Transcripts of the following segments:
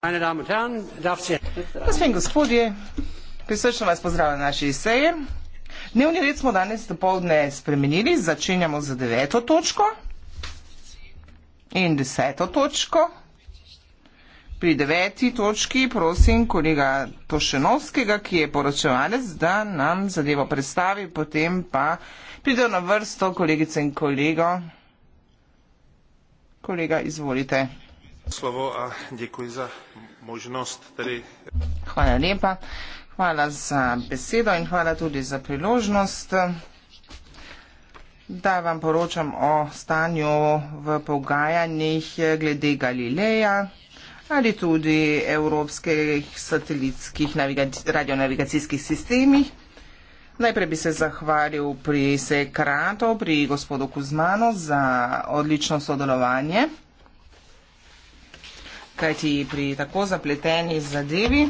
Meine Damen und Herren, darf Sie... Gospodje, gospodje, prisrčno vas pozdravljam na naši seji. Dnevni red smo danes do povdne spremenili, začenjamo za deveto točko in deseto točko. Pri deveti točki prosim kolega Tošenovskega, ki je poročevalec, da nam zadevo predstavi, potem pa pride na vrsto kolegice in kolego. Kolega, izvolite. Kolega, izvolite. Hvala lepa. Hvala za besedo in hvala tudi za priložnost, da vam poročam o stanju v pogajanjih glede Galileja ali tudi evropskih satelitskih radionavigacijskih sistemih. Najprej bi se zahvalil pri Sekrato, pri gospodu Kuzmano za odlično sodelovanje kajti pri tako zapleteni zadevi,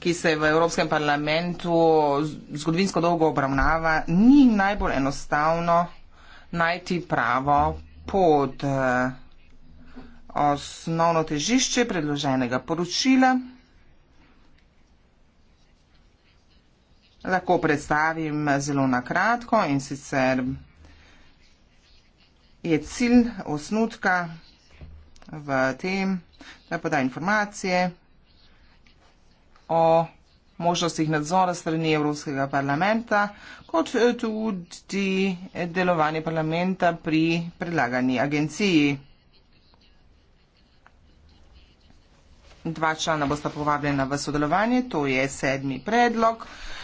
ki se v Evropskem parlamentu zgodovinsko dolgo obravnava, ni najbolj enostavno najti pravo pod eh, osnovno težišče predloženega poročila. Lahko predstavim zelo nakratko in sicer je cilj osnutka v tem, da poda informacije o možnostih nadzora strani Evropskega parlamenta, kot eh, tudi delovanje parlamenta pri predlagani agenciji. Dva člana bosta povabljena v sodelovanje, to je sedmi predlog.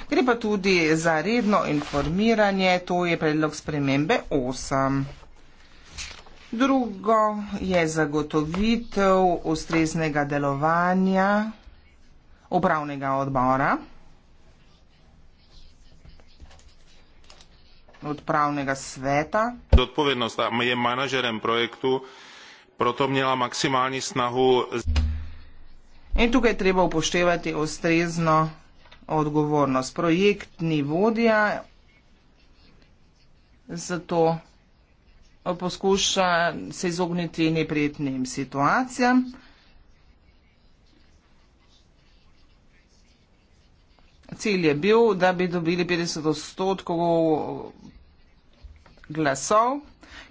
Gre pa tudi za redno informiranje, to je predlog spremembe 8. Drugo je zagotovitev ustreznega delovanja upravnega odbora, odpravnega sveta. Odpovednost je manažerem projektu, proto mela maksimalni snahu. In tukaj treba upoštevati ustrezno odgovornost. Projektni vodja zato poskuša se izogniti neprijetnim situacijam. Cilj je bil, da bi dobili 50 odstotkov glasov,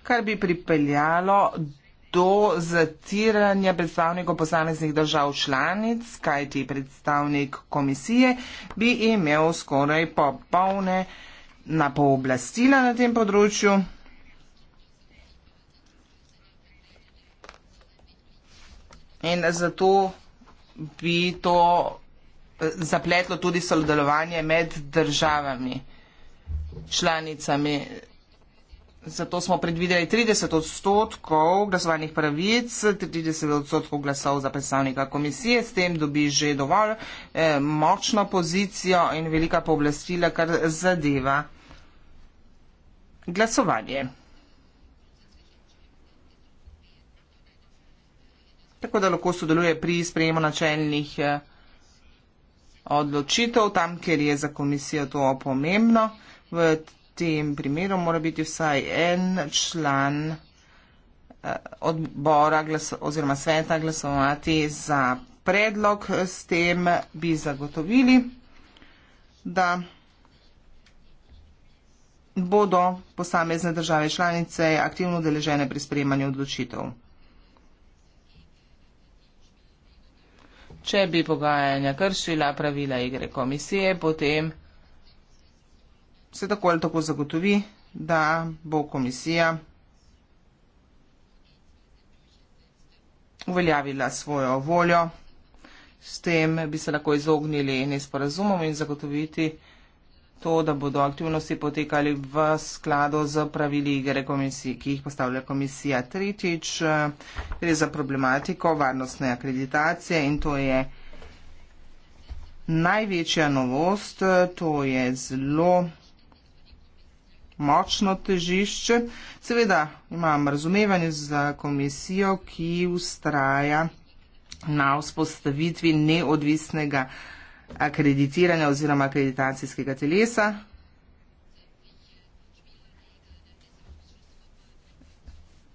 kar bi pripeljalo do zatiranja predstavnikov posameznih držav članic, kajti predstavnik komisije bi imel skoraj popolne na pooblastila na tem področju. In zato bi to eh, zapletlo tudi sodelovanje med državami, članicami. Zato smo predvideli 30 odstotkov glasovanih pravic, 30 odstotkov glasov za predstavnika komisije, s tem dobi že dovolj eh, močno pozicijo in velika povlastila, kar zadeva glasovanje. tako da lahko sodeluje pri sprejemu načelnih eh, odločitev, tam, kjer je za komisijo to pomembno. V tem primeru mora biti vsaj en član eh, odbora oziroma sveta glasovati za predlog. S tem bi zagotovili, da bodo posamezne države članice aktivno deležene pri sprejemanju odločitev. Če bi pogajanja kršila pravila igre komisije, potem se tako ali tako zagotovi, da bo komisija uveljavila svojo voljo. S tem bi se lahko izognili nesporazumom in zagotoviti, to, da bodo aktivnosti potekali v skladu z pravili igre komisij, ki jih postavlja komisija. Tretjič, eh, gre za problematiko varnostne akreditacije in to je največja novost, to je zelo močno težišče. Seveda imam razumevanje za komisijo, ki ustraja na vzpostavitvi neodvisnega akreditiranja oziroma akreditacijskega telesa.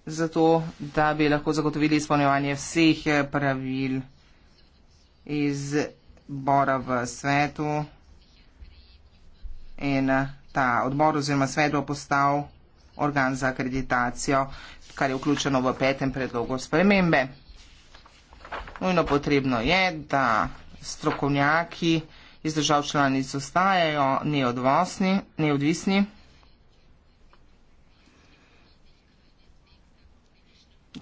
Zato, da bi lahko zagotovili izpolnjevanje vseh eh, pravil iz bora v svetu in eh, ta odbor oziroma svet bo postal organ za akreditacijo, kar je vključeno v petem predlogu spremembe. Nujno potrebno je, da strokovnjaki iz držav članic ostajajo neodvosni, neodvisni.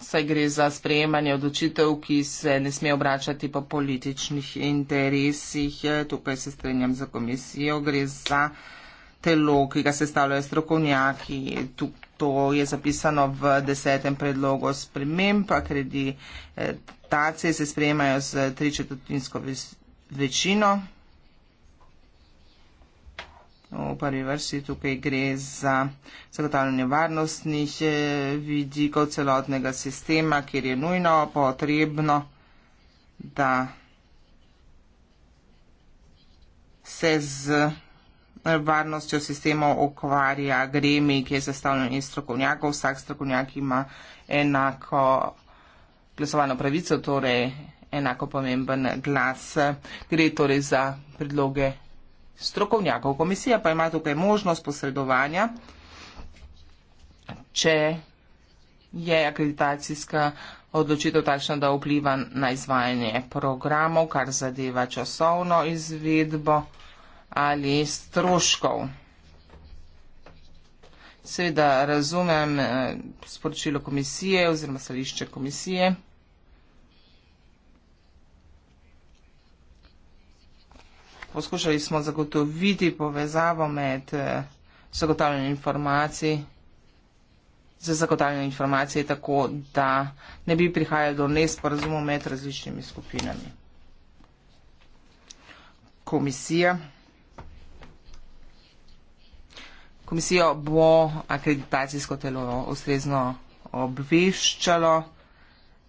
Saj gre za sprejemanje odločitev, ki se ne sme obračati po političnih interesih. Tukaj se strenjam za komisijo. Gre za telo, ki ga sestavljajo strokovnjaki. To je zapisano v desetem predlogu sprememb, pa kredi eh, Interpretacije se sprejemajo z tričetotinsko večino. V prvi vrsti tukaj gre za zagotavljanje varnostnih eh, vidikov celotnega sistema, kjer je nujno potrebno, da se z eh, varnostjo sistemov ukvarja gremi, ki je sestavljen iz strokovnjakov. Vsak strokovnjak ima enako glasovalno pravico, torej enako pomemben glas. Gre torej za predloge strokovnjakov. Komisija pa ima tukaj možnost posredovanja, če je akreditacijska odločitev takšna, da vpliva na izvajanje programov, kar zadeva časovno izvedbo ali stroškov. Seveda razumem eh, sporočilo komisije oziroma stališče komisije. Poskušali smo zagotoviti povezavo med eh, zagotavljanjem informacij, za zagotavljanje informacij tako, da ne bi prihajalo do nesporazumov med različnimi skupinami. Komisija. Komisijo bo akreditacijsko telo ustrezno obveščalo.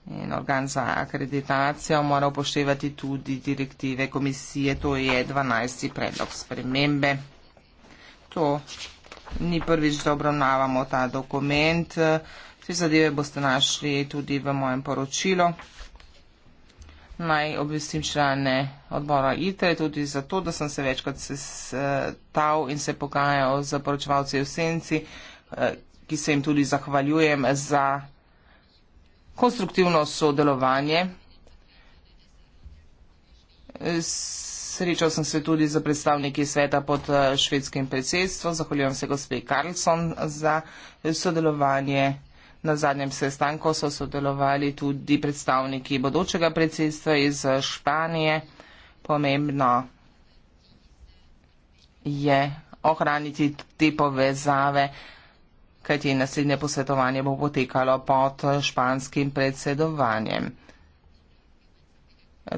In organ za akreditacijo mora upoštevati tudi direktive komisije, to je 12. predlog spremembe. To ni prvič, da obravnavamo ta dokument. Vse zadeve boste našli tudi v mojem poročilu. Naj obvestim člane odbora ITRE tudi zato, da sem se večkrat sestal in se pogajal z poročevalci v Senci, eh, ki se jim tudi zahvaljujem za konstruktivno sodelovanje. Srečal sem se tudi z predstavniki sveta pod eh, švedskim predsedstvom. Zahvaljujem se gospe Karlsson za sodelovanje. Na zadnjem sestanku so sodelovali tudi predstavniki bodočega predsedstva iz eh, Španije. Pomembno je ohraniti te povezave kajti naslednje posvetovanje bo potekalo pod španskim predsedovanjem.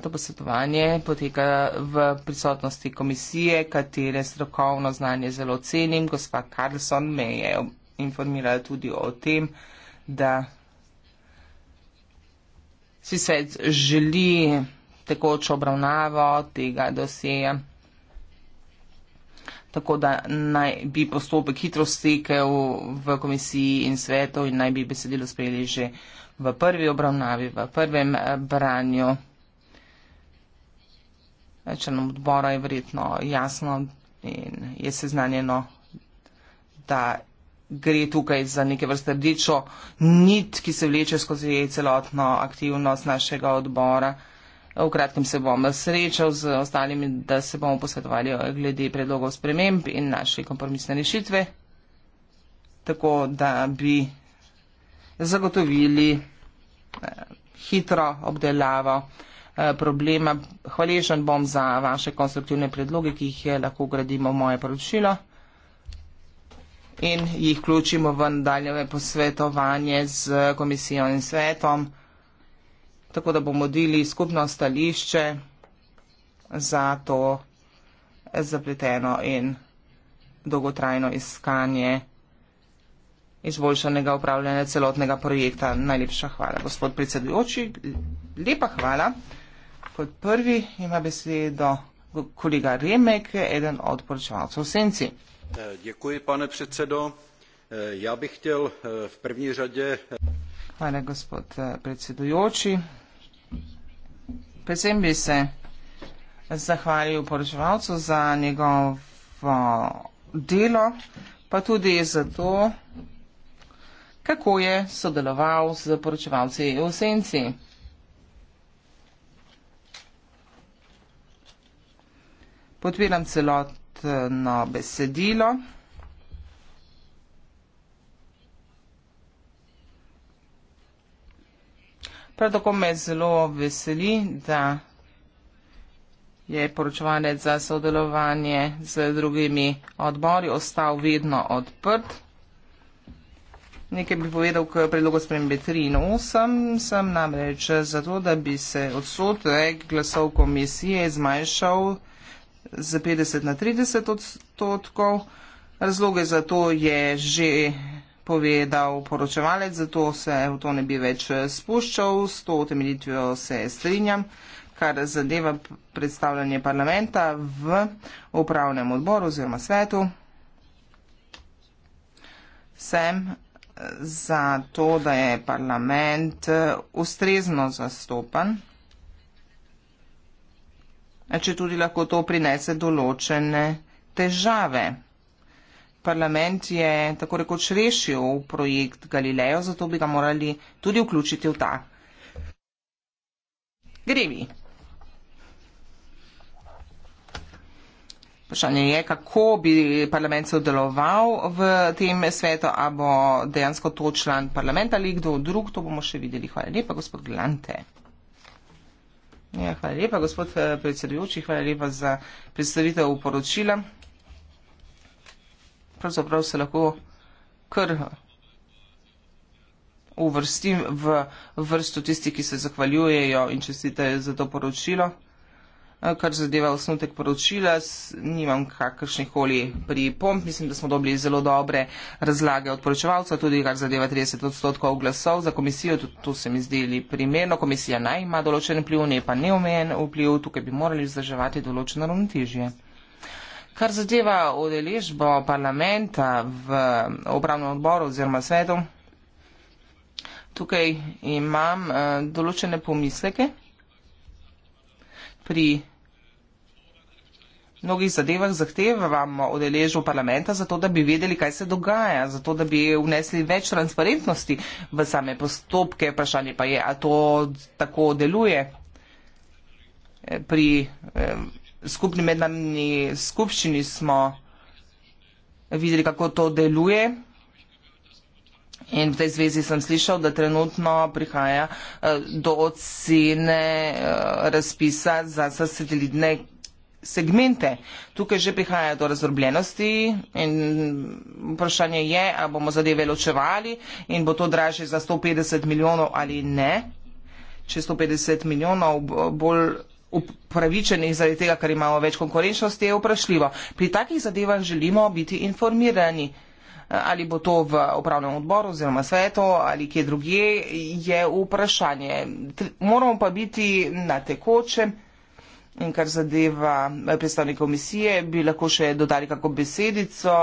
To posvetovanje poteka v prisotnosti komisije, katere strokovno znanje zelo cenim. Gospa Carlson me je informirala tudi o tem, da si svet želi tekočo obravnavo tega dosjeja tako da naj bi postopek hitro stekel v komisiji in svetu in naj bi besedilo sprejeli že v prvi obravnavi, v prvem eh, branju. Večernem eh, odbora je verjetno jasno in je seznanjeno, da gre tukaj za neke vrste rdečo nit, ki se vleče skozi celotno aktivnost našega odbora v kratkem se bom srečal z ostalimi, da se bomo posvetovali glede predlogov sprememb in naše kompromisne rešitve, tako da bi zagotovili eh, hitro obdelavo eh, problema. Hvaležen bom za vaše konstruktivne predloge, ki jih eh, lahko gradimo v moje poročilo in jih vključimo v daljne posvetovanje z komisijo in svetom tako da bomo delili skupno stališče za to zapleteno in dolgotrajno iskanje izboljšanega upravljanja celotnega projekta. Najlepša hvala, gospod predsedujoči. Lepa hvala. Kot prvi ima besedo kolega Remek, eden od poročevalcev Senci. Děkuji, pane předsedo. Já bych chtěl v první řadě. Hvala, gospod eh, predsedujoči. Predvsem bi se zahvalil poročevalcu za njegovo delo, pa tudi za to, kako je sodeloval z poročevalci v senci. Podpiram celotno besedilo. Prav tako me zelo veseli, da je poročevalec za sodelovanje z drugimi odbori ostal vedno odprt. Nekaj bi povedal k predlogu spremembe 3 in 8. Sem namreč zato, da bi se odsotek glasov komisije zmanjšal z 50 na 30 odstotkov. Razloge za to je že povedal poročevalec, zato se v to ne bi več spuščal, s to utemeljitvijo se strinjam, kar zadeva predstavljanje parlamenta v upravnem odboru oziroma svetu. Sem za to, da je parlament ustrezno zastopan, če tudi lahko to prinese določene težave parlament je tako rekoč rešil projekt Galileo, zato bi ga morali tudi vključiti v ta. Grevi. Vprašanje je, kako bi parlament se odeloval v tem svetu, a bo dejansko to član parlamenta ali kdo drug, to bomo še videli. Hvala lepa, gospod Glante. Ja, hvala lepa, gospod eh, predsedujoči, hvala lepa za predstavitev poročila pravzaprav se lahko kar uvrstim v vrsto tistih, ki se zahvaljujejo in čestitejo za to poročilo. Eh, kar zadeva osnutek poročila, nimam kakršnih koli pripomp. Mislim, da smo dobili zelo dobre razlage od poročevalca, tudi kar zadeva 30 odstotkov glasov za komisijo. Tu, tu se mi zdeli primerno. Komisija naj ima določen vpliv, ne pa neomejen vpliv. Tukaj bi morali zdrževati določeno ravnotežje. Kar zadeva odeležbo parlamenta v obravnem odboru oziroma svetu, tukaj imam uh, določene pomisleke pri mnogih zadevah zahtevamo odeležbo parlamenta, zato da bi vedeli, kaj se dogaja, zato da bi vnesli več transparentnosti v same postopke. Vprašanje pa je, a to tako deluje pri eh, skupni mednarodni skupščini smo videli, kako to deluje. In v tej zvezi sem slišal, da trenutno prihaja eh, do ocene eh, razpisa za satelitne segmente. Tukaj že prihaja do razdrobljenosti in vprašanje je, ali bomo zadeve ločevali in bo to dražje za 150 milijonov ali ne. Če 150 milijonov bolj upravičenih zaradi tega, ker imamo več konkurenčnosti, je vprašljivo. Pri takih zadevah želimo biti informirani. Ali bo to v upravnem odboru oziroma svetu ali kje drugje, je vprašanje. Moramo pa biti na tekočem. In kar zadeva eh, predstavnika komisije, bi lahko še dodali kako besedico,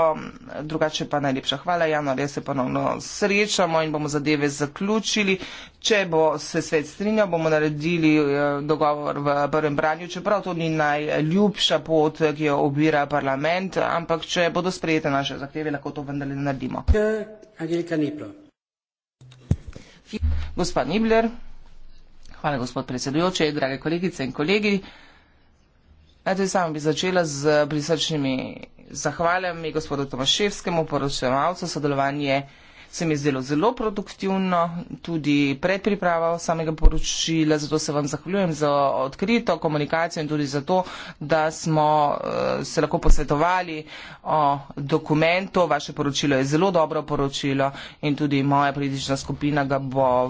drugače pa najlepša hvala. Januarja se ponovno srečamo in bomo zadeve zaključili. Če bo se svet strinjal, bomo naredili eh, dogovor v prvem branju, čeprav to ni najljubša pot, ki jo obira parlament, ampak če bodo sprejete naše zahteve, lahko to vendarle naredimo. Gospod Nibler, hvala gospod predsedujoče, drage kolegice in kolegi. Eto, ja, sam bi začela z prisrčnimi zahvaljami gospodu Tomaševskemu, poročevalcu. Sodelovanje se mi je zdelo zelo produktivno, tudi predpriprava samega poročila, zato se vam zahvaljujem za odkrito komunikacijo in tudi za to, da smo eh, se lahko posvetovali o dokumentu. Vaše poročilo je zelo dobro poročilo in tudi moja politična skupina ga bo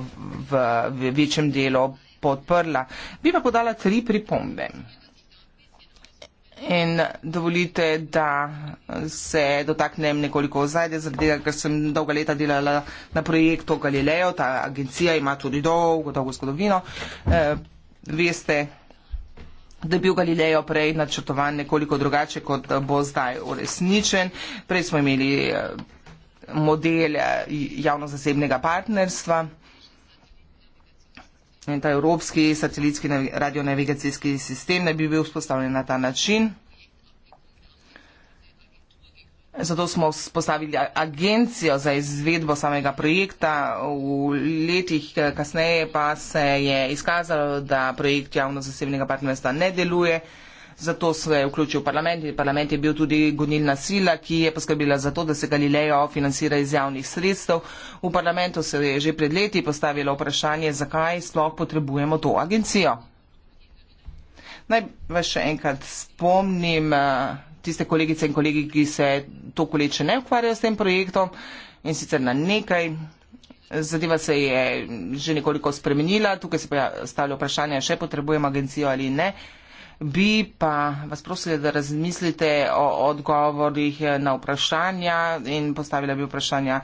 v večjem delu podprla. Bi pa podala tri pripombe in dovolite, da se dotaknem nekoliko ozadja, zaradi tega, ker sem dolga leta delala na projektu Galileo, ta agencija ima tudi dolgo, dolgo zgodovino. Eh, veste, da je bil Galileo prej načrtovan nekoliko drugače, kot bo zdaj uresničen. Prej smo imeli eh, model eh, javno-zasebnega partnerstva. In ta evropski satelitski radionavigacijski sistem ne bi bil vzpostavljen na ta način. Zato smo spostavili agencijo za izvedbo samega projekta. V letih eh, kasneje pa se je izkazalo, da projekt javno-zasebnega partnerstva ne deluje zato se je vključil parlament in parlament je bil tudi gonilna sila, ki je poskrbila za to, da se Galileo financira iz javnih sredstev. V parlamentu se je že pred leti postavilo vprašanje, zakaj sploh potrebujemo to agencijo. Naj vas še enkrat spomnim eh, tiste kolegice in kolegi, ki se to koleče ne ukvarjajo s tem projektom in sicer na nekaj. Zadeva se je že nekoliko spremenila, tukaj se pa stavlja vprašanje, še potrebujemo agencijo ali ne. Bi pa vas prosila, da razmislite o odgovorih na vprašanja in postavila bi vprašanja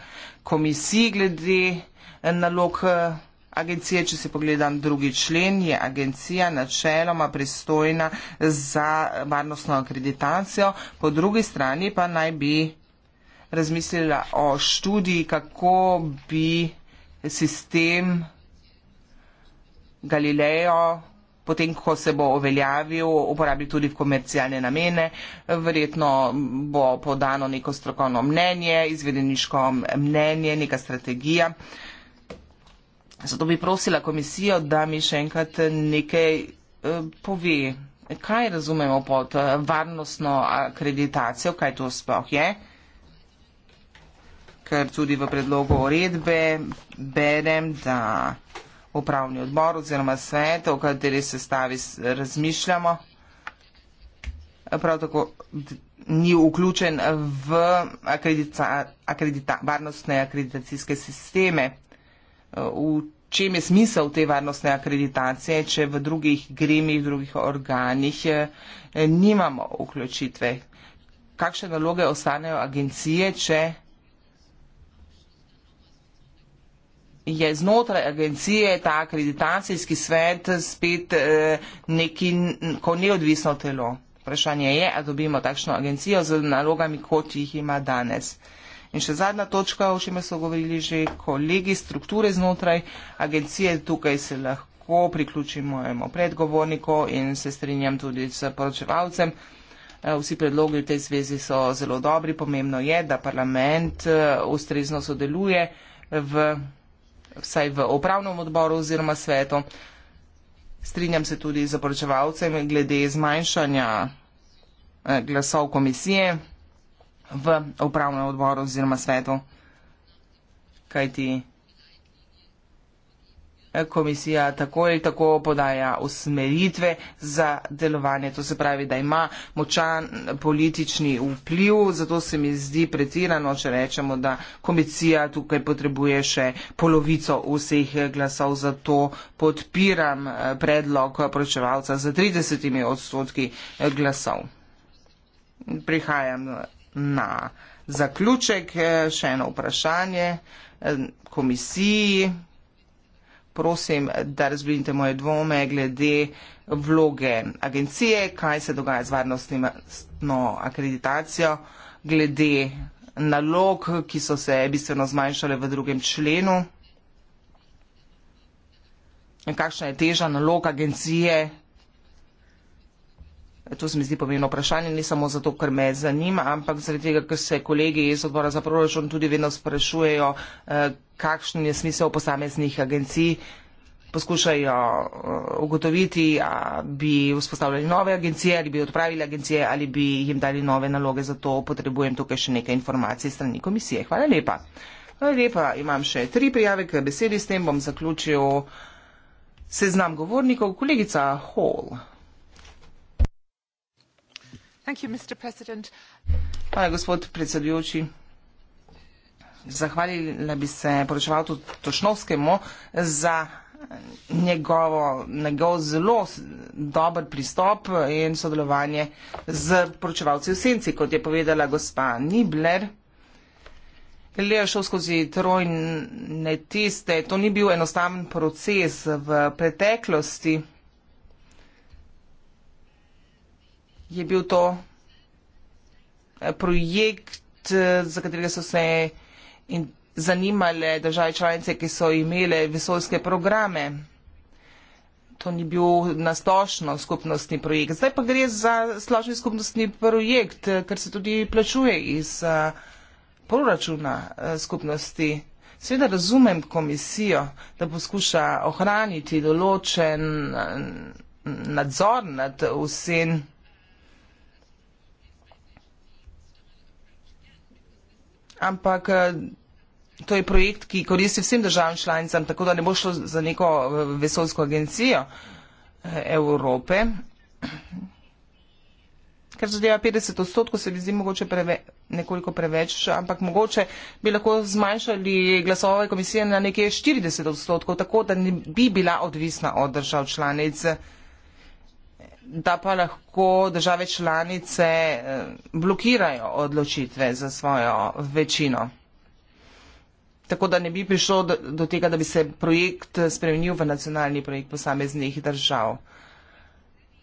komisiji glede nalog eh, agencije. Če si pogledam drugi člen, je agencija načeloma pristojna za varnostno akreditacijo, po drugi strani pa naj bi razmislila o študiji, kako bi sistem Galileo potem, ko se bo oveljavil, uporabil tudi v komercialne namene. Verjetno bo podano neko strokovno mnenje, izvedeniško mnenje, neka strategija. Zato bi prosila komisijo, da mi še enkrat nekaj eh, pove, kaj razumemo pod eh, varnostno akreditacijo, kaj to sploh je. Ker tudi v predlogu uredbe berem, da upravni odbor oziroma svet, o kateri se stavi razmišljamo. Prav tako ni vključen v akredita, akredita, varnostne akreditacijske sisteme. V čem je smisel te varnostne akreditacije, če v drugih gremih, drugih organih eh, nimamo vključitve? Kakšne naloge ostanejo agencije, če je znotraj agencije ta akreditacijski svet spet eh, neki, ko neodvisno telo. Vprašanje je, a dobimo takšno agencijo z nalogami, kot jih ima danes. In še zadnja točka, o čemer so govorili že kolegi, strukture znotraj agencije, tukaj se lahko priključimo mojemu predgovorniku in se strinjam tudi s poročevalcem. Eh, vsi predlogi v tej zvezi so zelo dobri, pomembno je, da parlament eh, ustrezno sodeluje v vsaj v upravnem odboru oziroma svetu. Strinjam se tudi z oporočevalcem glede zmanjšanja eh, glasov komisije v upravnem odboru oziroma svetu, kajti komisija tako ali tako podaja usmeritve za delovanje. To se pravi, da ima močan politični vpliv, zato se mi zdi pretirano, če rečemo, da komisija tukaj potrebuje še polovico vseh glasov. Zato podpiram eh, predlog pročevalca za 30 odstotki eh, glasov. Prihajam eh, na zaključek, še eno vprašanje komisiji, prosim, da razblinite moje dvome glede vloge agencije, kaj se dogaja z varnostno akreditacijo, glede nalog, ki so se bistveno zmanjšale v drugem členu. Kakšna je teža nalog agencije To se mi zdi pomembno vprašanje, ne samo zato, ker me zanima, ampak zaradi tega, ker se kolegi iz odbora za proračun tudi vedno sprašujejo, eh, kakšen je smisel posameznih agencij. Poskušajo eh, ugotoviti, ali bi vzpostavljali nove agencije, ali bi odpravili agencije, ali bi jim dali nove naloge. Zato potrebujem tukaj še nekaj informacij strani komisije. Hvala lepa. Hvala lepa. Imam še tri prijave k besedi, s tem bom zaključil seznam govornikov. Kolegica Hall. Hvala, gospod predsedujoči. Zahvalila bi se poročevalcu Tošnovskemu za njegovo, njegov zelo dober pristop in sodelovanje z poročevalci v senci, kot je povedala gospa Nibler. Leo je šel skozi trojne tiste, to ni bil enostaven proces v preteklosti. je bil to eh, projekt, eh, za katerega so se zanimale države članice, ki so imele vesoljske programe. To ni bil nastošno skupnostni projekt. Zdaj pa gre za splošni skupnostni projekt, eh, ker se tudi plačuje iz proračuna skupnosti. Sveda razumem komisijo, da poskuša ohraniti določen nadzor nad vsem ampak eh, to je projekt, ki koristi vsem državam članicam, tako da ne bo šlo za neko eh, vesolsko agencijo eh, Evrope. Ker zadeva 50 odstotkov, se mi zdi mogoče preve, nekoliko preveč, ampak mogoče bi lahko zmanjšali glasove komisije na nekje 40 odstotkov, tako da ne bi bila odvisna od držav članic Evrope da pa lahko države članice eh, blokirajo odločitve za svojo večino. Tako da ne bi prišlo do, do tega, da bi se projekt spremenil v nacionalni projekt posameznih držav.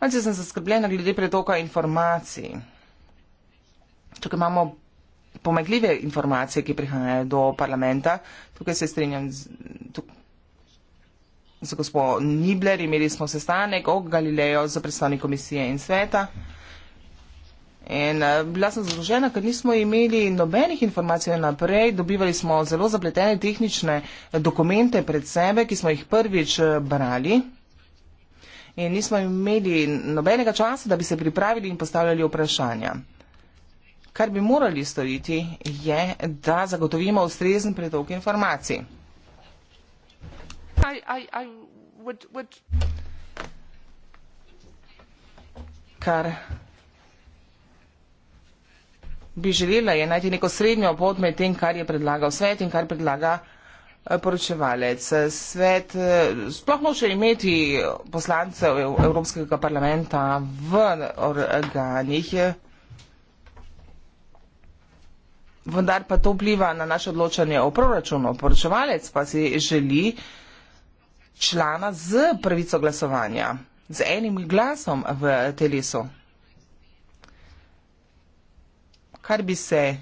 Malce sem zaskrbljena glede pretoka informacij. Tukaj imamo pomagljive informacije, ki prihajajo do parlamenta. Tukaj se strinjam, tukaj z gospod Nibler, imeli smo sestanek o Galilejo z predstavnik komisije in sveta. In eh, bila sem zadolžena, ker nismo imeli nobenih informacij naprej, dobivali smo zelo zapletene tehnične eh, dokumente pred sebe, ki smo jih prvič eh, brali. In nismo imeli nobenega časa, da bi se pripravili in postavljali vprašanja. Kar bi morali storiti, je, da zagotovimo ustrezen pretok informacij kar bi želela je najti neko srednjo pot med tem, kar je predlagal svet in kar predlaga eh, poročevalec. Svet eh, sploh noče imeti poslancev Evropskega parlamenta v organih, eh, vendar pa to vpliva na naše odločanje o proračunu. Poročevalec pa si želi, člana z pravico glasovanja, z enim glasom v telesu. Kar bi se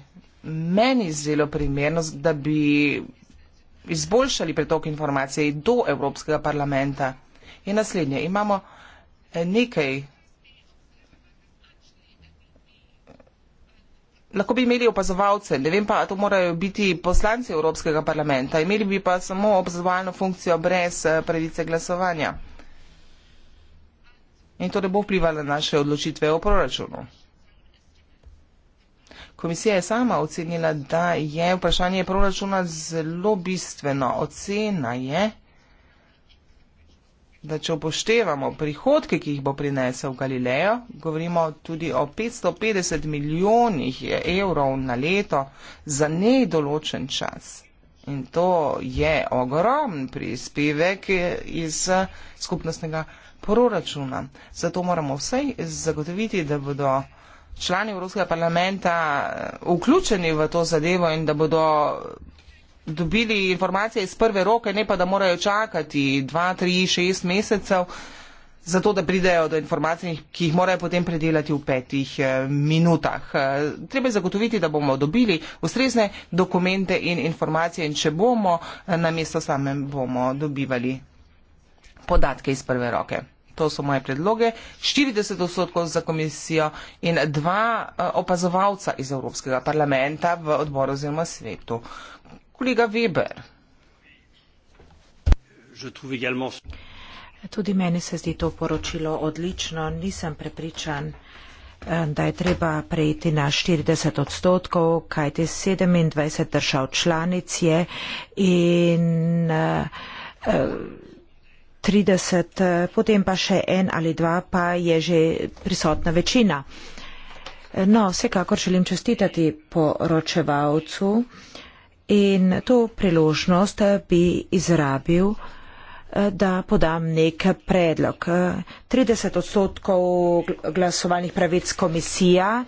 meni zdelo primerno, da bi izboljšali pretok informacij do Evropskega parlamenta. In naslednje, imamo eh, nekaj lahko bi imeli opazovalce, ne vem pa, to morajo biti poslanci Evropskega parlamenta, imeli bi pa samo opazovalno funkcijo brez eh, pravice glasovanja. In to ne bo vplivalo na naše odločitve o proračunu. Komisija je sama ocenila, da je vprašanje proračuna zelo bistveno. Ocena je, da če upoštevamo prihodke, ki jih bo prinesel Galileo, govorimo tudi o 550 milijonih evrov na leto za nedoločen čas. In to je ogromen prispevek iz skupnostnega proračuna. Zato moramo vse zagotoviti, da bodo člani Evropskega parlamenta eh, vključeni v to zadevo in da bodo dobili informacije iz prve roke, ne pa da morajo čakati 2, 3, 6 mesecev, zato da pridejo do informacij, ki jih morajo potem predelati v petih eh, minutah. Eh, treba je zagotoviti, da bomo dobili ustrezne dokumente in informacije in če bomo, eh, na mesto samem bomo dobivali podatke iz prve roke. To so moje predloge. 40 odstotkov za komisijo in dva opazovalca iz Evropskega parlamenta v odboru oziroma svetu. Kolega Weber. Tudi meni se zdi to poročilo odlično. Nisem prepričan, eh, da je treba prejiti na 40 odstotkov, kajti 27 držav članic je in 30, eh, eh, potem pa še en ali dva, pa je že prisotna večina. No, vsekakor želim čestitati poročevalcu. In to priložnost bi izrabil, eh, da podam nek predlog. 30 odstotkov glasovalnih pravic komisija,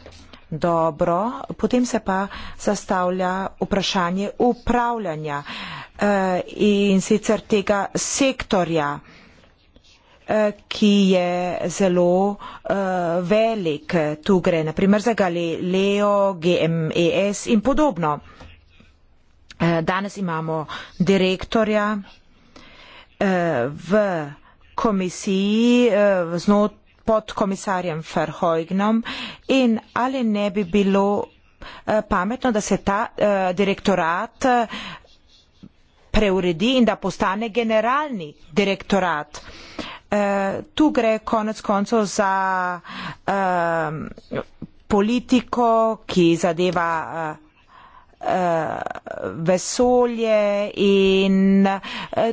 dobro, potem se pa zastavlja vprašanje upravljanja eh, in sicer tega sektorja, eh, ki je zelo velik. Tu gre naprimer za Galileo, GMES in podobno. Eh, danes imamo direktorja eh, v komisiji eh, pod komisarjem Ferhojgnom in ali ne bi bilo pametno, da se ta direktorat preuredi in da postane generalni direktorat. Tu gre konec koncev za politiko, ki zadeva uh, vesolje in uh,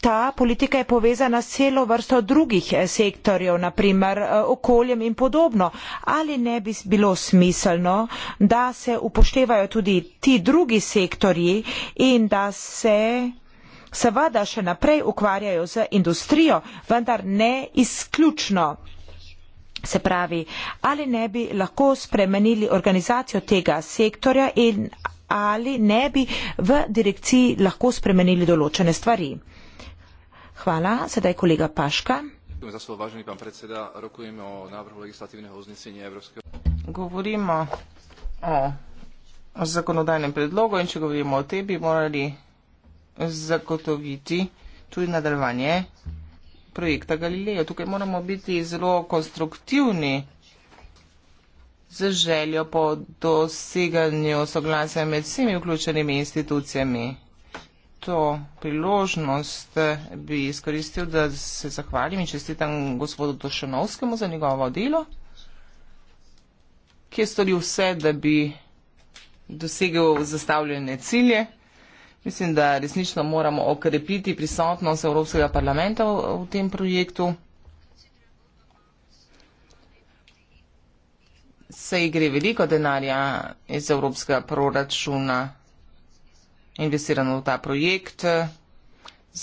ta politika je povezana s celo vrsto drugih eh, sektorjev, naprimer uh, okoljem in podobno. Ali ne bi bilo smiselno, da se upoštevajo tudi ti drugi sektorji in da se seveda še naprej ukvarjajo z industrijo, vendar ne izključno. Se pravi, ali ne bi lahko spremenili organizacijo tega sektorja in ali ne bi v direkciji lahko spremenili določene stvari. Hvala. Sedaj kolega Paška. Govorimo o zakonodajnem predlogu in če govorimo o tem, bi morali zagotoviti tudi nadaljevanje projekta Galileo. Tukaj moramo biti zelo konstruktivni z željo po doseganju soglasja med vsemi vključenimi institucijami. To priložnost eh, bi izkoristil, da se zahvalim in čestitam gospodu Tošanovskemu za njegovo delo, ki je storil vse, da bi dosegel zastavljene cilje. Mislim, da resnično moramo okrepiti prisotnost Evropskega parlamenta v tem projektu. Sej gre veliko denarja iz Evropskega proračuna investirano v ta projekt,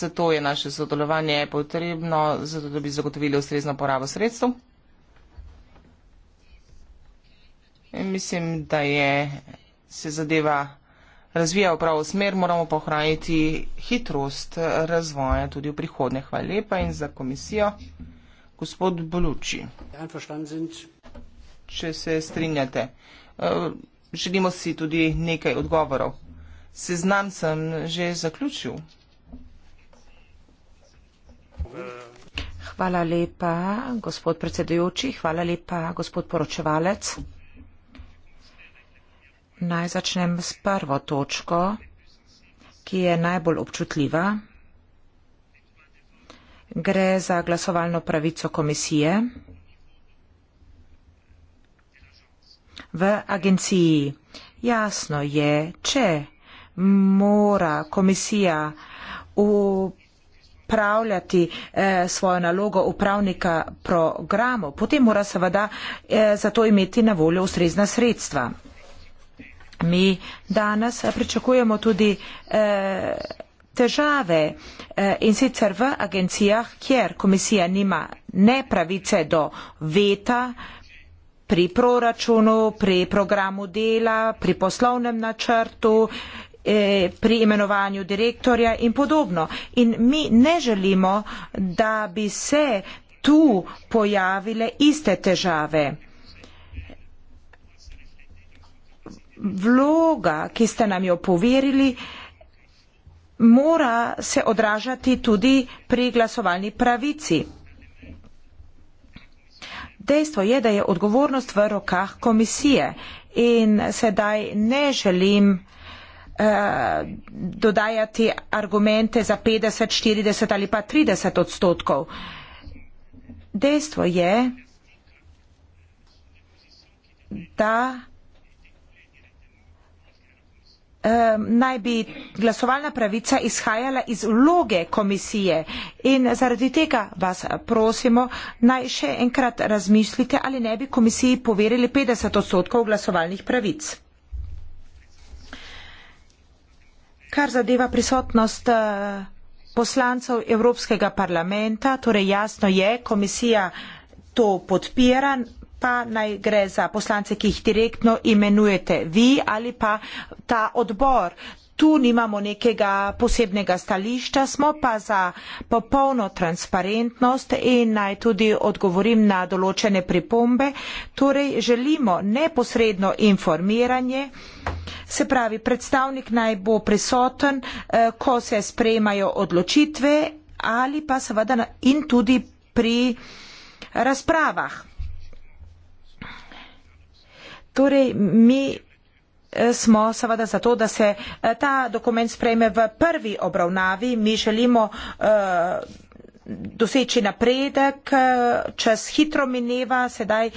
zato je naše sodelovanje potrebno, zato da bi zagotovili ustrezno porabo sredstv. In mislim, da je se zadeva razvija v pravo smer, moramo pa ohraniti hitrost razvoja tudi v prihodnje. Hvala lepa in za komisijo, gospod Boluči. Če se strinjate, eh, želimo si tudi nekaj odgovorov. Seznam sem že zaključil. Hvala lepa, gospod predsedujoči, hvala lepa, gospod poročevalec. Naj začnem s prvo točko, ki je najbolj občutljiva. Gre za glasovalno pravico komisije. V agenciji jasno je, če mora komisija upravljati eh, svojo nalogo upravnika programov, potem mora seveda eh, za to imeti na voljo ustrezna sredstva. Mi danes pričakujemo tudi eh, težave eh, in sicer v agencijah, kjer komisija nima ne pravice do veta pri proračunu, pri programu dela, pri poslovnem načrtu, eh, pri imenovanju direktorja in podobno. In mi ne želimo, da bi se tu pojavile iste težave. vloga, ki ste nam jo poverili, mora se odražati tudi pri glasovalni pravici. Dejstvo je, da je odgovornost v rokah komisije in sedaj ne želim eh, dodajati argumente za 50, 40 ali pa 30 odstotkov. Dejstvo je, da naj bi glasovalna pravica izhajala iz vloge komisije in zaradi tega vas prosimo, naj še enkrat razmislite, ali ne bi komisiji poverili 50 odstotkov glasovalnih pravic. Kar zadeva prisotnost eh, poslancev Evropskega parlamenta, torej jasno je, komisija to podpira, pa naj gre za poslance, ki jih direktno imenujete vi ali pa ta odbor. Tu nimamo nekega posebnega stališča, smo pa za popolno transparentnost in naj tudi odgovorim na določene pripombe. Torej želimo neposredno informiranje, se pravi predstavnik naj bo prisoten, eh, ko se sprejmajo odločitve ali pa seveda in tudi pri razpravah. Torej, mi eh, smo seveda zato, da se eh, ta dokument sprejme v prvi obravnavi. Mi želimo eh, doseči napredek, čas hitro mineva, sedaj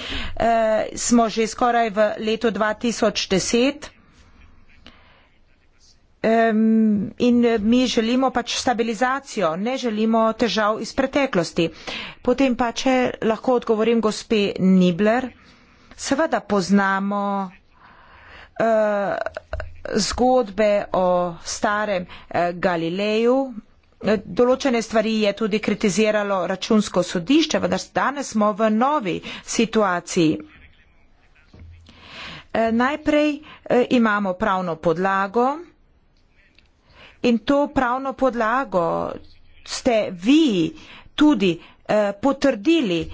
smo že skoraj v letu 2010. In mi želimo pač stabilizacijo, ne želimo težav iz preteklosti. Potem pa, če lahko odgovorim gospe Nibler. Seveda poznamo uh, zgodbe o starem uh, Galileju. Eh, določene stvari je tudi kritiziralo računsko sodišče, vendar danes smo v novi situaciji. Najprej imamo pravno podlago in to pravno podlago ste vi tudi potrdili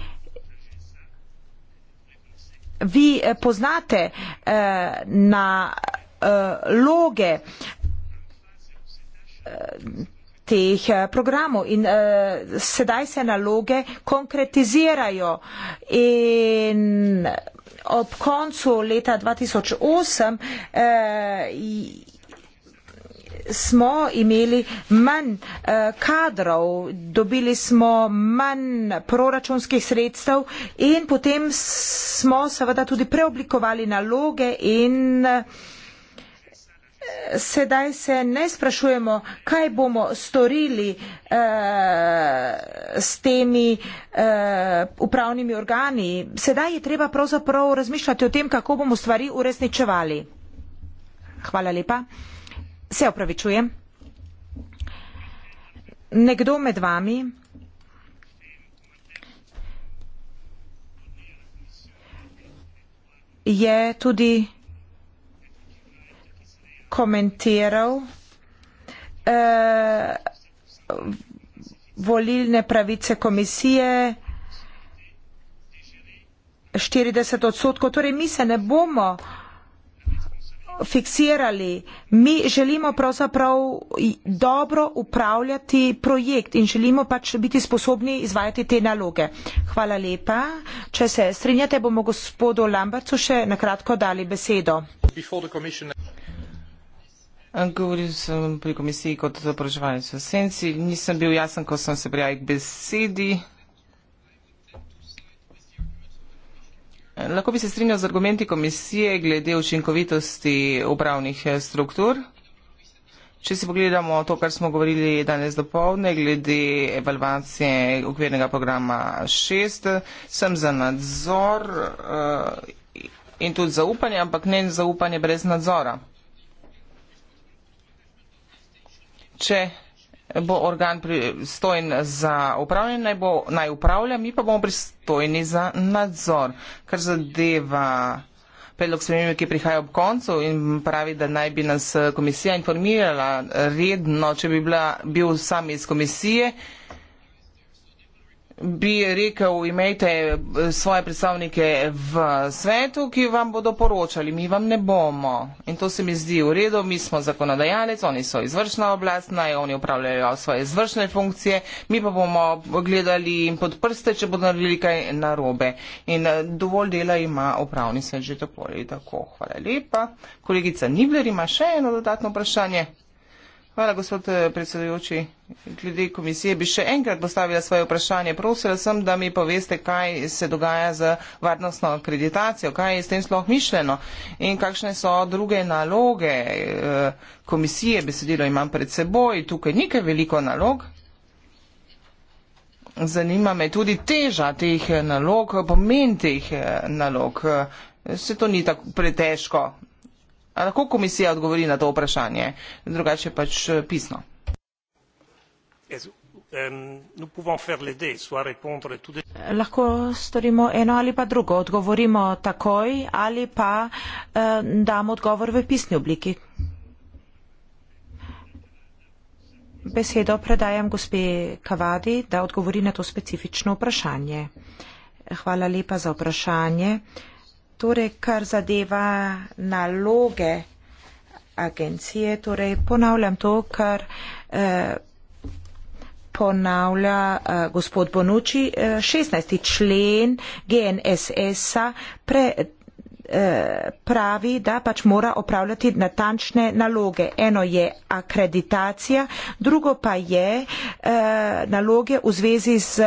vi eh, poznate eh, naloge eh, eh, teh eh, programov in eh, sedaj se naloge konkretizirajo in ob koncu leta 2008 eh, smo imeli manj eh, kadrov, dobili smo manj proračunskih sredstev in potem smo seveda tudi preoblikovali naloge in eh, sedaj se ne sprašujemo, kaj bomo storili eh, s temi upravnimi organi. Sedaj je treba pravzaprav razmišljati o tem, kako bomo stvari uresničevali. Hvala lepa. Se opravičujem. Nekdo med vami je tudi komentiral eh, volilne pravice komisije 40 odstotkov. Torej, mi se ne bomo eh, fiksirali. Mi želimo pravzaprav dobro upravljati projekt in želimo pač biti sposobni izvajati te naloge. Hvala lepa. Če se strinjate, bomo gospodu Lambercu še nakratko dali besedo. Govoril sem pri komisiji kot zapraševalec v senci. Nisem bil jasen, ko sem se prijavil k besedi. Lahko bi se strinjal z argumenti komisije glede učinkovitosti upravnih eh, struktur. Če si pogledamo to, kar smo govorili danes do povdne, glede evalvacije okvirnega programa 6, sem za nadzor uh, in tudi zaupanje, ampak ne zaupanje brez nadzora. Če bo organ pristojen za upravljanje, naj, bo, naj upravlja, mi pa bomo pristojni za nadzor. Kar zadeva predlog spremembe, ki prihaja ob koncu in pravi, da naj bi nas eh, komisija informirala redno, če bi bila, bil sam iz komisije bi rekel, imejte eh, svoje predstavnike v svetu, ki vam bodo poročali, mi vam ne bomo. In to se mi zdi v redu, mi smo zakonodajalec, oni so izvršna oblast, naj oni upravljajo svoje izvršne funkcije, mi pa bomo gledali jim pod prste, če bodo naredili kaj narobe. In eh, dovolj dela ima upravni svet že tako ali tako. Hvala lepa. Kolegica Nibler ima še eno dodatno vprašanje. Hvala, gospod eh, predsedujoči. Glede komisije bi še enkrat postavila svoje vprašanje. Prosila sem, da mi poveste, kaj se dogaja z varnostno akreditacijo, kaj je s tem sploh mišljeno in kakšne so druge naloge eh, komisije. Besedilo imam pred seboj, tukaj nekaj veliko nalog. Zanima me tudi teža teh nalog, pomen teh eh, nalog. Se to ni tako pretežko, A lahko komisija odgovori na to vprašanje, drugače pač eh, pisno. Lahko storimo eno ali pa drugo, odgovorimo takoj ali pa eh, damo odgovor v pisni obliki. Besedo predajam gospe Kavadi, da odgovori na to specifično vprašanje. Hvala lepa za vprašanje. Eh, Torej, kar zadeva naloge agencije, torej ponavljam to, kar eh, ponavlja eh, gospod Bonuči, eh, 16. člen GNSS-a pre eh, pravi, da pač mora opravljati natančne naloge. Eno je akreditacija, drugo pa je eh, naloge v zvezi z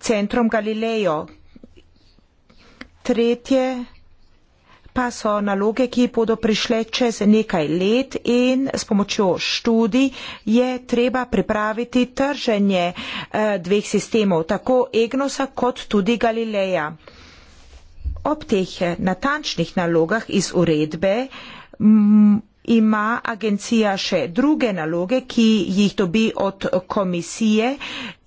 centrom Galilejo, tretje pa so naloge, ki bodo prišle čez nekaj let in s pomočjo študij je treba pripraviti trženje eh, dveh sistemov, tako Egnosa kot tudi Galileja. Ob teh eh, natančnih nalogah iz uredbe ima agencija še druge naloge, ki jih dobi od komisije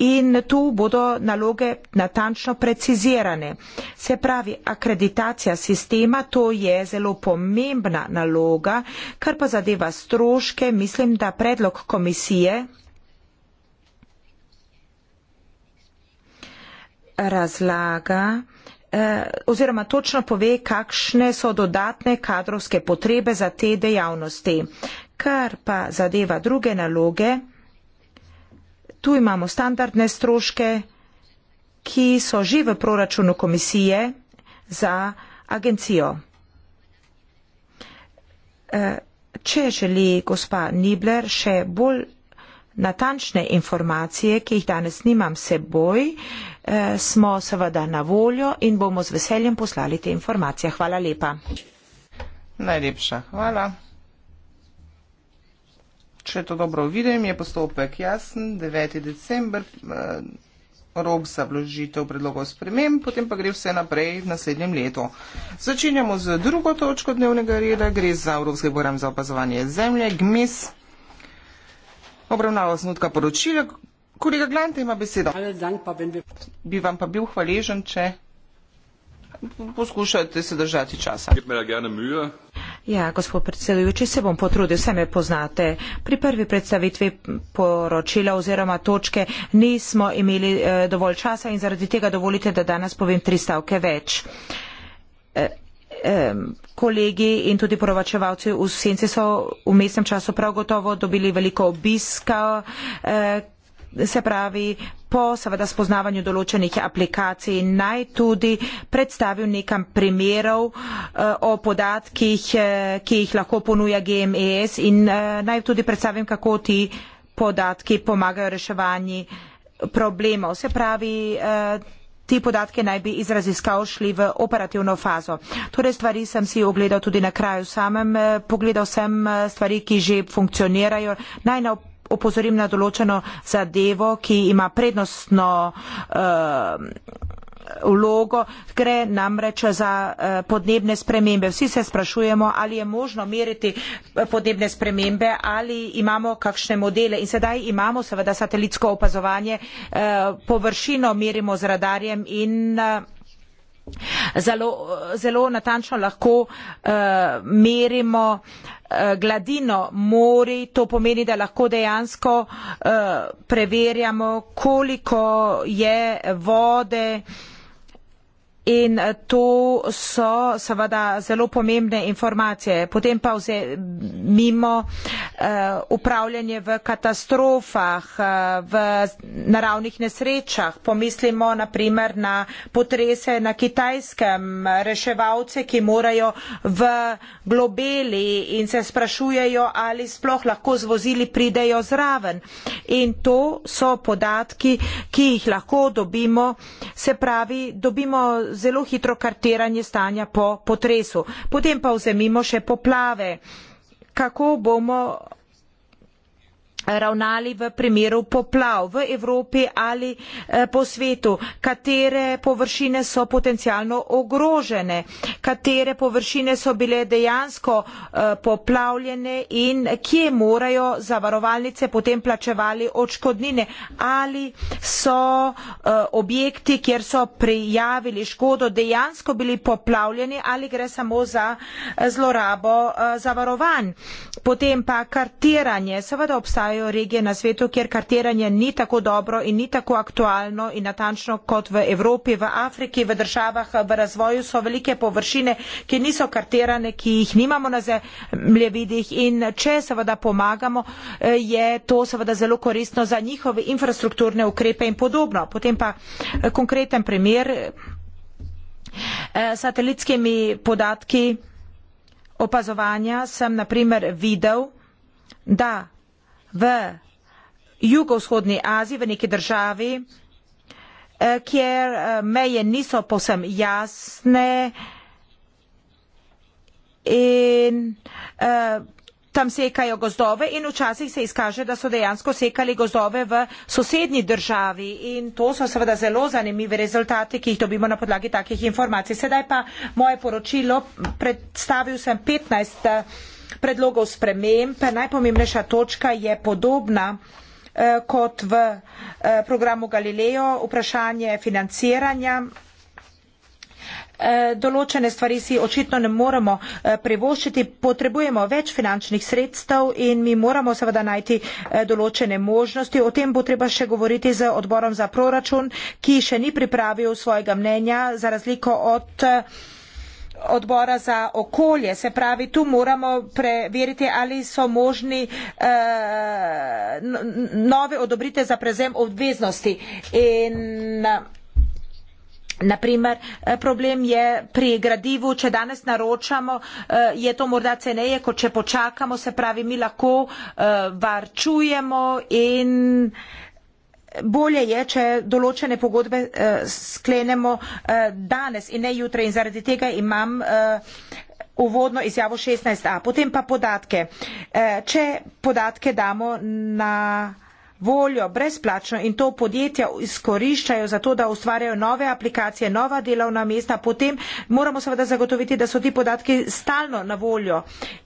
in tu bodo naloge natančno precizirane. Se pravi, akreditacija sistema, to je zelo pomembna naloga, kar pa zadeva stroške, mislim, da predlog komisije razlaga, Eh, oziroma točno pove, kakšne so dodatne kadrovske potrebe za te dejavnosti. Kar pa zadeva druge naloge, tu imamo standardne stroške, ki so že v proračunu komisije za agencijo. Eh, če želi gospa Nibler še bolj natančne informacije, ki jih danes nimam seboj, Eh, smo seveda na voljo in bomo z veseljem poslali te informacije. Hvala lepa. Najlepša hvala. Če to dobro vidim, je postopek jasen. 9. december eh, rok za vložitev predlogov sprememb, potem pa gre vse naprej v naslednjem letu. Začenjamo z drugo točko dnevnega reda, gre za Evropski program za opazovanje zemlje, GMIS. E Obravnava osnutka poročila, Kolega Glante ima besedo. Bi vam pa bil hvaležen, če poskušate se držati časa. Ja, gospod predsedujoči, se bom potrudil, vse me poznate. Pri prvi predstavitvi poročila oziroma točke nismo imeli eh, dovolj časa in zaradi tega dovolite, da danes povem tri stavke več. Eh, kolegi in tudi poročevalci v Sence so v mestnem času prav gotovo dobili veliko obiska, eh, se pravi, po seveda spoznavanju določenih aplikacij naj tudi predstavil nekam primerov eh, o podatkih, eh, ki jih lahko ponuja GMES in eh, naj tudi predstavim, kako ti podatki pomagajo reševanji problemov. Se pravi, ti podatke naj bi iz raziskav šli v operativno fazo. Torej stvari sem si ogledal tudi na kraju samem, pogledal sem stvari, ki že funkcionirajo. Naj na opozorim na določeno zadevo, ki ima prednostno uh, vlogo, gre namreč za uh, podnebne spremembe. Vsi se sprašujemo, ali je možno meriti eh, podnebne spremembe, ali imamo kakšne modele. In sedaj imamo seveda satelitsko opazovanje, uh, površino merimo z radarjem in. Uh, Zelo, zelo natančno lahko uh, merimo uh, Eh, gladino mori, to pomeni, da lahko dejansko eh, preverjamo, koliko je vode, in eh, to so seveda zelo pomembne informacije. Potem pa vse mimo uh, upravljanje v katastrofah, uh, v naravnih nesrečah. Pomislimo naprimer na potrese na kitajskem, reševalce, ki morajo v globeli in se sprašujejo, ali sploh lahko z vozili pridejo zraven. In to so podatki, ki jih lahko dobimo, se pravi, dobimo zelo hitro kartiranje stanja po potresu. Potem pa vzemimo še poplave. Kako bomo ravnali v primeru poplav v Evropi ali eh, po svetu, katere površine so potencialno ogrožene, katere površine so bile dejansko eh, poplavljene in kje morajo zavarovalnice potem plačevali odškodnine ali so eh, objekti, kjer so prijavili škodo, dejansko bili poplavljeni ali gre samo za zlorabo zavarovanj. Potem pa kartiranje, seveda obstajajo obstajajo regije na svetu, kjer kartiranje ni tako dobro in ni tako aktualno in natančno kot v Evropi, v Afriki, v državah v razvoju so velike površine, ki niso kartirane, ki jih nimamo na zemljevidih in če seveda pomagamo, eh, je to seveda zelo koristno za njihove infrastrukturne ukrepe in podobno. Potem pa eh, konkreten primer eh, satelitskimi podatki opazovanja sem naprimer videl, da v jugovzhodni Aziji, v neki državi, eh, kjer eh, meje niso posem jasne in eh, tam sekajo gozdove in včasih se izkaže, da so dejansko sekali gozdove v sosednji državi in to so seveda zelo zanimivi rezultati, ki jih dobimo na podlagi takih informacij. Sedaj pa moje poročilo, predstavil sem 15 predlogov sprememb. Najpomembnejša točka je podobna eh, kot v eh, programu Galileo, vprašanje financiranja. Eh, določene stvari si očitno ne moremo privoščiti, potrebujemo več finančnih sredstev in mi moramo seveda najti določene možnosti. O tem bo treba še govoriti z odborom za proračun, ki še ni pripravil svojega mnenja za razliko od odbora za okolje. Se pravi, tu moramo preveriti, ali so možni e, nove odobrite za prezem obveznosti. In, eh, Naprimer, eh, problem je pri gradivu, če danes naročamo, je to morda ceneje, kot če počakamo, se pravi, mi lahko varčujemo in bolje je, če določene pogodbe uh, sklenemo uh, danes in ne jutri in zaradi tega imam uh, uvodno izjavo 16a. Potem pa podatke. Uh, če podatke damo na voljo brezplačno in to podjetja izkoriščajo za to, da ustvarjajo nove aplikacije, nova delovna mesta, potem moramo seveda zagotoviti, da so ti podatki stalno na voljo.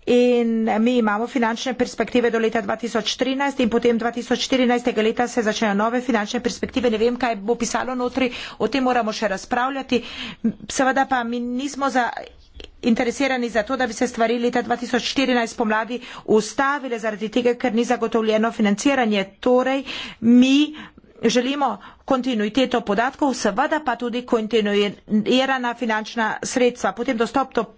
In mi imamo finančne perspektive do leta 2013 in potem 2014. leta se začnejo nove finančne perspektive. Ne vem, kaj bo pisalo notri, o tem moramo še razpravljati. Seveda pa mi nismo za interesirani za to, da bi se stvari leta 2014 pomladi ustavile zaradi tega, ker ni zagotovljeno financiranje. Torej, mi želimo kontinuiteto podatkov, seveda pa tudi kontinuirana finančna sredstva, potem dostop do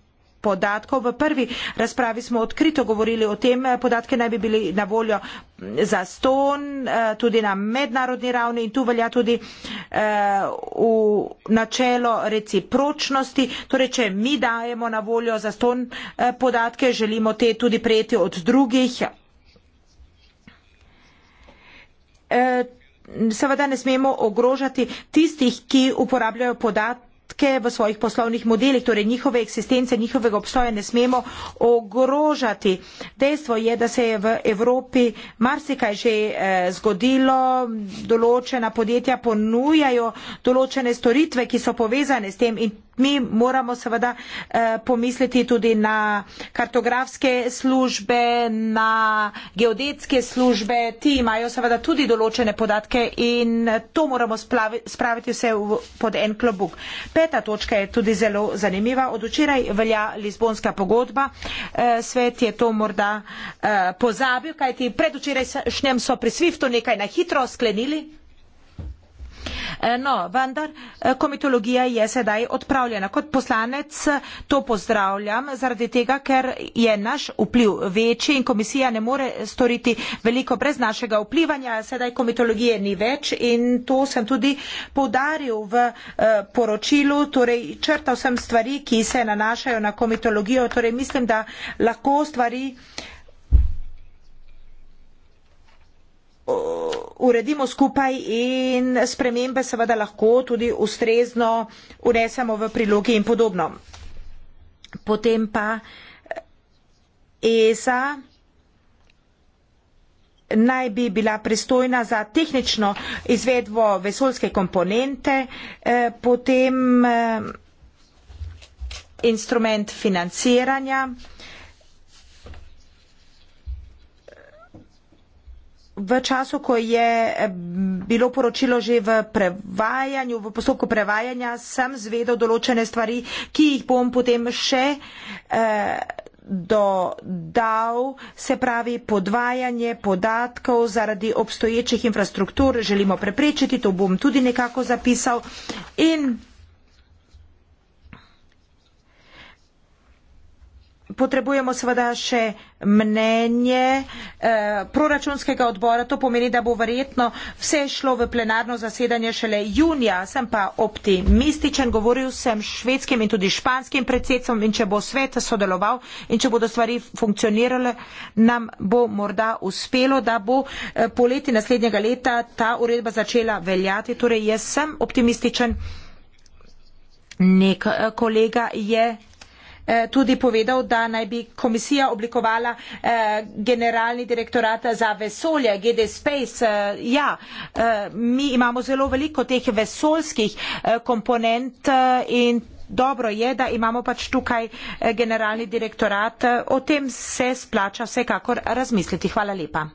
podatkov. V prvi razpravi smo odkrito govorili o tem, eh, podatke naj bi bili na voljo mm, za ston, eh, tudi na mednarodni ravni in tu velja tudi eh, v načelo recipročnosti. Torej, če mi dajemo na voljo za ston podatke, želimo te tudi prejeti od drugih. Seveda ne smemo ogrožati tistih, ki uporabljajo podatke podatke v svojih poslovnih modelih, torej njihove eksistence, njihovega obstoja ne smemo ogrožati. Dejstvo je, da se je v Evropi marsikaj že eh, zgodilo, določena podjetja ponujajo določene storitve, ki so povezane s tem in mi moramo seveda eh, pomisliti tudi na kartografske službe, na geodetske službe, ti imajo seveda tudi določene podatke in to moramo spraviti vse pod en klobuk. Peta točka je tudi zelo zanimiva. Od včeraj velja Lizbonska pogodba. Eh, svet je to morda eh, pozabil, kajti predvčerajšnjem so pri Swiftu nekaj na hitro sklenili. Eh, no, vendar eh, komitologija je sedaj odpravljena. Kot poslanec eh, to pozdravljam, zaradi tega, ker je naš vpliv večji in komisija ne more storiti veliko brez našega vplivanja. Sedaj komitologije ni več in to sem tudi podaril v poročilu. Torej, črtal sem stvari, ki se nanašajo na komitologijo. Torej, mislim, da lahko stvari. Eh, uredimo skupaj in spremembe seveda lahko tudi ustrezno unesemo v prilogi in podobno. Potem pa eh, ESA naj bi bila pristojna za tehnično izvedbo vesolske komponente, eh, potem instrument financiranja, v času, ko je bilo poročilo že v prevajanju, v postopku prevajanja, sem zvedel določene stvari, ki jih bom potem še eh, dodal, se pravi podvajanje podatkov zaradi obstoječih infrastruktur, želimo preprečiti, to bom tudi nekako zapisal. In potrebujemo seveda še mnenje eh, proračunskega odbora. To pomeni, da bo verjetno vse šlo v plenarno zasedanje šele junija. Sem pa optimističen, govoril sem s švedskim in tudi španskim predsedcem in če bo svet sodeloval in če bodo stvari funkcionirale, nam bo morda uspelo, da bo eh, poleti naslednjega leta ta uredba začela veljati. Torej, jaz sem optimističen. Nek eh, kolega je Eh, tudi povedal, da naj bi komisija oblikovala eh, generalni direktorat za vesolje, GD Space. Eh, ja, mi imamo zelo veliko teh vesolskih komponent in. Dobro je, da imamo pač tukaj generalni direktorat. O tem se splača vsekakor razmisliti. Hvala lepa.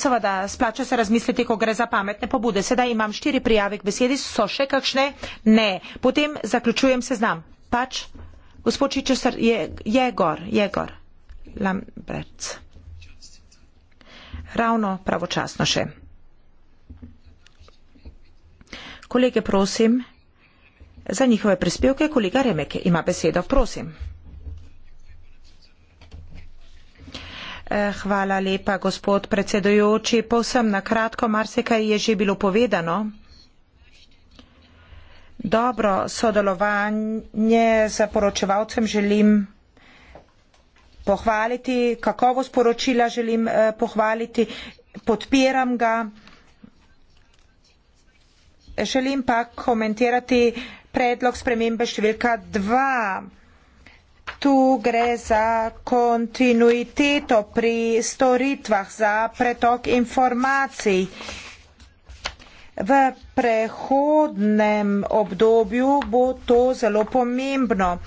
Seveda, splača se razmisliti, ko gre za pametne pobude. Sedaj imam štiri prijave k besedi. So še kakšne? Ne. Potem zaključujem seznam pač gospod Čičesar je, je gor, je gor. Lambert. Ravno pravočasno še. Kolege, prosim, za njihove prispevke, kolega Remek ima besedo, prosim. Eh, hvala lepa, gospod predsedojoči. Povsem na kratko, marsikaj je že bilo povedano dobro sodelovanje z poročevalcem želim pohvaliti, kakovost poročila želim eh, pohvaliti, podpiram ga. Želim pa komentirati predlog spremembe številka 2. Tu gre za kontinuiteto pri storitvah, za pretok informacij. V prehodnem obdobju bo to zelo pomembno.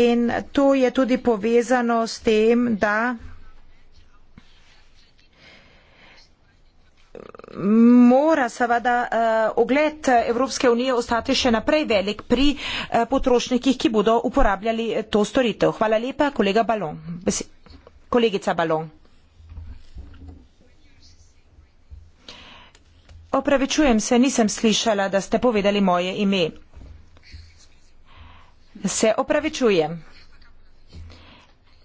In to je tudi povezano s tem, da mora seveda uh, eh, ogled Evropske unije ostati še naprej velik pri uh, potrošnikih, ki bodo uporabljali to storitev. Hvala lepa, kolega Balon. Besi kolegica Balon. Opravičujem se, nisem slišala, da ste povedali moje ime. Se opravičujem.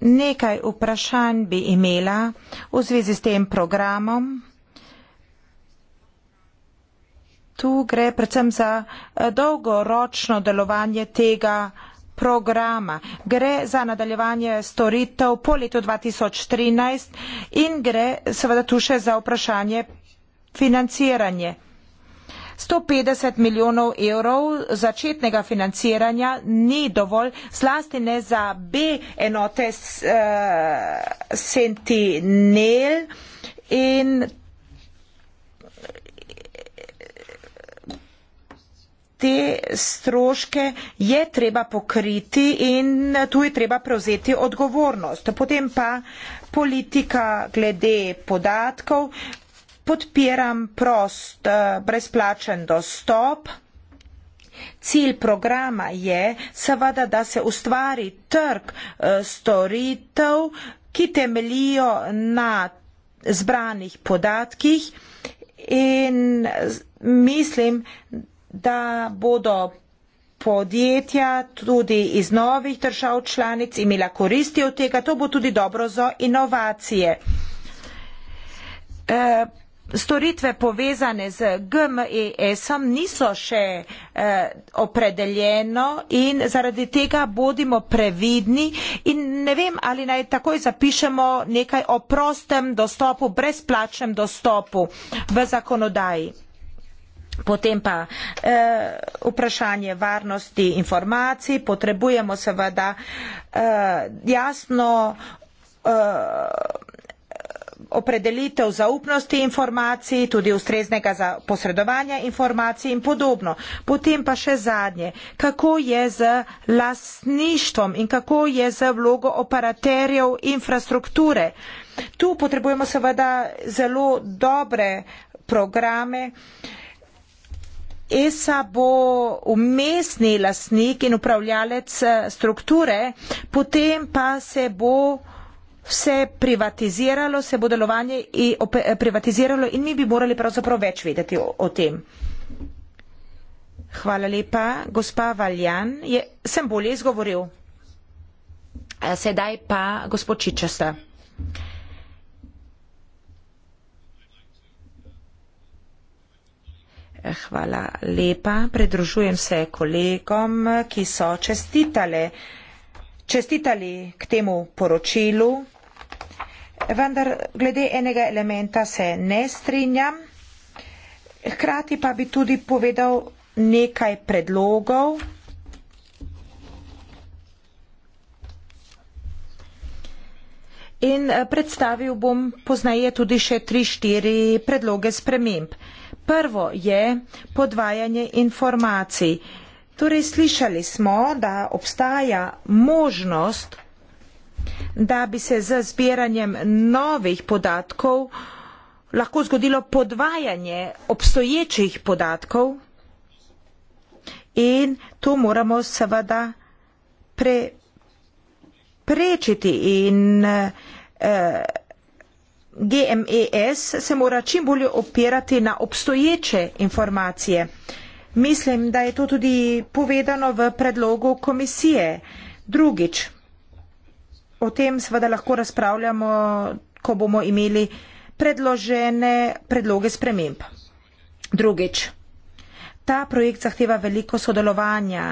Nekaj vprašanj bi imela v zvezi s tem programom. Tu gre predvsem za eh, dolgoročno delovanje tega programa. Gre za nadaljevanje storitev po letu 2013 in gre seveda tu še za vprašanje financiranje. 150 milijonov evrov začetnega financiranja ni dovolj, zlasti ne za B enote uh, Sentinel in te stroške je treba pokriti in tu je treba prevzeti odgovornost. Potem pa politika glede podatkov, podpiram prost, eh, brezplačen dostop. Cilj programa je seveda, da se ustvari trg eh, storitev, ki temelijo na zbranih podatkih in mislim, da bodo podjetja tudi iz novih držav članic imela koristi od tega. To bo tudi dobro za inovacije. Eh, Storitve povezane z GMES-om niso še eh, opredeljeno in zaradi tega bodimo previdni in ne vem, ali naj takoj zapišemo nekaj o prostem dostopu, brezplačnem dostopu v zakonodaji. Potem pa eh, vprašanje varnosti informacij, potrebujemo seveda eh, jasno eh, opredelitev zaupnosti informacij, tudi ustreznega posredovanja informacij in podobno. Potem pa še zadnje, kako je z lasništvom in kako je z vlogo operaterjev infrastrukture. Tu potrebujemo seveda zelo dobre programe. ESA bo umestni lasnik in upravljalec eh, strukture, potem pa se bo vse privatiziralo, se bo delovanje in eh, privatiziralo in mi bi morali pravzaprav več vedeti o, o tem. Hvala lepa. Gospa Valjan, je, sem bolje izgovoril. Sedaj pa gospod Čičasta. Eh, hvala lepa. Pridružujem se kolegom, ki so čestitali, čestitali k temu poročilu vendar glede enega elementa se ne strinjam. Hkrati pa bi tudi povedal nekaj predlogov. In eh, predstavil bom poznaje tudi še tri, štiri predloge sprememb. Prvo je podvajanje informacij. Torej slišali smo, da obstaja možnost da bi se z zbiranjem novih podatkov lahko zgodilo podvajanje obstoječih podatkov in to moramo seveda pre, prečiti in eh, GMES se mora čim bolje opirati na obstoječe informacije. Mislim, da je to tudi povedano v predlogu komisije. Drugič, o tem seveda lahko razpravljamo, ko bomo imeli predložene predloge sprememb. Drugič, ta projekt zahteva veliko sodelovanja,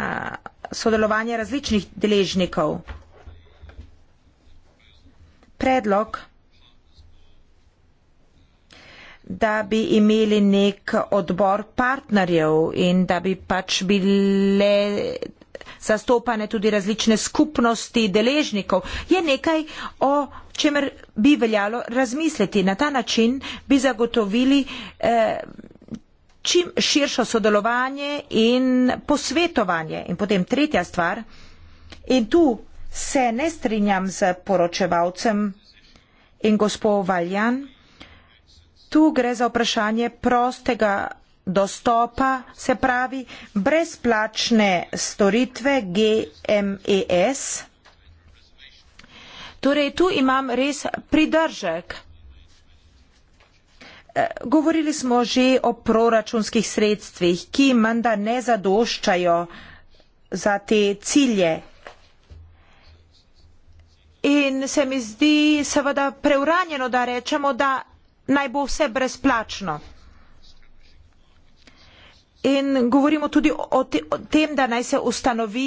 sodelovanja različnih deležnikov. Predlog, da bi imeli nek odbor partnerjev in da bi pač bile zastopane tudi različne skupnosti deležnikov, je nekaj, o čemer bi veljalo razmisliti. Na ta način bi zagotovili eh, čim širšo sodelovanje in posvetovanje. In potem tretja stvar, in tu se ne strinjam z poročevalcem in gospod Valjan, tu gre za vprašanje prostega dostopa, se pravi brezplačne storitve GMES. Torej, tu imam res pridržek. Eh, govorili smo že o proračunskih sredstvih, ki menda ne zadoščajo za te cilje. In se mi zdi seveda preuranjeno, da rečemo, da naj bo vse brezplačno. In govorimo tudi o, te, o tem, da naj se ustanovi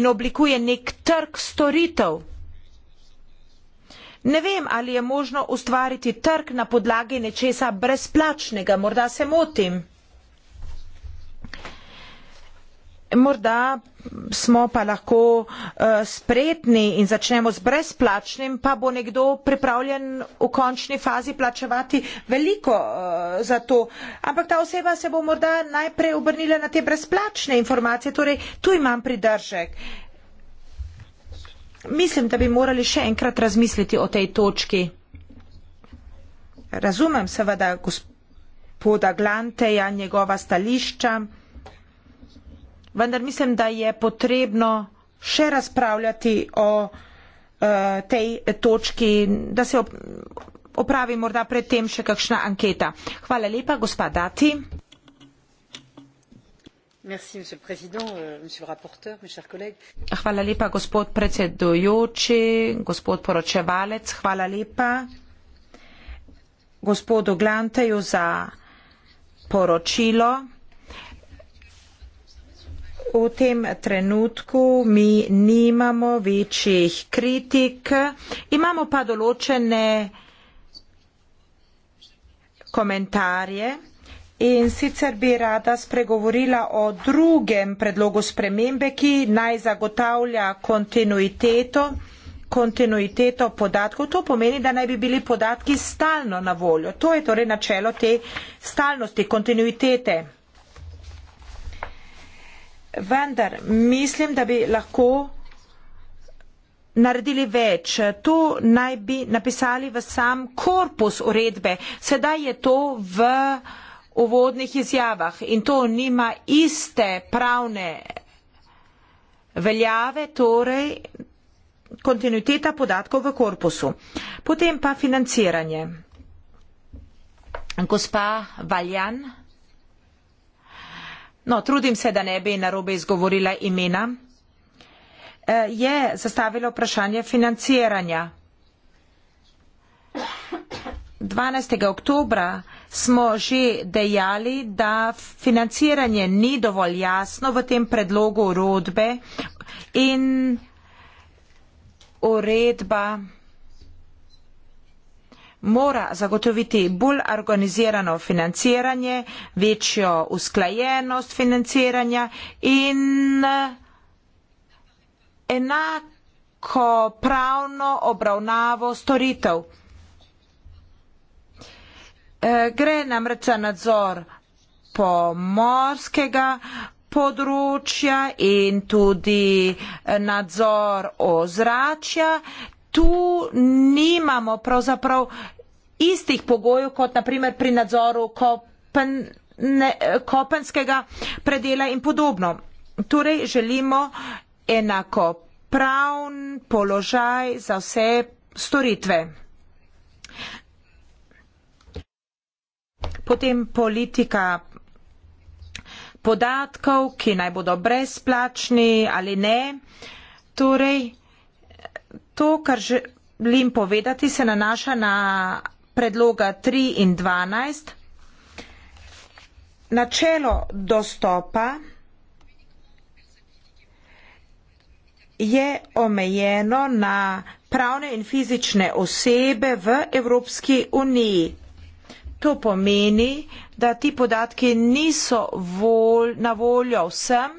in oblikuje nek trg storitev. Ne vem, ali je možno ustvariti trg na podlagi nečesa brezplačnega, morda se motim. Morda smo pa lahko uh, spretni in začnemo s brezplačnim, pa bo nekdo pripravljen v končni fazi plačevati veliko uh, za to. Ampak ta oseba se bo morda najprej obrnila na te brezplačne informacije, torej tu imam pridržek. Mislim, da bi morali še enkrat razmisliti o tej točki. Razumem seveda gospoda Glanteja, njegova stališča vendar mislim, da je potrebno še razpravljati o uh, tej točki, da se op opravi morda predtem še kakšna anketa. Hvala lepa, gospa Dati. Merci, euh, hvala lepa, gospod predsedujoči, gospod poročevalec, hvala lepa gospodu Glanteju za poročilo v tem trenutku mi nimamo večjih kritik, imamo pa določene komentarje. In sicer bi rada spregovorila o drugem predlogu spremembe, ki naj zagotavlja kontinuiteto, kontinuiteto podatkov. To pomeni, da naj bi bili podatki stalno na voljo. To je torej načelo te stalnosti, kontinuitete vendar mislim, da bi lahko naredili več. To naj bi napisali v sam korpus uredbe. Sedaj je to v uvodnih izjavah in to nima iste pravne veljave, torej kontinuiteta podatkov v korpusu. Potem pa financiranje. Gospa Valjan no, trudim se, da ne bi narobe izgovorila imena, e, je zastavilo vprašanje financiranja. 12. oktobra smo že dejali, da financiranje ni dovolj jasno v tem predlogu urodbe in uredba mora zagotoviti bolj organizirano financiranje, večjo usklajenost financiranja in eh, enako pravno obravnavo storitev. Eh, gre namreč za nadzor pomorskega področja in tudi eh, nadzor ozračja, tu nimamo pravzaprav istih pogojev kot naprimer pri nadzoru kopenskega predela in podobno. Torej želimo enako pravn položaj za vse storitve. Potem politika podatkov, ki naj bodo brezplačni ali ne, torej To, kar želim povedati, se nanaša na predloga 3 in 12. Načelo dostopa je omejeno na pravne in fizične osebe v Evropski uniji. To pomeni, da ti podatki niso vol, na voljo vsem,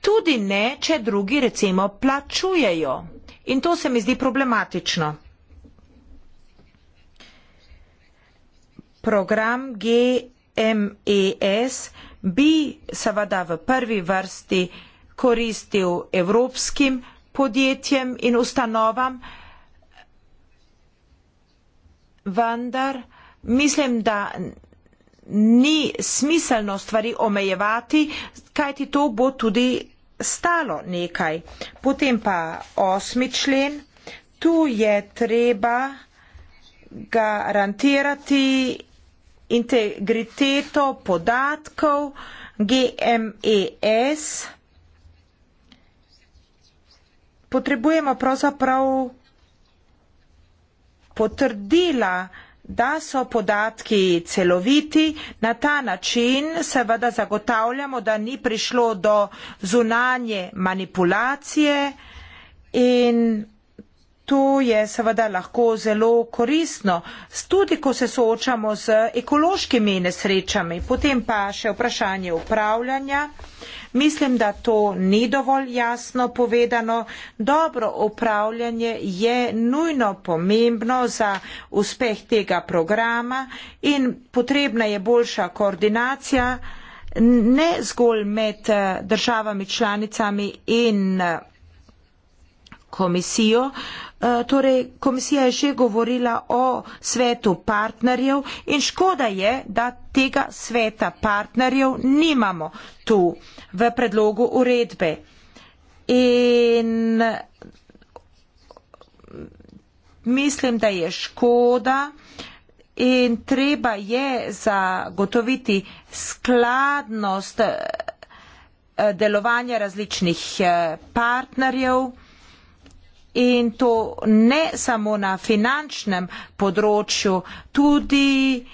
tudi ne, če drugi recimo plačujejo. In to se mi zdi problematično. Program GMES bi seveda v prvi vrsti koristil evropskim podjetjem in ustanovam, vendar mislim, da ni smiselno stvari omejevati, kajti to bo tudi stalo nekaj. Potem pa osmi člen, tu je treba garantirati integriteto podatkov GMES. Potrebujemo pravzaprav potrdila, da so podatki celoviti. Na ta način seveda zagotavljamo, da ni prišlo do zunanje manipulacije in To je seveda lahko zelo koristno, tudi ko se soočamo z ekološkimi nesrečami. Potem pa še vprašanje upravljanja. Mislim, da to ni dovolj jasno povedano. Dobro upravljanje je nujno pomembno za uspeh tega programa in potrebna je boljša koordinacija ne zgolj med eh, državami članicami in eh, komisijo, Eh, torej komisija je že govorila o svetu partnerjev in škoda je, da tega sveta partnerjev nimamo tu v predlogu uredbe. In mislim, da je škoda in treba je zagotoviti skladnost eh, delovanja različnih eh, partnerjev in to ne samo na finančnem področju, tudi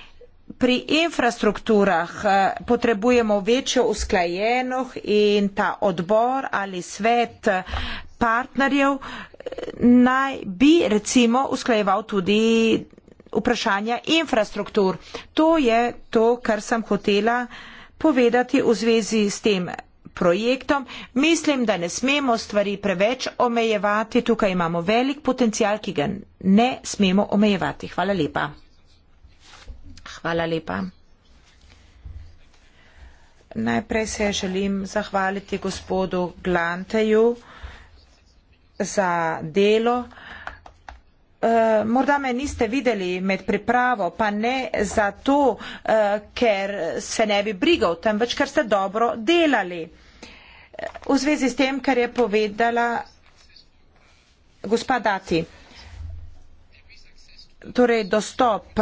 pri infrastrukturah eh, potrebujemo večjo usklajenoh in ta odbor ali svet eh, partnerjev eh, naj bi recimo usklajeval tudi vprašanja infrastruktur. To je to, kar sem hotela povedati v zvezi s tem projektom. Mislim, da ne smemo stvari preveč omejevati. Tukaj imamo velik potencial, ki ga ne smemo omejevati. Hvala lepa. Hvala lepa. Najprej se želim zahvaliti gospodu Glanteju za delo. Eh, morda me niste videli med pripravo, pa ne zato, eh, ker se ne bi brigal, temveč ker ste dobro delali. Eh, v zvezi s tem, kar je povedala gospa Dati. Torej, dostop,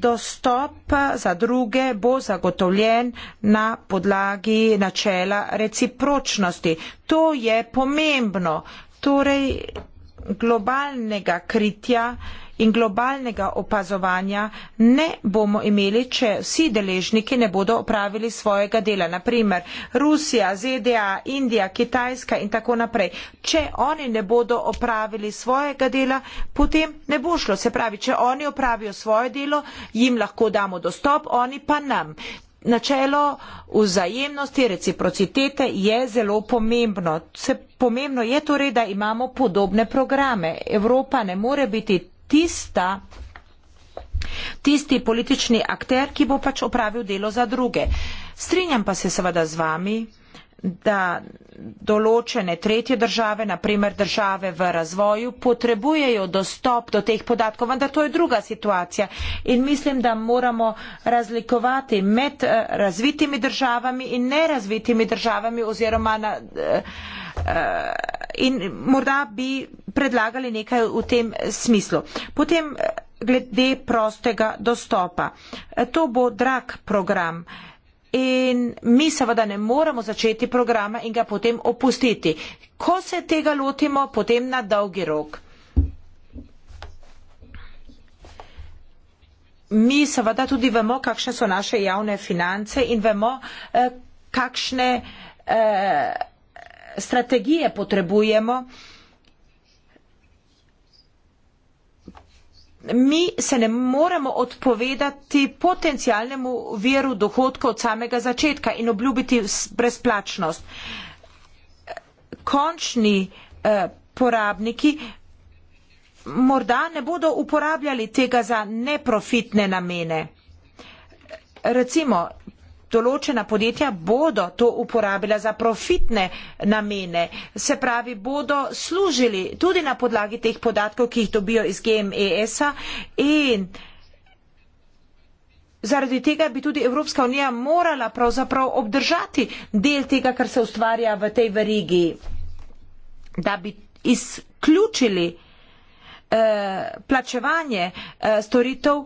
dostop za druge bo zagotovljen na podlagi načela recipročnosti. To je pomembno. Torej, globalnega kritja in globalnega opazovanja ne bomo imeli, če vsi deležniki ne bodo opravili svojega dela. Naprimer, Rusija, ZDA, Indija, Kitajska in tako naprej. Če oni ne bodo opravili svojega dela, potem ne bo šlo. Se pravi, če oni opravijo svoje delo, jim lahko damo dostop, oni pa nam načelo vzajemnosti, reciprocitete je zelo pomembno. Se, pomembno je torej, da imamo podobne programe. Evropa ne more biti tista, tisti politični akter, ki bo pač opravil delo za druge. Strinjam pa se seveda z vami, da določene tretje države, naprimer države v razvoju, potrebujejo dostop do teh podatkov, vendar to je druga situacija. In mislim, da moramo razlikovati med eh, razvitimi državami in nerazvitimi državami oziroma na, eh, eh, in morda bi predlagali nekaj v tem smislu. Potem glede prostega dostopa. To bo drag program in mi seveda ne moremo začeti programa in ga potem opustiti. Ko se tega lotimo, potem na dolgi rok. Mi seveda tudi vemo, kakšne so naše javne finance in vemo, eh, kakšne eh, strategije potrebujemo, mi se ne moremo odpovedati potencijalnemu veru dohodka od samega začetka in obljubiti brezplačnost. Končni eh, porabniki morda ne bodo uporabljali tega za neprofitne namene. Recimo, določena podjetja bodo to uporabila za profitne namene, se pravi, bodo služili tudi na podlagi teh podatkov, ki jih dobijo iz GMES-a in zaradi tega bi tudi Evropska unija morala pravzaprav obdržati del tega, kar se ustvarja v tej verigi, da bi izključili eh, plačevanje eh, storitev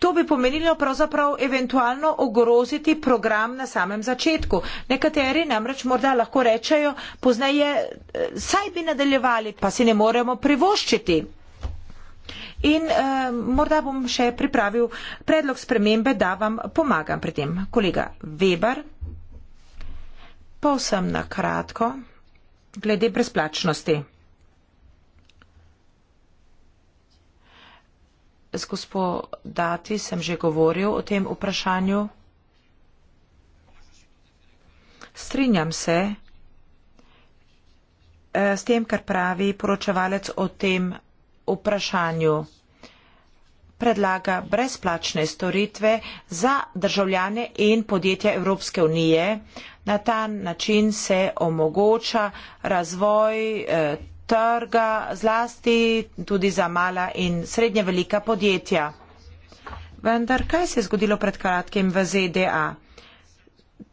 To bi pomenilo pravzaprav eventualno ogroziti program na samem začetku. Nekateri namreč morda lahko rečejo, poznaje, eh, saj bi nadaljevali, pa si ne moremo privoščiti. In eh, morda bom še pripravil predlog spremembe, da vam pomagam pri tem. Kolega Weber, povsem na kratko, glede brezplačnosti. z gospodati sem že govoril o tem vprašanju. Strinjam se eh, s tem, kar pravi poročevalec o tem vprašanju. Predlaga brezplačne storitve za državljane in podjetja Evropske unije. Na ta način se omogoča razvoj. Eh, trga, zlasti tudi za mala in srednje velika podjetja. Vendar kaj se je zgodilo pred kratkim v ZDA?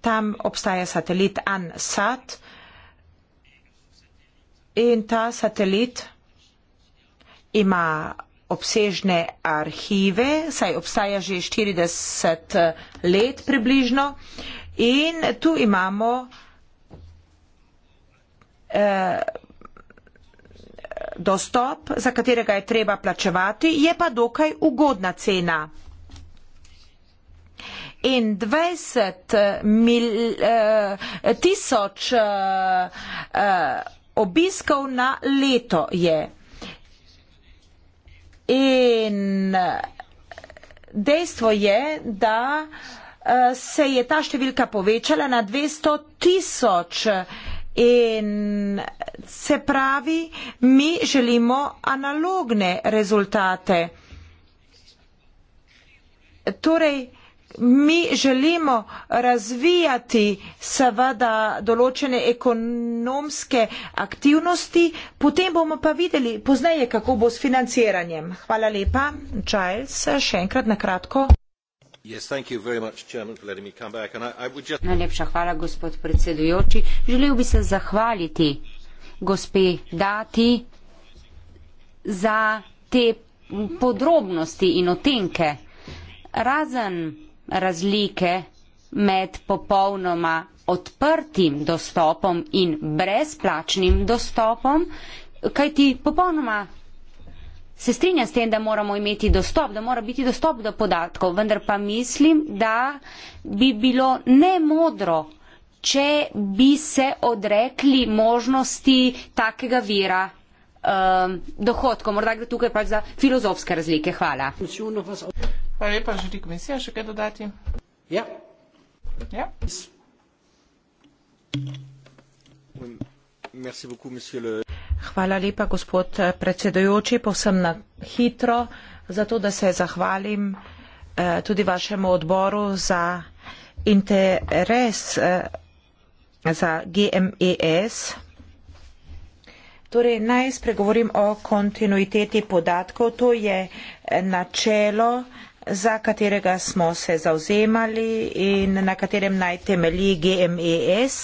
Tam obstaja satelit ANSAT in ta satelit ima obsežne arhive, saj obstaja že 40 let približno. In tu imamo eh, dostop, za katerega je treba plačevati, je pa dokaj ugodna cena. In 20 mil, eh, tisoč eh, eh, obiskov na leto je. In eh, dejstvo je, da eh, se je ta številka povečala na 200 tisoč. Eh, In se pravi, mi želimo analogne rezultate. Torej, mi želimo razvijati seveda določene ekonomske aktivnosti, potem bomo pa videli pozneje, kako bo s financiranjem. Hvala lepa, Giles, še enkrat na kratko. Najlepša hvala, gospod predsedujoči. Želel bi se zahvaliti gospe Dati za te podrobnosti in otenke. Razen razlike med popolnoma odprtim dostopom in brezplačnim dostopom, kajti popolnoma se strinja s tem, da moramo imeti dostop, da mora biti dostop do podatkov, vendar pa mislim, da bi bilo nemodro, če bi se odrekli možnosti takega vira um, dohodkov. Morda gre tukaj pač za filozofske razlike. Hvala. Hvala lepa, želi komisija še kaj dodati? Ja. ja. Merci beaucoup, monsieur le. Hvala lepa, gospod eh, predsedujoči, povsem na hitro, zato da se zahvalim eh, tudi vašemu odboru za interes eh, za GMES. Torej, naj spregovorim o kontinuiteti podatkov. To je eh, načelo, za katerega smo se zauzemali in na katerem naj temelji GMES.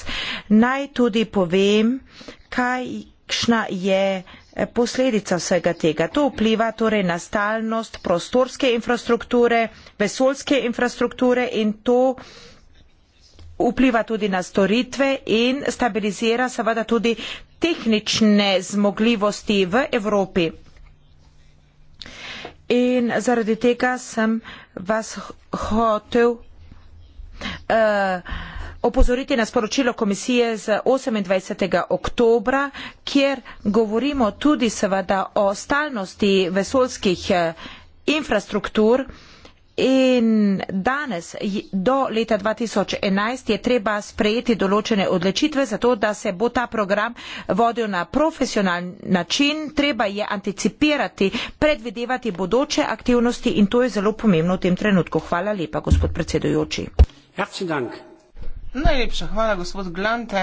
Naj tudi povem, kaj, kakšna je eh, posledica vsega tega. To vpliva torej na stalnost prostorske infrastrukture, vesolske infrastrukture in to vpliva tudi na storitve in stabilizira seveda tudi tehnične zmogljivosti v Evropi. In zaradi tega sem vas hotel uh, opozoriti na sporočilo komisije z 28. oktobra, kjer govorimo tudi seveda o stalnosti vesolskih eh, infrastruktur. In danes do leta 2011 je treba sprejeti določene odločitve za to, da se bo ta program vodil na profesionalen način. Treba je anticipirati, predvidevati bodoče aktivnosti in to je zelo pomembno v tem trenutku. Hvala lepa, gospod predsedujoči. Hvala lepa. Najlepša hvala, gospod Glante.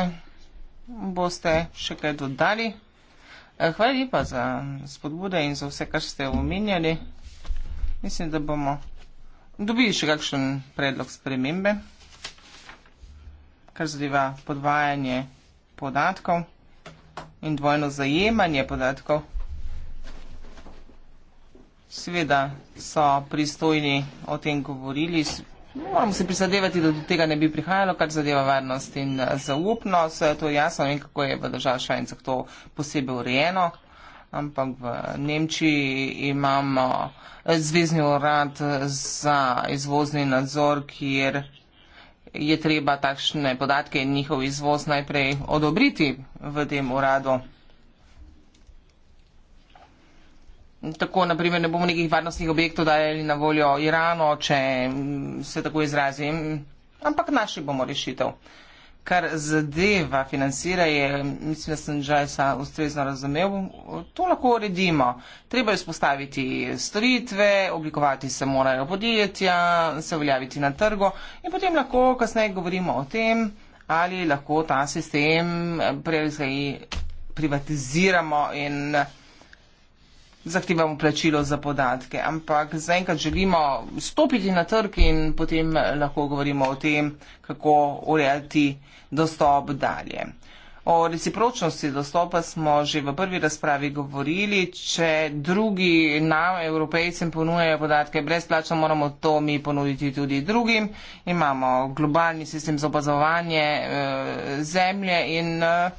Boste še kaj dodali? Eh, hvala lepa za spodbude in za vse, kar ste omenjali. Mislim, da bomo dobili še kakšen predlog spremembe, kar zadeva podvajanje podatkov in dvojno zajemanje podatkov. Seveda so pristojni o tem govorili, No, moramo se prizadevati, da do tega ne bi prihajalo, kar zadeva varnost in eh, zaupnost. Eh, to je jasno, vem, kako je v državah švencah to posebej urejeno. Ampak v Nemčiji imamo eh, zvezdni urad za izvozni nadzor, kjer je treba takšne podatke in njihov izvoz najprej odobriti v tem uradu. Tako, naprimer, ne bomo nekih varnostnih objektov dajali na voljo Irano, če se tako izrazim, ampak naši bomo rešitev. Kar zadeva financiranje, mislim, da sem Džajsa ustrezno razumel, to lahko uredimo. Treba je spostaviti storitve, oblikovati se morajo podjetja, se uveljaviti na trgu in potem lahko kasneje govorimo o tem, ali lahko ta sistem prej privatiziramo in zahtevamo plačilo za podatke, ampak zaenkrat želimo stopiti na trg in potem lahko govorimo o tem, kako urejati dostop dalje. O recipročnosti dostopa smo že v prvi razpravi govorili, če drugi nam, evropejcem, ponujajo podatke brezplačno, moramo to mi ponuditi tudi drugim. Imamo globalni sistem za opazovanje e, zemlje in e,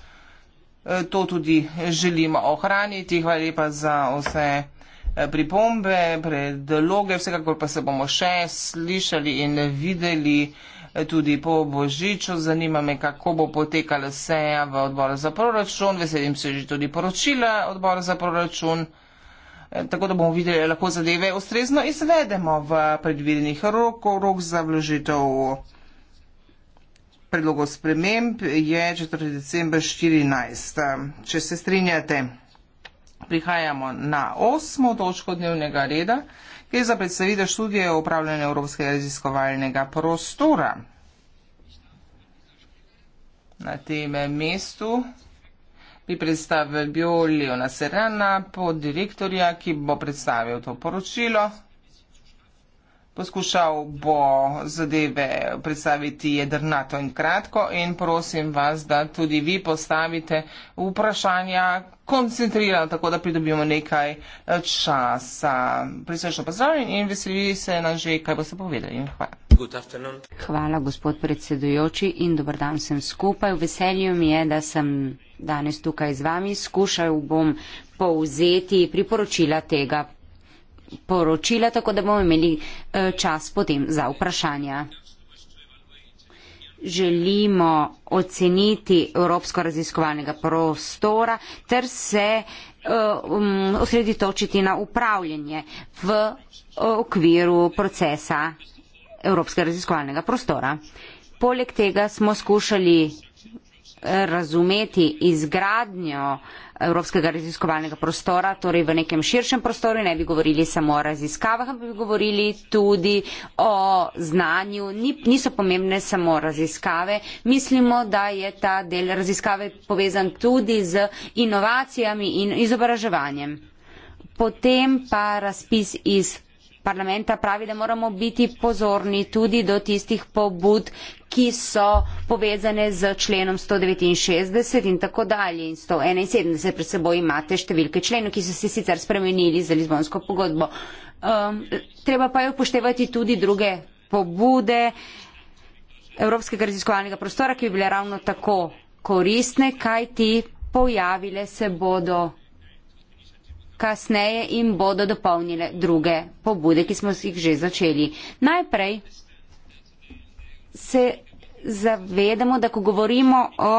E, to tudi želimo ohraniti. Hvala lepa za vse e, pripombe, predloge, vsekakor pa se bomo še slišali in videli e, tudi po božiču. Zanima me, kako bo potekala seja v odboru za proračun. Veselim se že tudi poročila odboru za proračun. Tako da bomo videli, lahko zadeve ustrezno izvedemo v predvidenih rokov, rok za vložitev predlogov sprememb je 4. december 14. Če se strinjate, prihajamo na 8. točko dnevnega reda, ki je za predstavitev študije o upravljanju Evropskega raziskovalnega prostora. Na tem mestu bi predstavil Bjolio Naserana, poddirektorja, ki bo predstavil to poročilo poskušal bo zadeve predstaviti jedrnato in kratko in prosim vas, da tudi vi postavite vprašanja koncentrirano, tako da pridobimo nekaj eh, časa. Prisrečno pozdravljen in veseli se nam že, kaj boste povedali. Hvala. Hvala, gospod predsedujoči in dobr dan sem skupaj. Veselju mi je, da sem danes tukaj z vami. Skušal bom povzeti priporočila tega poročila, tako da bomo imeli eh, čas potem za vprašanja. Želimo oceniti Evropsko raziskovalnega prostora ter se eh, um, osredotočiti na upravljanje v eh, okviru procesa Evropskega raziskovalnega prostora. Poleg tega smo skušali razumeti izgradnjo uh, evropskega raziskovalnega prostora, torej v nekem širšem prostoru, ne bi govorili samo o raziskavah, ampak bi govorili tudi o znanju. Ni, niso pomembne samo raziskave. Mislimo, da je ta del raziskave povezan tudi z inovacijami in izobraževanjem. Potem pa razpis iz parlamenta pravi, da moramo biti pozorni tudi do tistih pobud, ki so povezane z členom 169 in tako dalje. In 171 pred seboj imate številke členov, ki so se sicer spremenili za Lizbonsko pogodbo. Um, treba pa je upoštevati tudi druge pobude Evropskega raziskovalnega prostora, ki bi bile ravno tako koristne, kaj ti pojavile se bodo kasneje in bodo dopolnile druge pobude, ki smo jih že začeli. Najprej se zavedamo, da ko govorimo o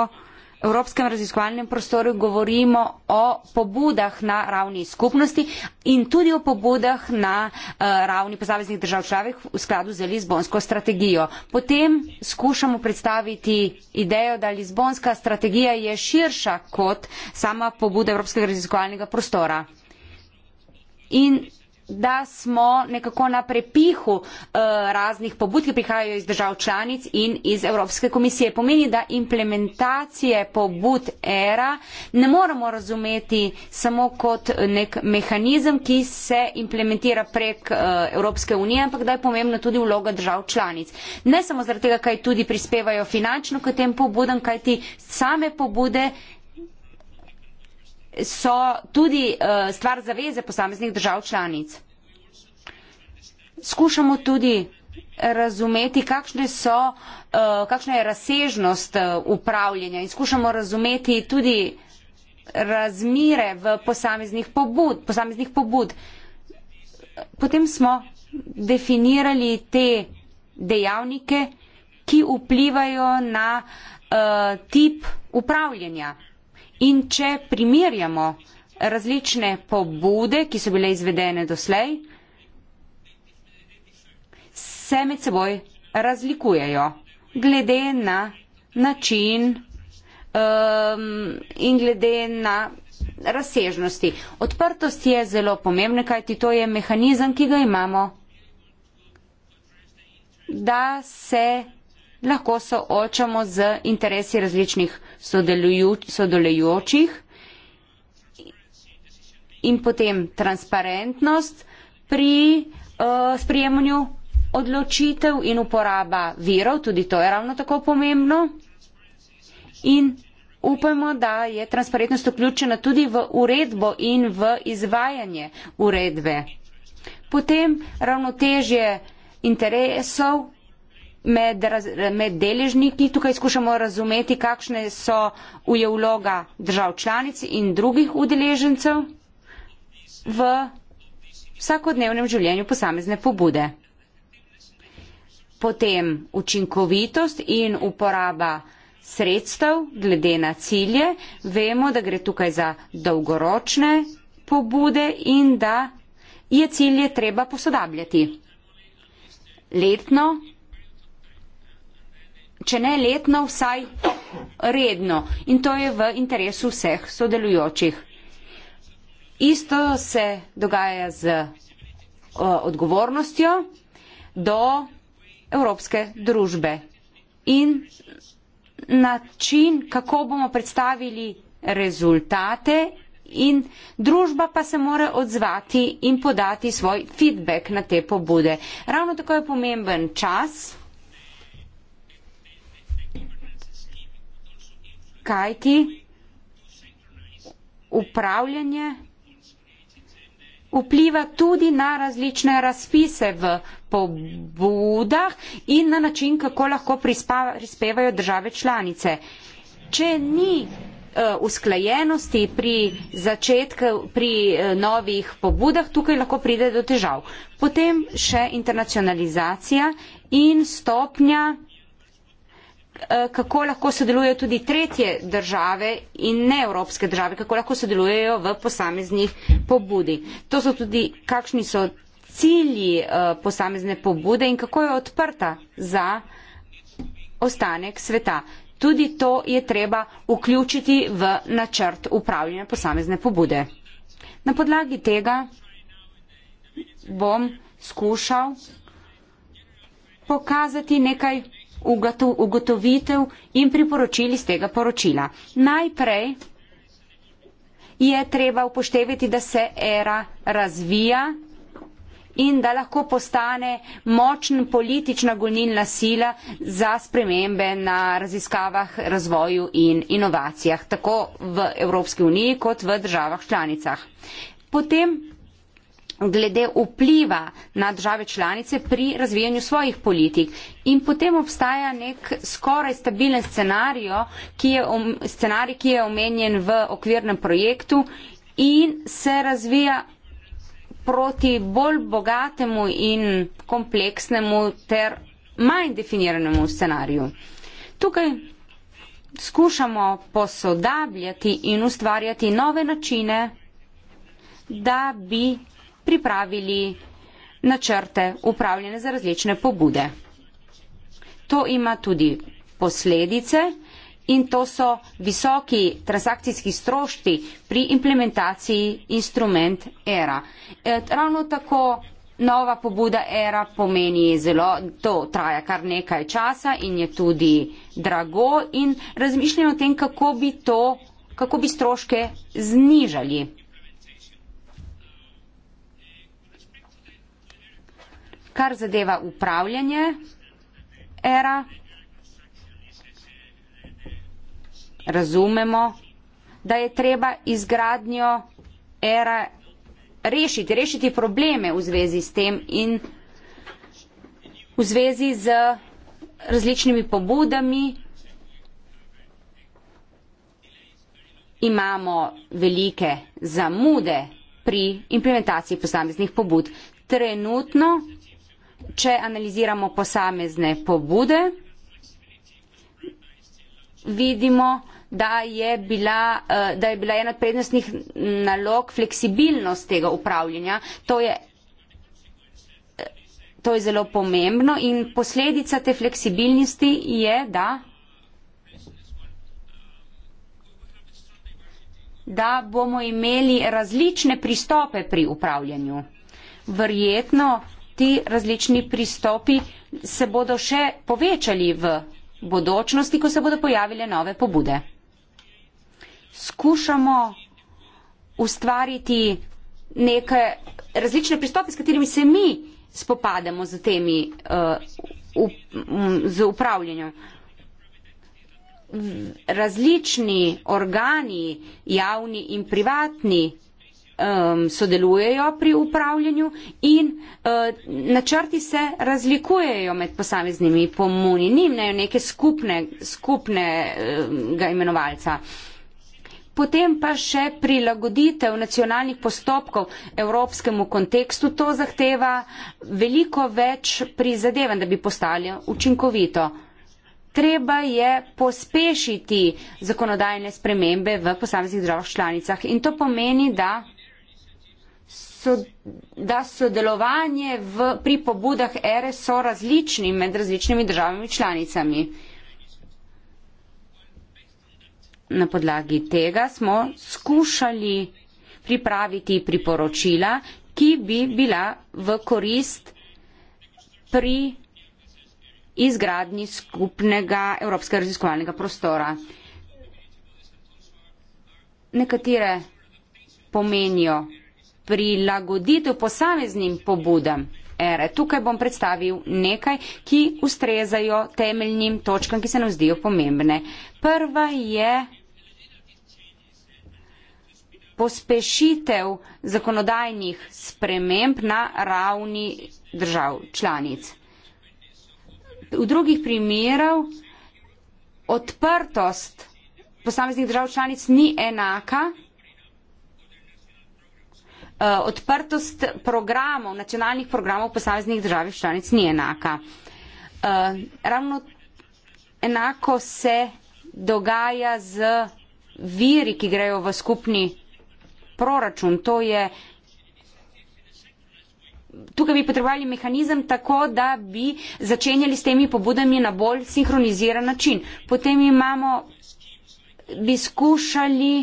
Evropskem raziskovalnem prostoru govorimo o pobudah na ravni skupnosti in tudi o pobudah na uh, ravni posameznih držav človek v skladu z Lizbonsko strategijo. Potem skušamo predstaviti idejo, da Lizbonska strategija je širša kot sama pobuda Evropskega raziskovalnega prostora in da smo nekako na prepihu eh, raznih pobud, ki prihajajo iz držav članic in iz Evropske komisije. Pomeni, da implementacije pobud era ne moramo razumeti samo kot nek mehanizem, ki se implementira prek eh, Evropske unije, ampak da je pomembna tudi vloga držav članic. Ne samo zaradi tega, kaj tudi prispevajo finančno k tem pobudam, kaj ti same pobude so tudi uh, stvar zaveze posameznih držav članic. Skušamo tudi razumeti, kakšne so, uh, kakšna je razsežnost eh, upravljanja in skušamo razumeti tudi razmire v posameznih pobud. Posameznih pobud. Potem smo definirali te dejavnike, ki vplivajo na uh, tip upravljanja in če primerjamo različne pobude, ki so bile izvedene doslej, se med seboj razlikujejo glede na način um, in glede na razsežnosti. Odprtost je zelo pomembna, kajti to je mehanizem, ki ga imamo, da se lahko soočamo z interesi različnih sodelujočih in potem transparentnost pri uh, eh, sprijemanju odločitev in uporaba virov, tudi to je ravno tako pomembno. In upajmo, da je transparentnost vključena tudi v uredbo in v izvajanje uredbe. Potem ravnotežje interesov med, raz, med deležniki. Tukaj skušamo razumeti, kakšne so uje vloga držav članic in drugih udeležencev v vsakodnevnem življenju posamezne pobude. Potem učinkovitost in uporaba sredstev glede na cilje. Vemo, da gre tukaj za dolgoročne pobude in da je cilje treba posodabljati. Letno če ne letno, vsaj redno. In to je v interesu vseh sodelujočih. Isto se dogaja z o, odgovornostjo do evropske družbe in način, kako bomo predstavili rezultate in družba pa se mora odzvati in podati svoj feedback na te pobude. Ravno tako je pomemben čas. kajti upravljanje vpliva tudi na različne razpise v pobudah in na način, kako lahko prispevajo države članice. Če ni eh, usklajenosti pri začetku, pri eh, novih pobudah, tukaj lahko pride do težav. Potem še internacionalizacija in stopnja Eh, kako lahko sodelujejo tudi tretje države in neevropske države, kako lahko sodelujejo v posameznih pobudi. To so tudi, kakšni so cilji eh, posamezne pobude in kako je odprta za ostanek sveta. Tudi to je treba vključiti v načrt upravljanja posamezne pobude. Na podlagi tega bom skušal pokazati nekaj ugotovitev in priporočil iz tega poročila. Najprej je treba upoštevati, da se era razvija in da lahko postane močna politična gonilna sila za spremembe na raziskavah, razvoju in inovacijah, tako v Evropski uniji kot v državah članicah. Potem glede vpliva na države članice pri razvijanju svojih politik. In potem obstaja nek skoraj stabilen scenarijo, ki je, scenarij, ki je omenjen v okvirnem projektu in se razvija proti bolj bogatemu in kompleksnemu ter manj definiranemu scenariju. Tukaj skušamo posodabljati in ustvarjati nove načine, da bi pripravili načrte upravljene za različne pobude. To ima tudi posledice in to so visoki transakcijski strošti pri implementaciji instrument ERA. E, ravno tako nova pobuda ERA pomeni zelo, to traja kar nekaj časa in je tudi drago in razmišljamo o tem, kako bi to, kako bi stroške znižali. kar zadeva upravljanje era, razumemo, da je treba izgradnjo era rešiti, rešiti probleme v zvezi s tem in v zvezi z različnimi pobudami. Imamo velike zamude pri implementaciji posameznih pobud. Trenutno če analiziramo posamezne pobude, vidimo, da je, bila, eh, da je bila ena od prednostnih nalog fleksibilnost tega upravljanja. To je, eh, to je zelo pomembno in posledica te fleksibilnosti je, da, da bomo imeli različne pristope pri upravljanju. Verjetno ti različni pristopi se bodo še povečali v bodočnosti, ko se bodo pojavile nove pobude. Skušamo ustvariti neke različne pristope, s katerimi se mi spopademo z, temi, uh, up, m, z upravljanjem. Različni organi, javni in privatni, um, sodelujejo pri upravljanju in uh, načrti se razlikujejo med posameznimi pomuni, nimajo neke skupne, skupnega um, imenovalca. Potem pa še prilagoditev nacionalnih postopkov evropskemu kontekstu, to zahteva veliko več prizadevanj, da bi postali učinkovito. Treba je pospešiti zakonodajne spremembe v posameznih državah članicah in to pomeni, da so, da sodelovanje v, pri pobudah ere so različni med različnimi državami članicami. Na podlagi tega smo skušali pripraviti priporočila, ki bi bila v korist pri izgradnji skupnega evropskega raziskovalnega prostora. Nekatere pomenijo prilagoditev posameznim pobudam. Ere. Tukaj bom predstavil nekaj, ki ustrezajo temeljnim točkam, ki se nam zdijo pomembne. Prva je pospešitev zakonodajnih sprememb na ravni držav članic. V drugih primerov odprtost posameznih držav članic ni enaka Eh, odprtost programov, nacionalnih programov v posameznih državih članic ni enaka. Eh, ravno enako se dogaja z viri, ki grejo v skupni proračun. To je, tukaj bi potrebovali mehanizem tako, da bi začenjali s temi pobudami na bolj sinhroniziran način. Potem imamo, bi skušali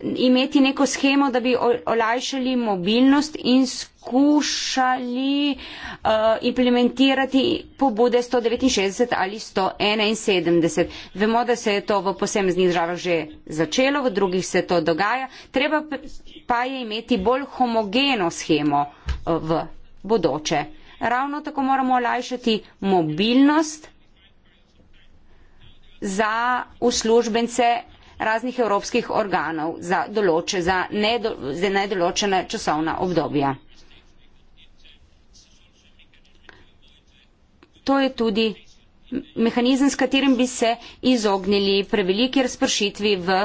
imeti neko schemo, da bi olajšali mobilnost in skušali uh, implementirati pobude 169 ali 171. Vemo, da se je to v posameznih državah že začelo, v drugih se to dogaja. Treba pa je imeti bolj homogeno schemo uh, v bodoče. Ravno tako moramo olajšati mobilnost za uslužbence raznih evropskih organov za, določe, za, nedo, za nedoločene časovna obdobja. To je tudi mehanizem, s katerim bi se izognili preveliki razpršitvi v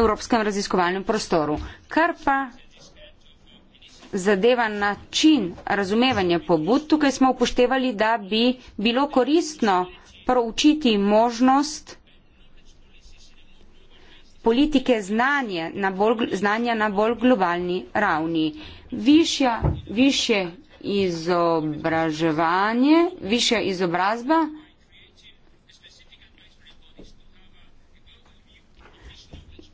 evropskem raziskovalnem prostoru. Kar pa zadeva način razumevanja pobud, tukaj smo upoštevali, da bi bilo koristno proučiti možnost politike znanje na bolj, znanja na bolj globalni ravni. Višja, više izobraževanje, višja izobrazba.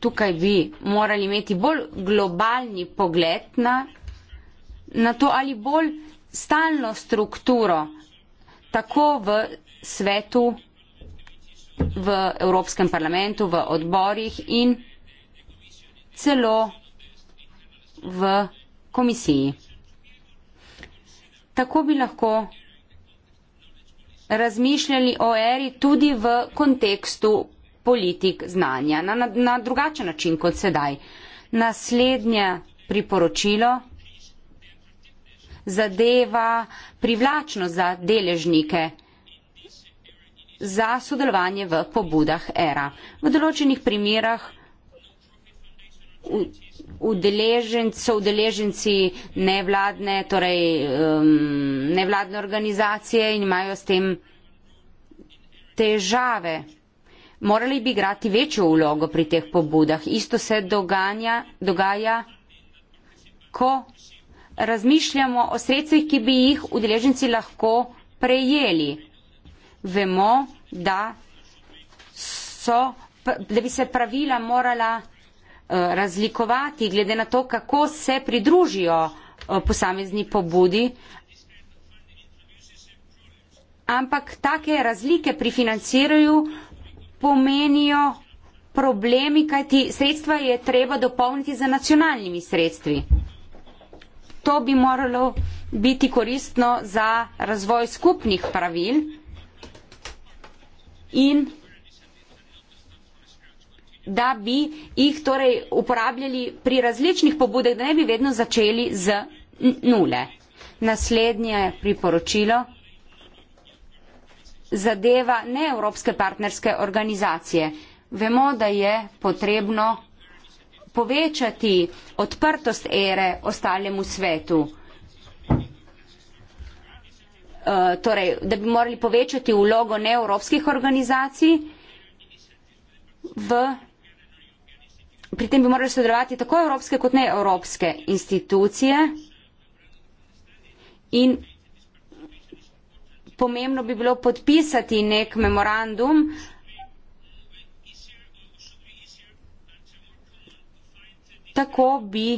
Tukaj bi morali imeti bolj globalni pogled na, na to ali bolj stalno strukturo, tako v svetu v Evropskem parlamentu, v odborih in celo v komisiji. Tako bi lahko razmišljali o eri tudi v kontekstu politik znanja, na, na, na drugačen način kot sedaj. Naslednje priporočilo zadeva privlačnost za deležnike za sodelovanje v pobudah ERA. V določenih primerah so udeleženci nevladne, torej um, nevladne organizacije in imajo s tem težave. Morali bi igrati večjo vlogo pri teh pobudah. Isto se doganja, dogaja, ko razmišljamo o sredstvih, ki bi jih udeleženci lahko prejeli vemo, da, so, da bi se pravila morala eh, razlikovati glede na to, kako se pridružijo eh, posamezni pobudi. Ampak take razlike pri financiranju pomenijo problemi, kajti sredstva je treba dopolniti za nacionalnimi sredstvi. To bi moralo biti koristno za razvoj skupnih pravil in da bi jih torej uporabljali pri različnih pobudah, da ne bi vedno začeli z nule. Naslednje priporočilo zadeva neevropske partnerske organizacije. Vemo, da je potrebno povečati odprtost ere ostalemu svetu. Eh, torej, da bi morali povečati vlogo neevropskih organizacij v Pri tem bi morali sodelovati tako evropske kot neevropske institucije in pomembno bi bilo podpisati nek memorandum, tako bi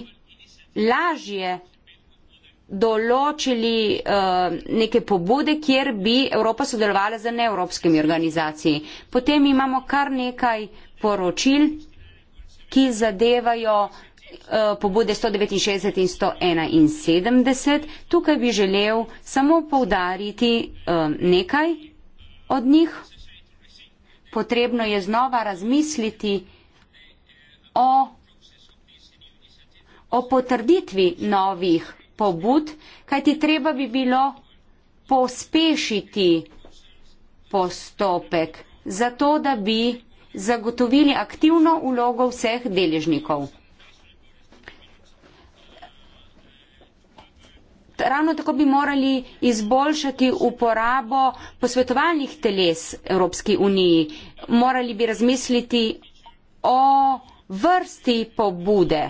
lažje določili uh, neke pobude, kjer bi Evropa sodelovala z neevropskimi organizacijami. Potem imamo kar nekaj poročil, ki zadevajo eh, pobude 169 in 171. Tukaj bi želel samo povdariti eh, nekaj od njih. Potrebno je znova razmisliti o, o potrditvi novih pobud, kajti treba bi bilo pospešiti postopek, zato da bi zagotovili aktivno ulogo vseh deležnikov. Ravno tako bi morali izboljšati uporabo posvetovalnih teles Evropske unije. Morali bi razmisliti o vrsti pobude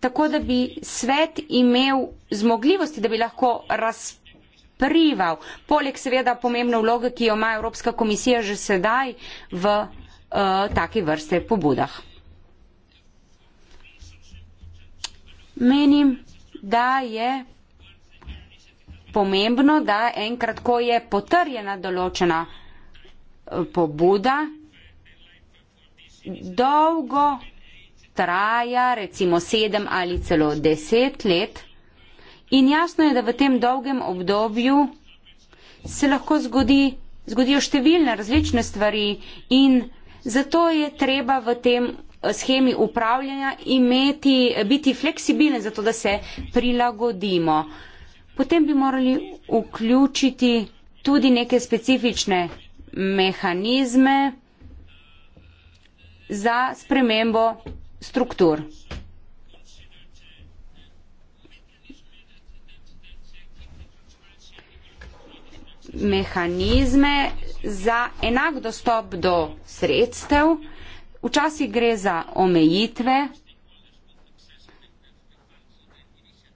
tako da bi svet imel zmogljivosti, da bi lahko razprival, poleg seveda pomembne vloge, ki jo ima Evropska komisija že sedaj v uh, taki vrste pobudah. Menim, da je pomembno, da enkrat, ko je potrjena določena eh, pobuda, dolgo traja recimo sedem ali celo deset let. In jasno je, da v tem dolgem obdobju se lahko zgodi, zgodijo številne različne stvari in zato je treba v tem eh, schemi upravljanja imeti, eh, biti fleksibilen, zato da se prilagodimo. Potem bi morali vključiti tudi neke specifične mehanizme za spremembo struktur. Mehanizme za enak dostop do sredstev, včasih gre za omejitve,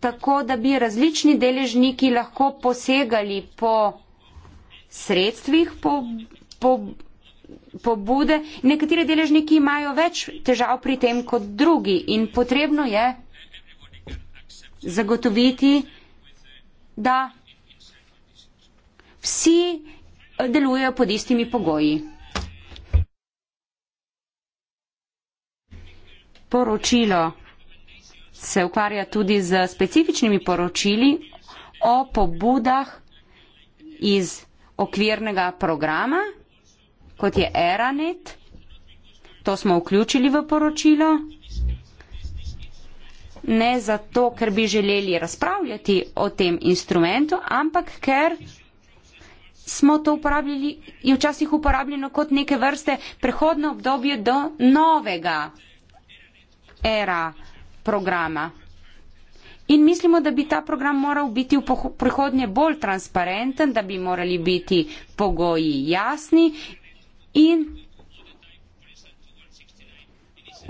tako da bi različni deležniki lahko posegali po sredstvih, po, po pobude. Nekateri deležniki imajo več težav pri tem kot drugi in potrebno je zagotoviti, da vsi delujejo pod istimi pogoji. Poročilo se ukvarja tudi z specifičnimi poročili o pobudah iz okvirnega programa kot je Eranet. To smo vključili v poročilo. Ne zato, ker bi želeli razpravljati o tem instrumentu, ampak ker smo to uporabljali in včasih uporabljeno kot neke vrste prehodno obdobje do novega era programa. In mislimo, da bi ta program moral biti v prihodnje bolj transparenten, da bi morali biti pogoji jasni In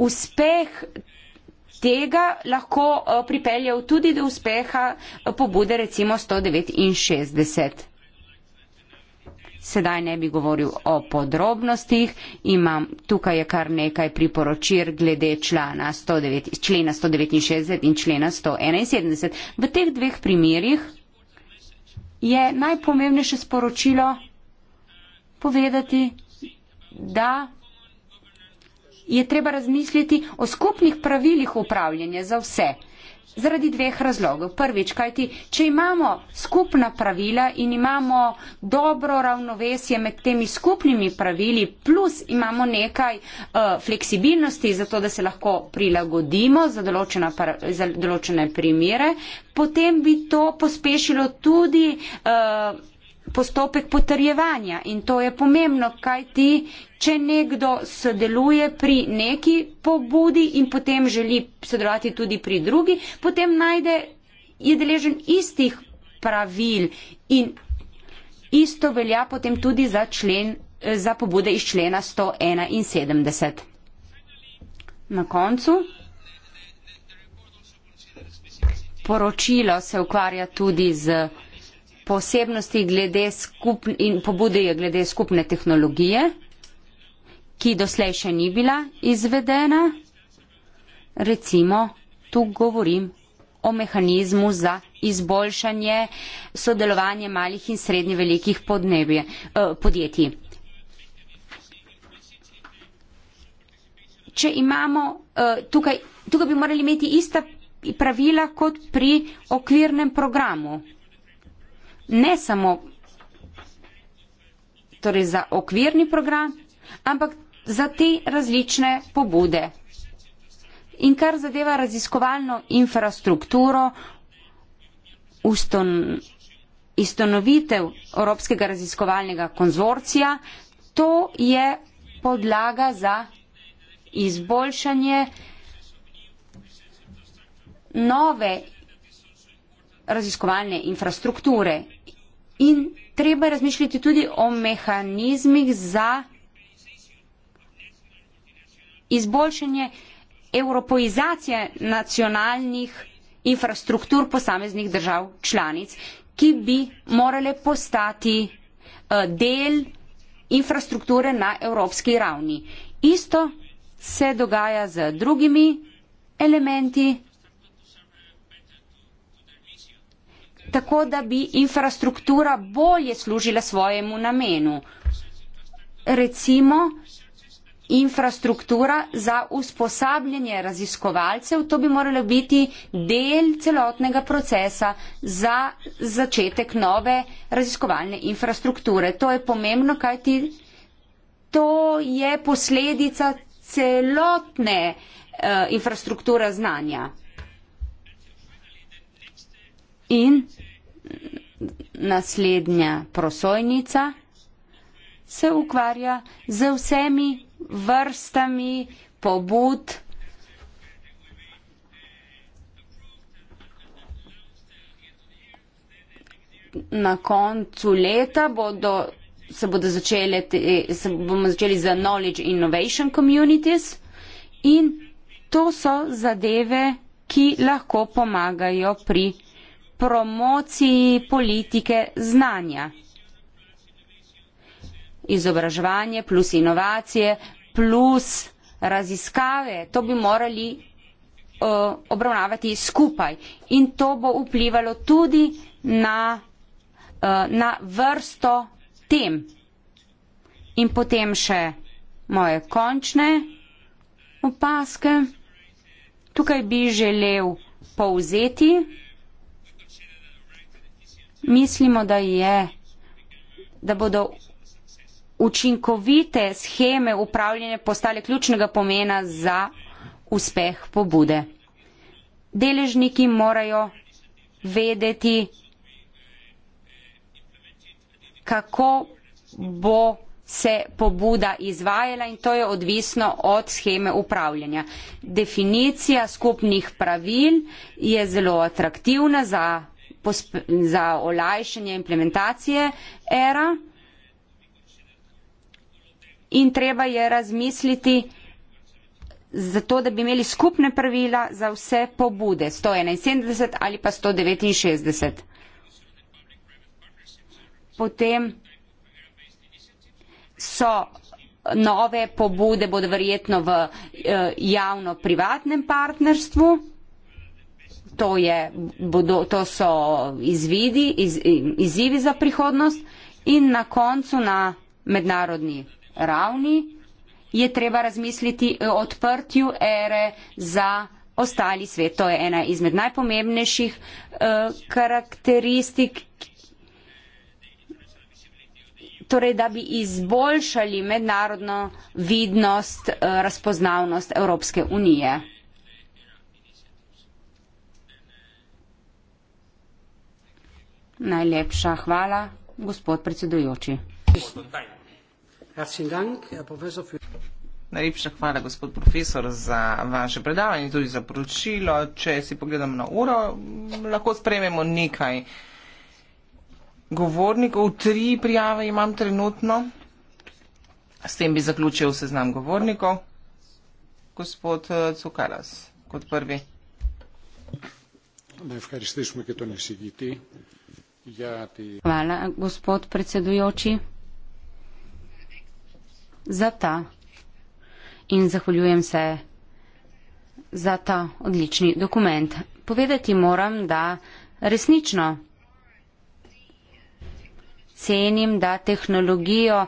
uspeh tega lahko eh, pripeljal tudi do uspeha eh, pobude recimo 169. Sedaj ne bi govoril o podrobnostih, imam tukaj kar nekaj priporočil glede 109, člena 169 in člena 171. V teh dveh primerjih je najpomembnejše sporočilo povedati, da je treba razmisliti o skupnih pravilih upravljanja za vse. Zaradi dveh razlogov. Prvič, kajti, če imamo skupna pravila in imamo dobro ravnovesje med temi skupnimi pravili, plus imamo nekaj uh, fleksibilnosti za to, da se lahko prilagodimo za določene, za določene primere, potem bi to pospešilo tudi. Uh, postopek potrjevanja in to je pomembno, kaj ti, če nekdo sodeluje pri neki pobudi in potem želi sodelovati tudi pri drugi, potem najde, je deležen istih pravil in isto velja potem tudi za, člen, za pobude iz člena 171. Na koncu. Poročilo se ukvarja tudi z posebnosti glede skupn in pobude je glede skupne tehnologije, ki doslej še ni bila izvedena. Recimo, tu govorim o mehanizmu za izboljšanje sodelovanja malih in srednje velikih podnebje, eh, podjetij. Če imamo eh, tukaj, tukaj bi morali imeti ista pravila kot pri okvirnem programu ne samo torej za okvirni program, ampak za te različne pobude. In kar zadeva raziskovalno infrastrukturo, ustanovitev Evropskega raziskovalnega konzorcija, to je podlaga za izboljšanje nove raziskovalne infrastrukture In treba razmišljati tudi o mehanizmih za izboljšanje evropoizacije nacionalnih infrastruktur posameznih držav članic, ki bi morale postati eh, del infrastrukture na evropski ravni. Isto se dogaja z drugimi elementi tako da bi infrastruktura bolje služila svojemu namenu. Recimo, infrastruktura za usposabljanje raziskovalcev, to bi moralo biti del celotnega procesa za začetek nove raziskovalne infrastrukture. To je pomembno, kajti to je posledica celotne uh, infrastrukture znanja. In naslednja prosojnica se ukvarja z vsemi vrstami pobud, Na koncu leta bodo, se, bodo začele, se bomo začeli za Knowledge Innovation Communities in to so zadeve, ki lahko pomagajo pri promociji politike znanja. Izobraževanje plus inovacije plus raziskave, to bi morali uh, obravnavati skupaj in to bo vplivalo tudi na, uh, na vrsto tem. In potem še moje končne opaske. Tukaj bi želel povzeti mislimo, da je, da bodo učinkovite scheme upravljanja postale ključnega pomena za uspeh pobude. Deležniki morajo vedeti, kako bo se pobuda izvajala in to je odvisno od scheme upravljanja. Definicija skupnih pravil je zelo atraktivna za za olajšanje implementacije era. In treba je razmisliti zato, da bi imeli skupne pravila za vse pobude 171 ali pa 169. Potem so nove pobude, bodo verjetno v eh, javno-privatnem partnerstvu to, je, bodo, to so izvidi, iz, izzivi za prihodnost in na koncu na mednarodni ravni je treba razmisliti o odprtju ere za ostali svet. To je ena izmed najpomembnejših eh, karakteristik, torej da bi izboljšali mednarodno vidnost, eh, razpoznavnost Evropske unije. Najlepša hvala, gospod predsedujoči. Najlepša hvala, gospod profesor, za vaše predavanje in tudi za poročilo. Če si pogledam na uro, lahko sprememo nekaj govornikov. Tri prijave imam trenutno. S tem bi zaključil seznam govornikov. Gospod eh, Cukaras, kot prvi. Najprej, da se slišimo, da to ne sedite. Hvala, gospod predsedujoči, za ta in zahvaljujem se za ta odlični dokument. Povedati moram, da resnično cenim, da tehnologijo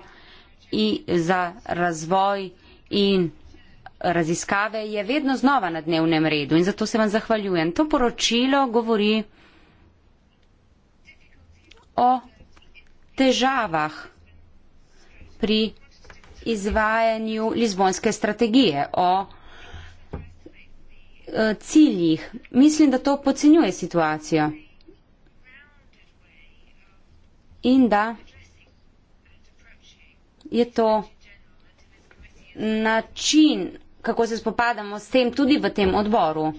in za razvoj in raziskave je vedno znova na dnevnem redu in zato se vam zahvaljujem. To poročilo govori o težavah pri izvajanju Lizbonske strategije, o e, ciljih. Mislim, da to podcenjuje situacijo in da je to način, kako se spopadamo s tem tudi v tem odboru.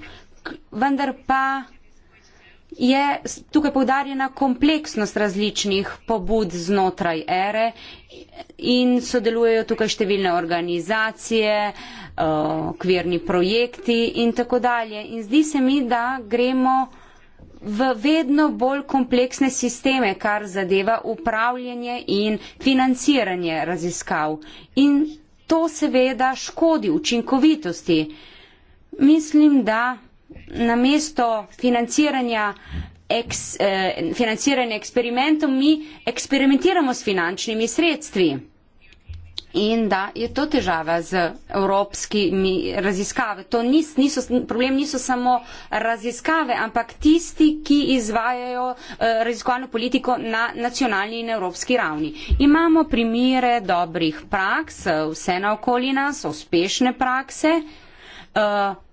Vendar pa je tukaj povdarjena kompleksnost različnih pobud znotraj ere in sodelujejo tukaj številne organizacije, eh, okvirni projekti in tako dalje. In zdi se mi, da gremo v vedno bolj kompleksne sisteme, kar zadeva upravljanje in financiranje raziskav. In to seveda škodi učinkovitosti. Mislim, da namesto financiranja eks, eh, financiranja eksperimentov, mi eksperimentiramo s finančnimi sredstvi. In da je to težava z evropskimi raziskave. To nis, niso, problem niso samo raziskave, ampak tisti, ki izvajajo eh, raziskovalno politiko na nacionalni in evropski ravni. Imamo primire dobrih praks, eh, vse na okolina so uspešne prakse. Eh,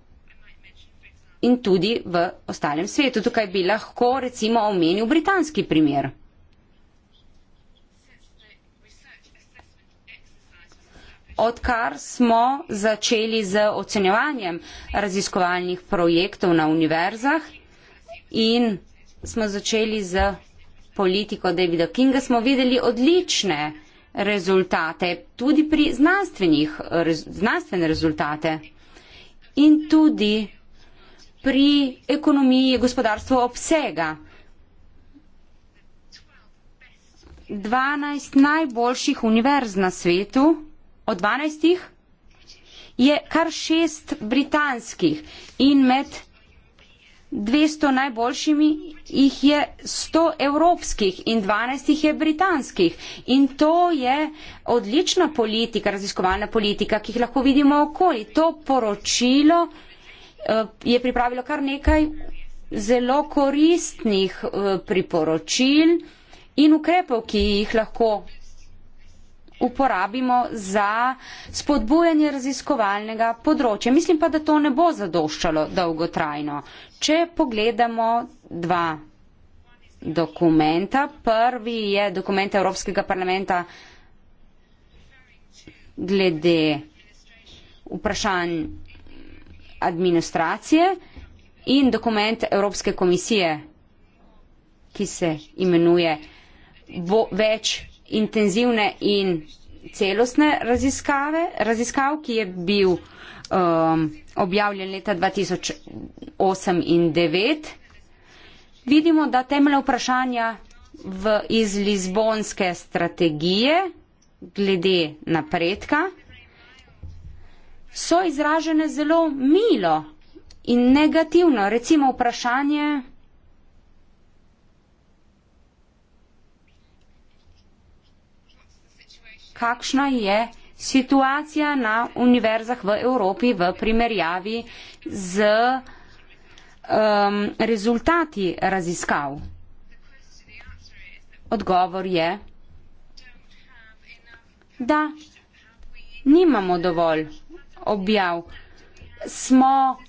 in tudi v ostalem svetu. Tukaj bi lahko recimo omenil britanski primer. Odkar smo začeli z ocenjevanjem raziskovalnih projektov na univerzah in smo začeli z politiko Davida Kinga, smo videli odlične rezultate, tudi pri znanstvenih, znanstvene rezultate. In tudi pri ekonomiji gospodarstvo obsega. 12 najboljših univerz na svetu, od 12 je kar 6 britanskih in med 200 najboljšimi jih je 100 evropskih in 12 je britanskih. In to je odlična politika, raziskovalna politika, ki jih lahko vidimo okoli. To poročilo Eh, je pripravilo kar nekaj zelo koristnih eh, priporočil in ukrepov, ki jih lahko uporabimo za spodbujanje raziskovalnega področja. Mislim pa, da to ne bo zadoščalo dolgotrajno. Če pogledamo dva dokumenta, prvi je dokument Evropskega parlamenta glede vprašanj administracije in dokument Evropske komisije, ki se imenuje več intenzivne in celostne raziskave, raziskav, ki je bil um, objavljen leta 2008 in 2009. Vidimo, da temeljna vprašanja iz Lizbonske strategije glede napredka so izražene zelo milo in negativno. Recimo vprašanje. Kakšna je situacija na univerzah v Evropi v primerjavi z um, rezultati raziskav? Odgovor je, da nimamo dovolj objav. Smo,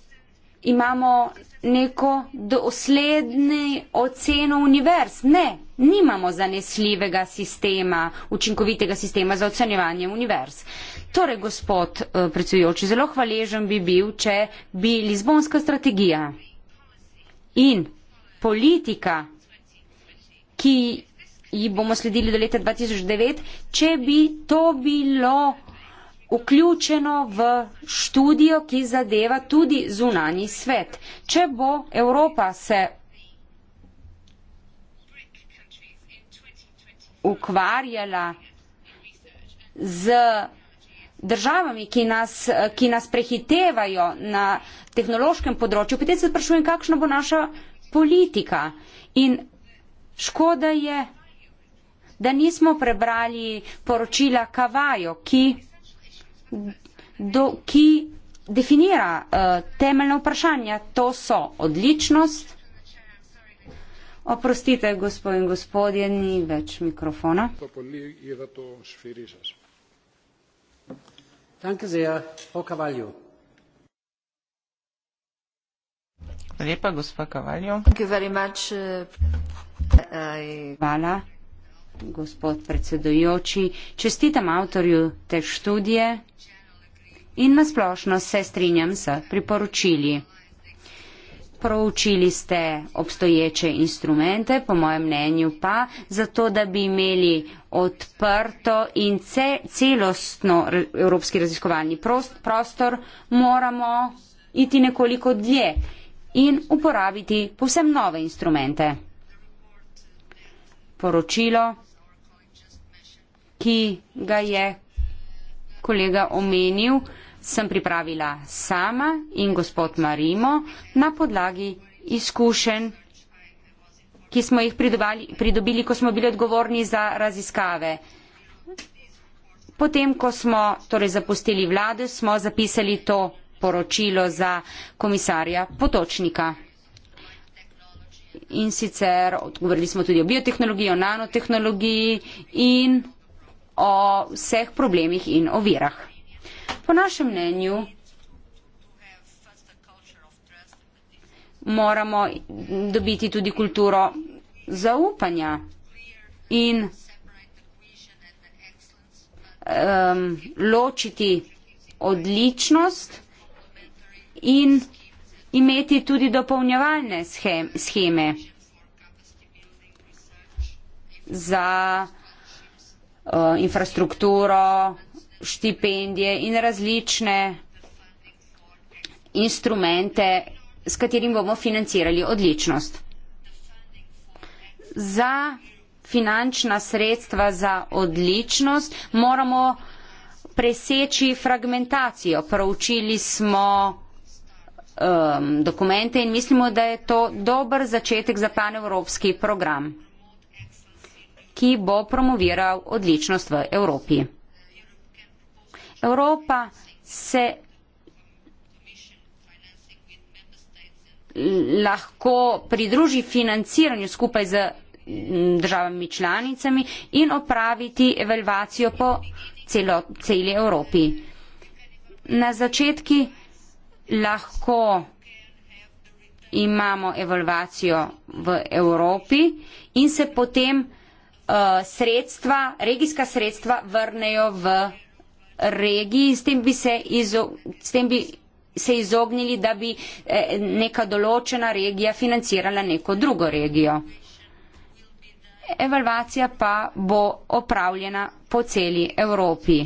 imamo neko dosledni oceno univerz? Ne, nimamo zanesljivega sistema, učinkovitega sistema za ocenjevanje univerz. Torej, gospod eh, predsedujoči, zelo hvaležen bi bil, če bi Lizbonska strategija in politika, ki ji bomo sledili do leta 2009, če bi to bilo vključeno v študijo, ki zadeva tudi zunani svet. Če bo Evropa se ukvarjala z državami, ki nas, ki nas prehitevajo na tehnološkem področju, potem se sprašujem, kakšna bo naša politika. In škoda je, da nismo prebrali poročila Kavajo, ki do, ki definira uh, eh, temeljne vprašanja. To so odličnost. Oprostite, gospod in gospodje, ni več mikrofona. Eh, Hvala gospod predsedujoči, čestitam avtorju te študije in nasplošno se strinjam s priporočili. Proučili ste obstoječe instrumente, po mojem mnenju pa, zato da bi imeli odprto in celostno evropski raziskovalni prostor, moramo iti nekoliko dlje in uporabiti povsem nove instrumente. Poročilo ki ga je kolega omenil, sem pripravila sama in gospod Marimo na podlagi izkušenj, ki smo jih pridobali, pridobili, ko smo bili odgovorni za raziskave. Potem, ko smo torej zapustili vlade, smo zapisali to poročilo za komisarja Potočnika. In sicer odgovorili smo tudi o biotehnologiji, o nanotehnologiji in o vseh problemih in ovirah. Po našem mnenju moramo dobiti tudi kulturo zaupanja in um, ločiti odličnost in imeti tudi dopolnjevalne scheme za Eh, infrastrukturo, štipendije in različne instrumente, s katerim bomo financirali odličnost. Za finančna sredstva za odličnost moramo preseči fragmentacijo. Proučili smo um, dokumente in mislimo, da je to dober začetek za panevropski program ki bo promoviral odličnost v Evropi. Evropa se lahko pridruži financiranju skupaj z državami članicami in opraviti evalvacijo po celo, celi Evropi. Na začetki lahko imamo evalvacijo v Evropi in se potem Eh, sredstva, regijska sredstva vrnejo v regiji, s tem bi se, izo, tem bi se izognili, da bi e, neka določena regija financirala neko drugo regijo. Evalvacija pa bo opravljena po celi Evropi.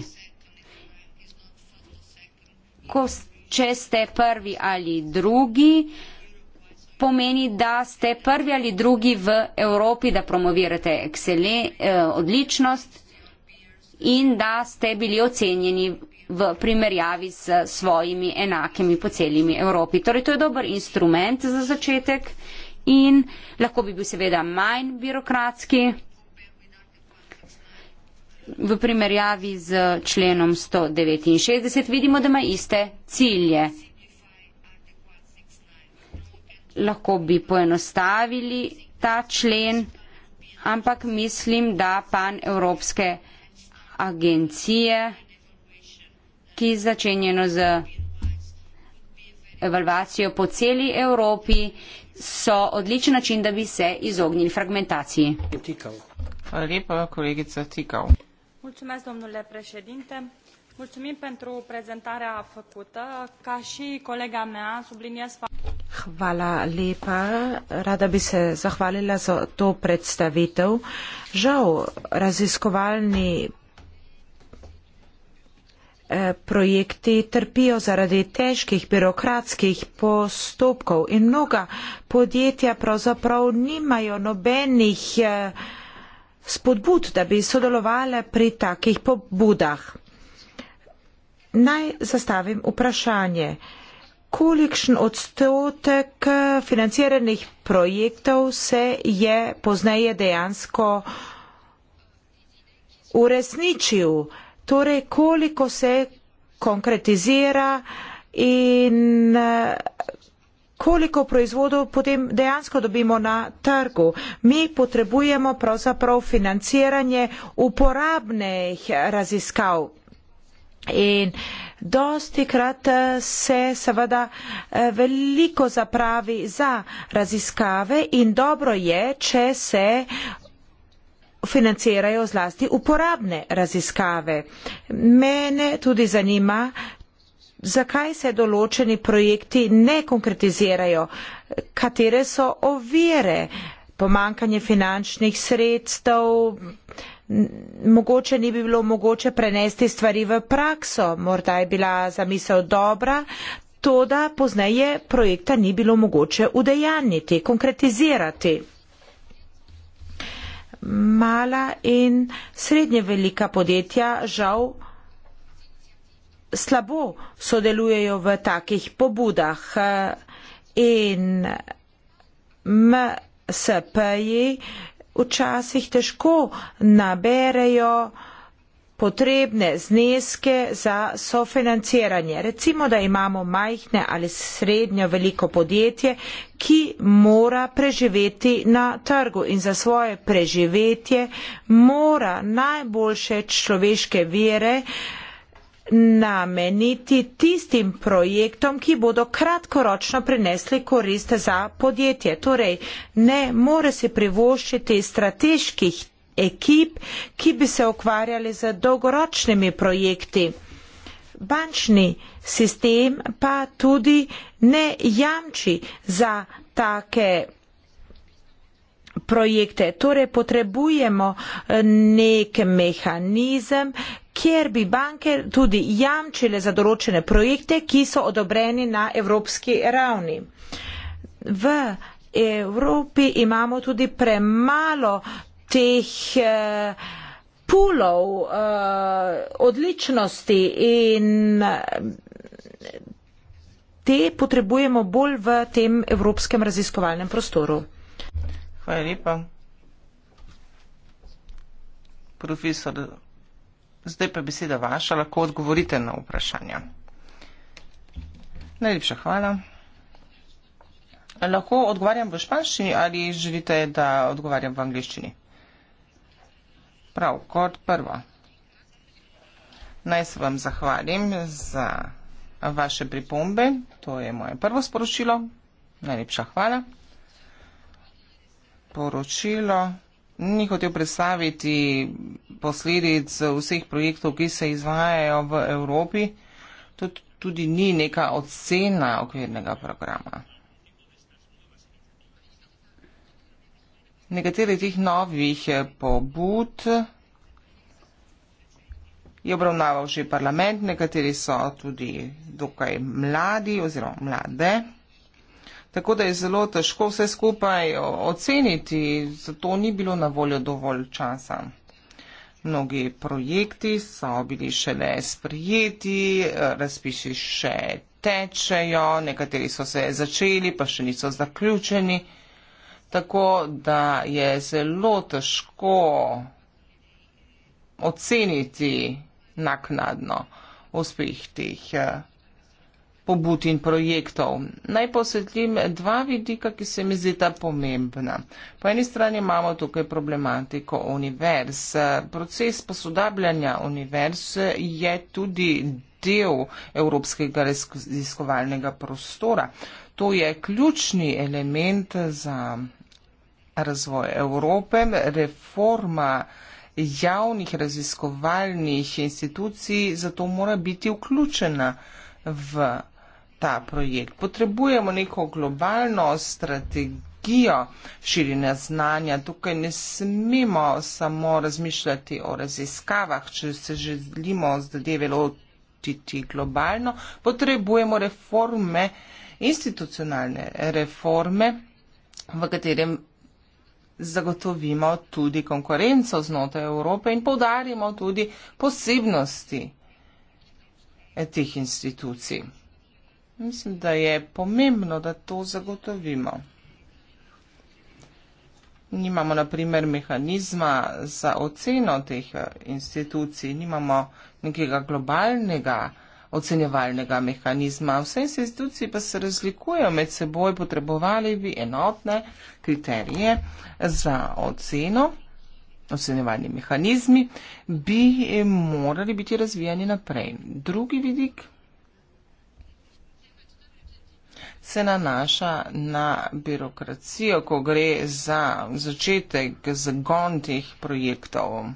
Ko, če ste prvi ali drugi, pomeni, da ste prvi ali drugi v Evropi, da promovirate eksele, eh, odličnost in da ste bili ocenjeni v primerjavi s svojimi enakimi po celimi Evropi. Torej, to je dober instrument za začetek in lahko bi bil seveda manj birokratski v primerjavi z členom 169. Vidimo, da ima iste cilje lahko bi poenostavili ta člen, ampak mislim, da pan Evropske agencije, ki je začenjeno z evalvacijo po celi Evropi, so odličen način, da bi se izognili fragmentaciji. Hvala lepa, kolegica Tikal. Mulțumesc, domnule președinte. Mulțumim pentru prezentarea făcută. Ca și colega mea, subliniez faptul. Hvala lepa. Rada bi se zahvalila za to predstavitev. Žal, raziskovalni eh, projekti trpijo zaradi težkih birokratskih postopkov in mnoga podjetja pravzaprav nimajo nobenih eh, spodbud, da bi sodelovala pri takih pobudah. Naj zastavim vprašanje kolikšen odstotek eh, financiranih projektov se je pozneje dejansko uresničil, torej koliko se konkretizira in eh, koliko proizvodov potem dejansko dobimo na trgu. Mi potrebujemo pravzaprav financiranje uporabnih eh, raziskav in Dosti krat eh, se seveda eh, veliko zapravi za raziskave in dobro je, če se financirajo zlasti uporabne raziskave. Mene tudi zanima, zakaj se določeni projekti ne konkretizirajo, katere so ovire, pomankanje finančnih sredstev, mogoče ni bi bilo mogoče prenesti stvari v prakso, morda je bila zamisel dobra, to da pozneje projekta ni bilo mogoče udejanjiti, konkretizirati. Mala in srednje velika podjetja žal slabo sodelujejo v takih pobudah in MSP-ji včasih težko naberejo potrebne zneske za sofinanciranje. Recimo, da imamo majhne ali srednjo veliko podjetje, ki mora preživeti na trgu in za svoje preživetje mora najboljše človeške vire uh, nameniti tistim projektom, ki bodo kratkoročno prinesli korist za podjetje. Torej, ne more si privoščiti strateških ekip, ki bi se ukvarjali z dolgoročnimi projekti. Bančni sistem pa tudi ne jamči za take projekte. Torej, potrebujemo eh, nek mehanizem, kjer bi banke tudi jamčile za določene projekte, ki so odobreni na evropski ravni. V Evropi imamo tudi premalo teh eh, pulov eh, odličnosti in eh, te potrebujemo bolj v tem evropskem raziskovalnem prostoru. Hvala lepa. Profesor Zdaj pa beseda vaša, lahko odgovorite na vprašanja. Najlepša hvala. Lahko odgovarjam v španščini ali želite, da odgovarjam v angliščini? Prav, kot prvo. Naj se vam zahvalim za vaše pripombe. To je moje prvo sporočilo. Najlepša hvala. Poročilo ni hotel predstaviti posledic vseh projektov, ki se izvajajo v Evropi. Tud, tudi ni neka ocena okvirnega programa. Nekateri tih novih eh, pobud je obravnaval že parlament, nekateri so tudi dokaj mladi oziroma mlade. Tako da je zelo težko vse skupaj oceniti, zato ni bilo na voljo dovolj časa. Mnogi projekti so bili šele sprijeti, razpisi še tečejo, nekateri so se začeli, pa še niso zaključeni. Tako da je zelo težko oceniti naknadno uspeh teh eh, pobud in projektov. Naj posvetlim dva vidika, ki se mi zdita pomembna. Po eni strani imamo tukaj problematiko univerz. Proces posodabljanja univerz je tudi del evropskega raziskovalnega prostora. To je ključni element za razvoj Evrope, reforma javnih raziskovalnih institucij, zato mora biti vključena v ta projekt. Potrebujemo neko globalno strategijo širjenja znanja. Tukaj ne smemo samo razmišljati o raziskavah, če se želimo zadeve lotiti globalno. Potrebujemo reforme, institucionalne reforme, v katerem zagotovimo tudi konkurenco znotraj Evrope in poudarimo tudi posebnosti teh institucij. Mislim, da je pomembno, da to zagotovimo. Nimamo, na primer, mehanizma za oceno teh eh, institucij, nimamo nekega globalnega ocenjevalnega mehanizma. Vse institucije pa se razlikujejo med seboj, potrebovali bi enotne kriterije za oceno. Ocenevalni mehanizmi bi eh, morali biti razvijani naprej. Drugi vidik se nanaša na birokracijo, ko gre za začetek zagon teh projektov.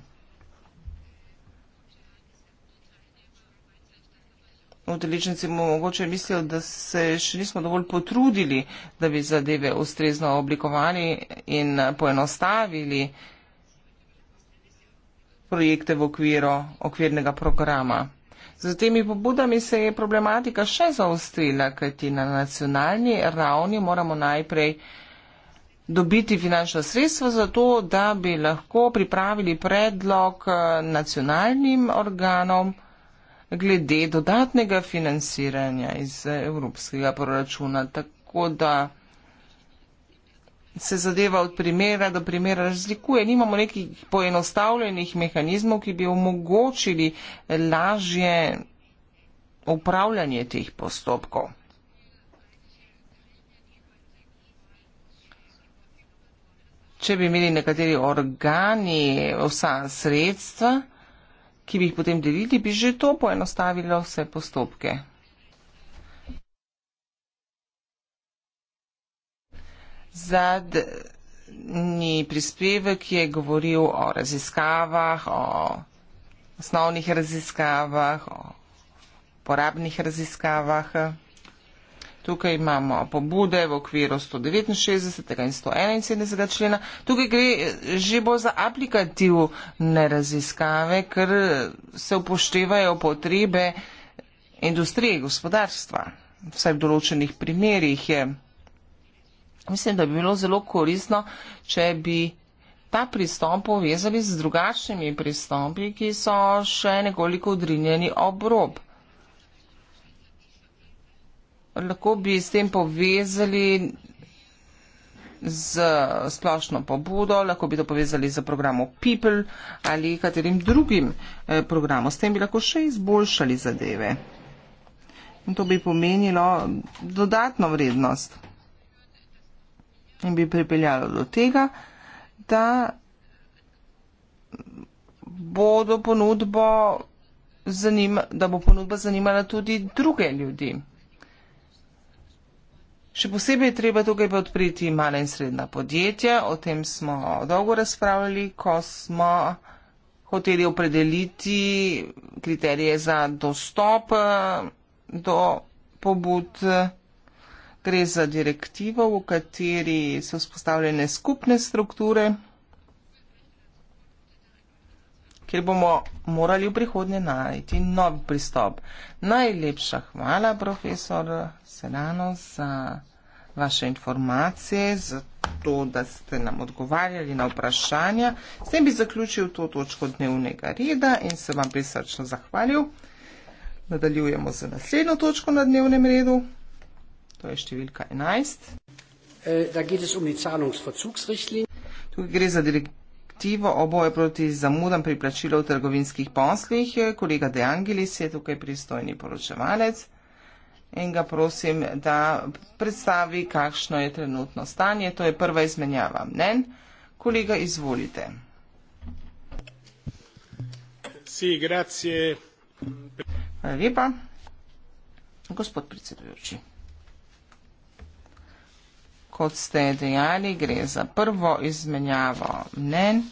Udeležnici bomo mogoče mislili, da se še nismo dovolj potrudili, da bi zadeve ustrezno oblikovali in poenostavili projekte v okviru okvirnega programa. Z temi pobudami se je problematika še zaostrila, kajti na nacionalni ravni moramo najprej dobiti finančno sredstvo za to, da bi lahko pripravili predlog eh, nacionalnim organom glede dodatnega financiranja iz eh, evropskega proračuna. Tako da se zadeva od primera do primera razlikuje. Nimamo nekih poenostavljenih mehanizmov, ki bi omogočili lažje upravljanje teh postopkov. Če bi imeli nekateri organi vsa sredstva, ki bi jih potem delili, bi že to poenostavilo vse postopke. Zadnji prispevek je govoril o raziskavah, o osnovnih raziskavah, o porabnih raziskavah. Tukaj imamo pobude v okviru 169. in 171. člena. Tukaj gre eh, že bolj za aplikativne raziskave, ker eh, se upoštevajo potrebe industrije, gospodarstva. Vsaj v določenih primerjih je mislim, da bi bilo zelo korisno, če bi ta pristop povezali z drugačnimi pristopi, ki so še nekoliko odrinjeni ob rob. Lahko bi s tem povezali z splošno pobudo, lahko bi to povezali z programom People ali katerim drugim eh, programom. S tem bi lahko še izboljšali zadeve. In to bi pomenilo dodatno vrednost in bi pripeljalo do tega, da bodo ponudbo zanima, da bo ponudba zanimala tudi druge ljudi. Še posebej je treba tukaj pa odpreti mala in srednja podjetja, o tem smo dolgo razpravljali, ko smo hoteli opredeliti kriterije za dostop eh, do pobud. Eh, Gre za direktivo, v kateri so vzpostavljene skupne strukture, kjer bomo morali v prihodnje najti nov pristop. Najlepša hvala, profesor Serano, za vaše informacije, za to, da ste nam odgovarjali na vprašanja. S tem bi zaključil to točko dnevnega reda in se vam prisrčno zahvalil. Nadaljujemo z naslednjo točko na dnevnem redu to je številka 11. Äh, da geht es um die Zahlungsverzugsrichtlinie. Tukaj gre za direktivo o boju proti zamudam pri plačilu v trgovinskih poslih. Kolega De Angelis je tukaj pristojni poročevalec in ga prosim, da predstavi, kakšno je trenutno stanje. To je prva izmenjava mnen. Kolega, izvolite. Si, grazie. Hvala lepa. Gospod predsedujoči kot ste dejali, gre za prvo izmenjavo mnen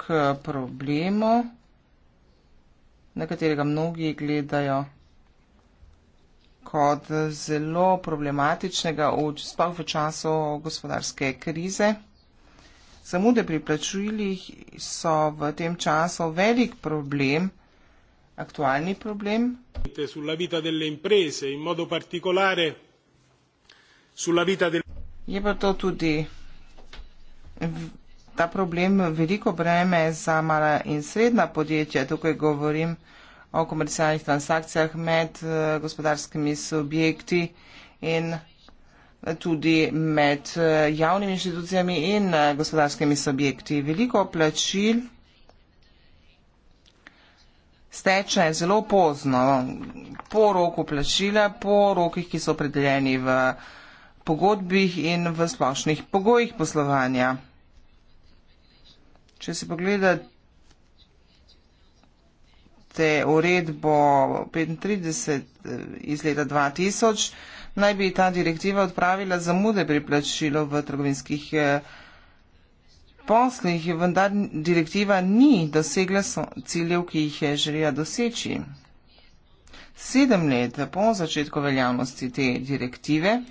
k problemu, na katerega mnogi gledajo kot zelo problematičnega, sploh v času gospodarske krize. Zamude pri plačujilih so v tem času velik problem aktualni problem. Je pa to tudi ta problem veliko breme za mala in srednja podjetja. Tukaj govorim o komercialnih transakcijah med eh, gospodarskimi subjekti in eh, tudi med eh, javnimi inštitucijami in gospodarskimi subjekti. Veliko plačil steče zelo pozno, po roku plačila, po rokih, ki so opredeljeni v pogodbih in v splošnih pogojih poslovanja. Če si pogledate uredbo 35 iz leta 2000, naj bi ta direktiva odpravila zamude pri plačilu v trgovinskih eh, brezposlih vendar direktiva ni dosegla ciljev, ki jih je želja doseči. Sedem let po začetku veljavnosti te direktive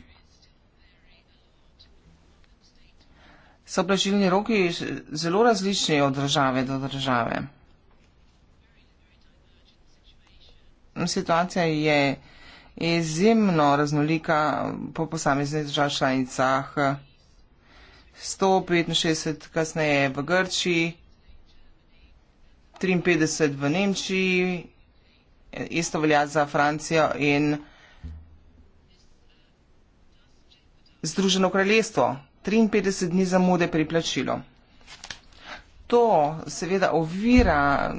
so plačilni roki zelo različni od države do države. Situacija je izjemno raznolika po posameznih državah članicah. 165 kasneje v Grčiji, 53 v Nemčiji, isto velja za Francijo in Združeno kraljestvo. 53 dni zamude pri plačilu. To seveda ovira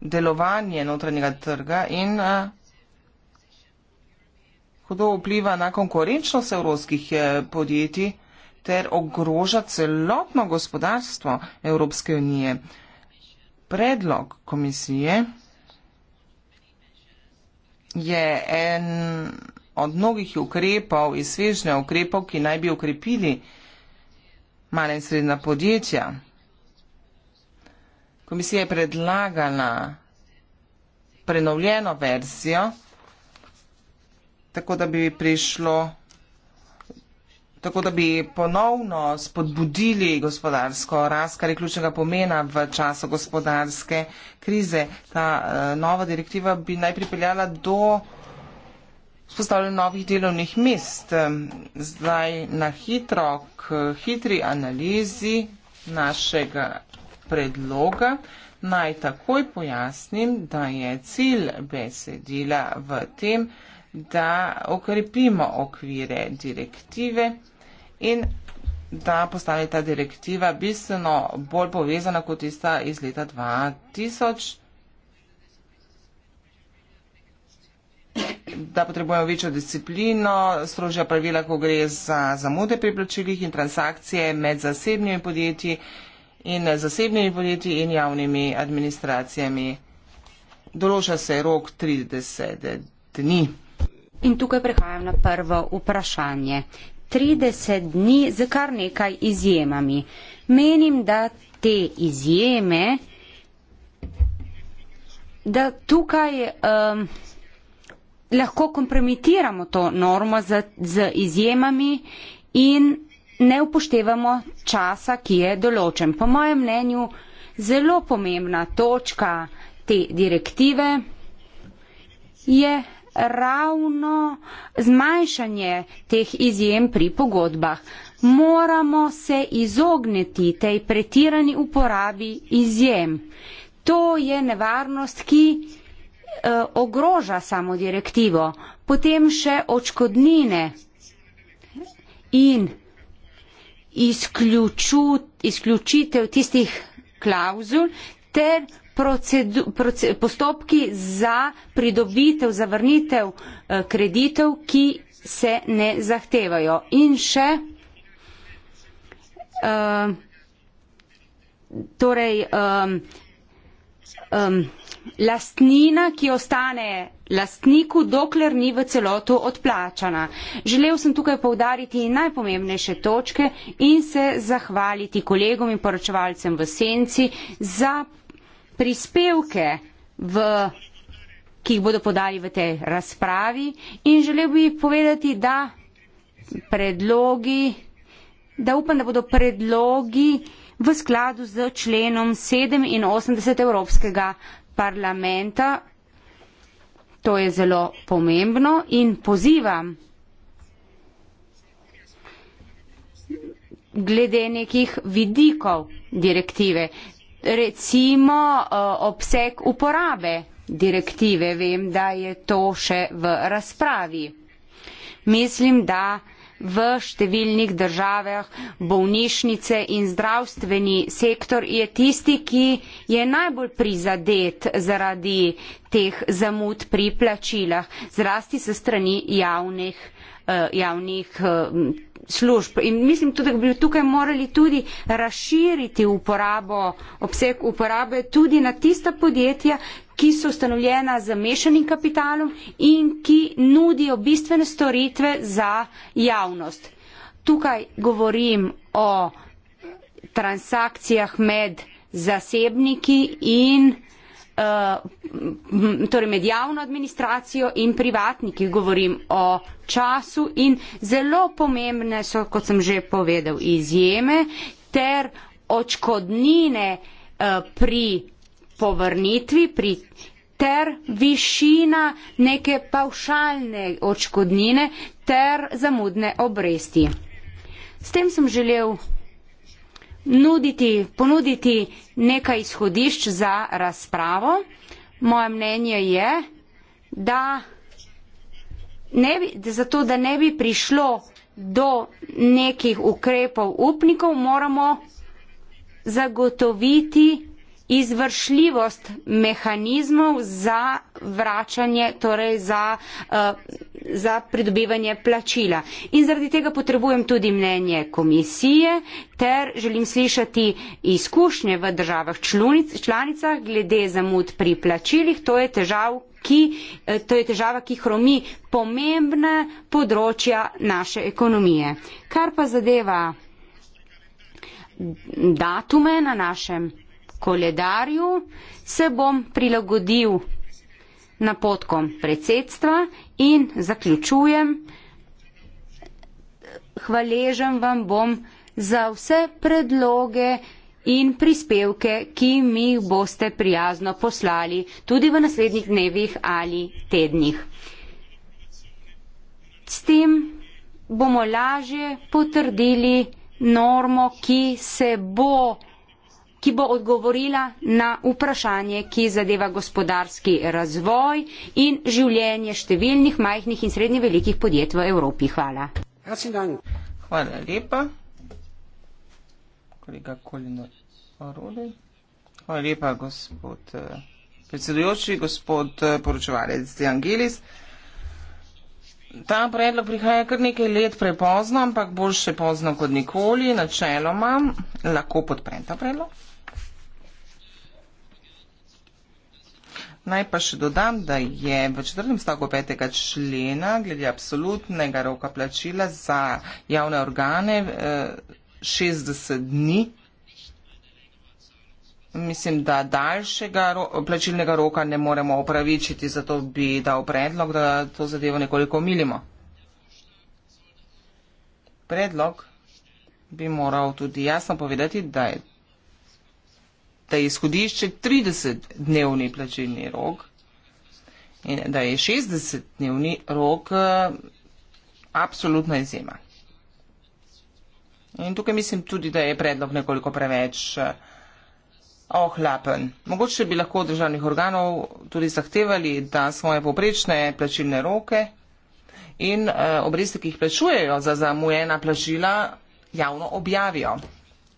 delovanje notranjega trga in eh, hudo vpliva na konkurenčnost evropskih eh, podjetij, ter ogroža celotno gospodarstvo Evropske unije. Predlog komisije je en od mnogih ukrepov in svežne ukrepov, ki naj bi ukrepili male in srednja podjetja. Komisija je predlagala prenovljeno verzijo, tako da bi prišlo Tako da bi ponovno spodbudili gospodarsko rast, kar je ključnega pomena v času gospodarske krize. Ta uh, nova direktiva bi naj pripeljala do vzpostavljanja novih delovnih mest. Zdaj na hitro, k hitri analizi našega predloga. Naj takoj pojasnim, da je cilj besedila v tem, da da okrepimo okvire direktive in da postane ta direktiva bistveno bolj povezana kot tista iz leta 2000, da potrebujemo večjo disciplino, strožja pravila, ko gre za zamude pri plačilih in transakcije med zasebnimi podjetji in zasebnimi podjetji in javnimi administracijami. Določa se rok 30 dni. In tukaj prehajam na prvo vprašanje. 30 dni z kar nekaj izjemami. Menim, da te izjeme, da tukaj um, lahko kompromitiramo to normo z, z izjemami in ne upoštevamo časa, ki je določen. Po mojem mnenju, zelo pomembna točka te direktive je ravno zmanjšanje teh izjem pri pogodbah. Moramo se izogniti tej pretirani uporabi izjem. To je nevarnost, ki eh, ogroža samo direktivo. Potem še očkodnine in izključu, izključitev tistih klauzul ter procedu, proced, postopki za pridobitev, zavrnitev eh, kreditev, ki se ne zahtevajo. In še um, torej, um, um, lastnina, ki ostane lastniku, dokler ni v celoto odplačana. Želel sem tukaj povdariti najpomembnejše točke in se zahvaliti kolegom in poročevalcem v Senci za prispevke, v, ki jih bodo podali v tej razpravi in želel bi povedati, da predlogi, da upam, da bodo predlogi v skladu z členom 87 Evropskega parlamenta. To je zelo pomembno in pozivam glede nekih vidikov direktive recimo eh, obseg uporabe direktive. Vem, da je to še v razpravi. Mislim, da v številnih državah bolnišnice in zdravstveni sektor je tisti, ki je najbolj prizadet zaradi teh zamud pri plačilah, zrasti se strani javnih, eh, javnih eh, služb in mislim tudi, da bi tukaj morali tudi razširiti uporabo, obseg uporabe tudi na tista podjetja, ki so ustanovljena z mešanim kapitalom in ki nudijo bistvene storitve za javnost. Tukaj govorim o transakcijah med zasebniki in Eh, torej med javno administracijo in privatniki, govorim o času in zelo pomembne so, kot sem že povedal, izjeme ter očkodnine eh, pri povrnitvi pri ter višina neke pavšalne očkodnine ter zamudne obresti. S tem sem želel nuditi, ponuditi nekaj izhodišč za razpravo. Moje mnenje je, da, ne bi, da zato, da ne bi prišlo do nekih ukrepov upnikov, moramo zagotoviti izvršljivost mehanizmov za vračanje, torej za, uh, za pridobivanje plačila. In zaradi tega potrebujem tudi mnenje komisije, ter želim slišati izkušnje v državah člunic, članicah glede zamud pri plačilih. To je, težav, ki, eh, to je težava, ki hromi pomembne področja naše ekonomije. Kar pa zadeva datume na našem koledarju se bom prilagodil napotkom predsedstva in zaključujem, hvaležen vam bom za vse predloge in prispevke, ki mi jih boste prijazno poslali tudi v naslednjih dnevih ali tednih. S tem bomo lažje potrdili normo, ki se bo ki bo odgovorila na vprašanje, ki zadeva gospodarski razvoj in življenje številnih majhnih in srednje velikih podjetij v Evropi. Hvala. Hvala lepa. Kolega Kolino Orode. Hvala lepa, gospod eh, predsedujoči, gospod eh, poročevalec Angelis. Ta predlog prihaja kar nekaj let prepozno, ampak boljše pozno kot nikoli. Načeloma lahko podprem ta predlog. Naj pa še dodam, da je v četrtem stavku petega člena glede absolutnega roka plačila za javne organe 60 eh, dni. Mislim, da daljšega ro plačilnega roka ne moremo opravičiti, zato bi dal predlog, da to zadevo nekoliko milimo. Predlog bi moral tudi jasno povedati, da je da je izhodišče 30-dnevni plačilni rok in da je 60-dnevni rok eh, absolutna izjema. In tukaj mislim tudi, da je predlog nekoliko preveč eh, ohlapen. Mogoče bi lahko od državnih organov tudi zahtevali, da svoje poprečne plačilne roke in eh, obresti, ki jih plačujejo za zamujena plačila, javno objavijo.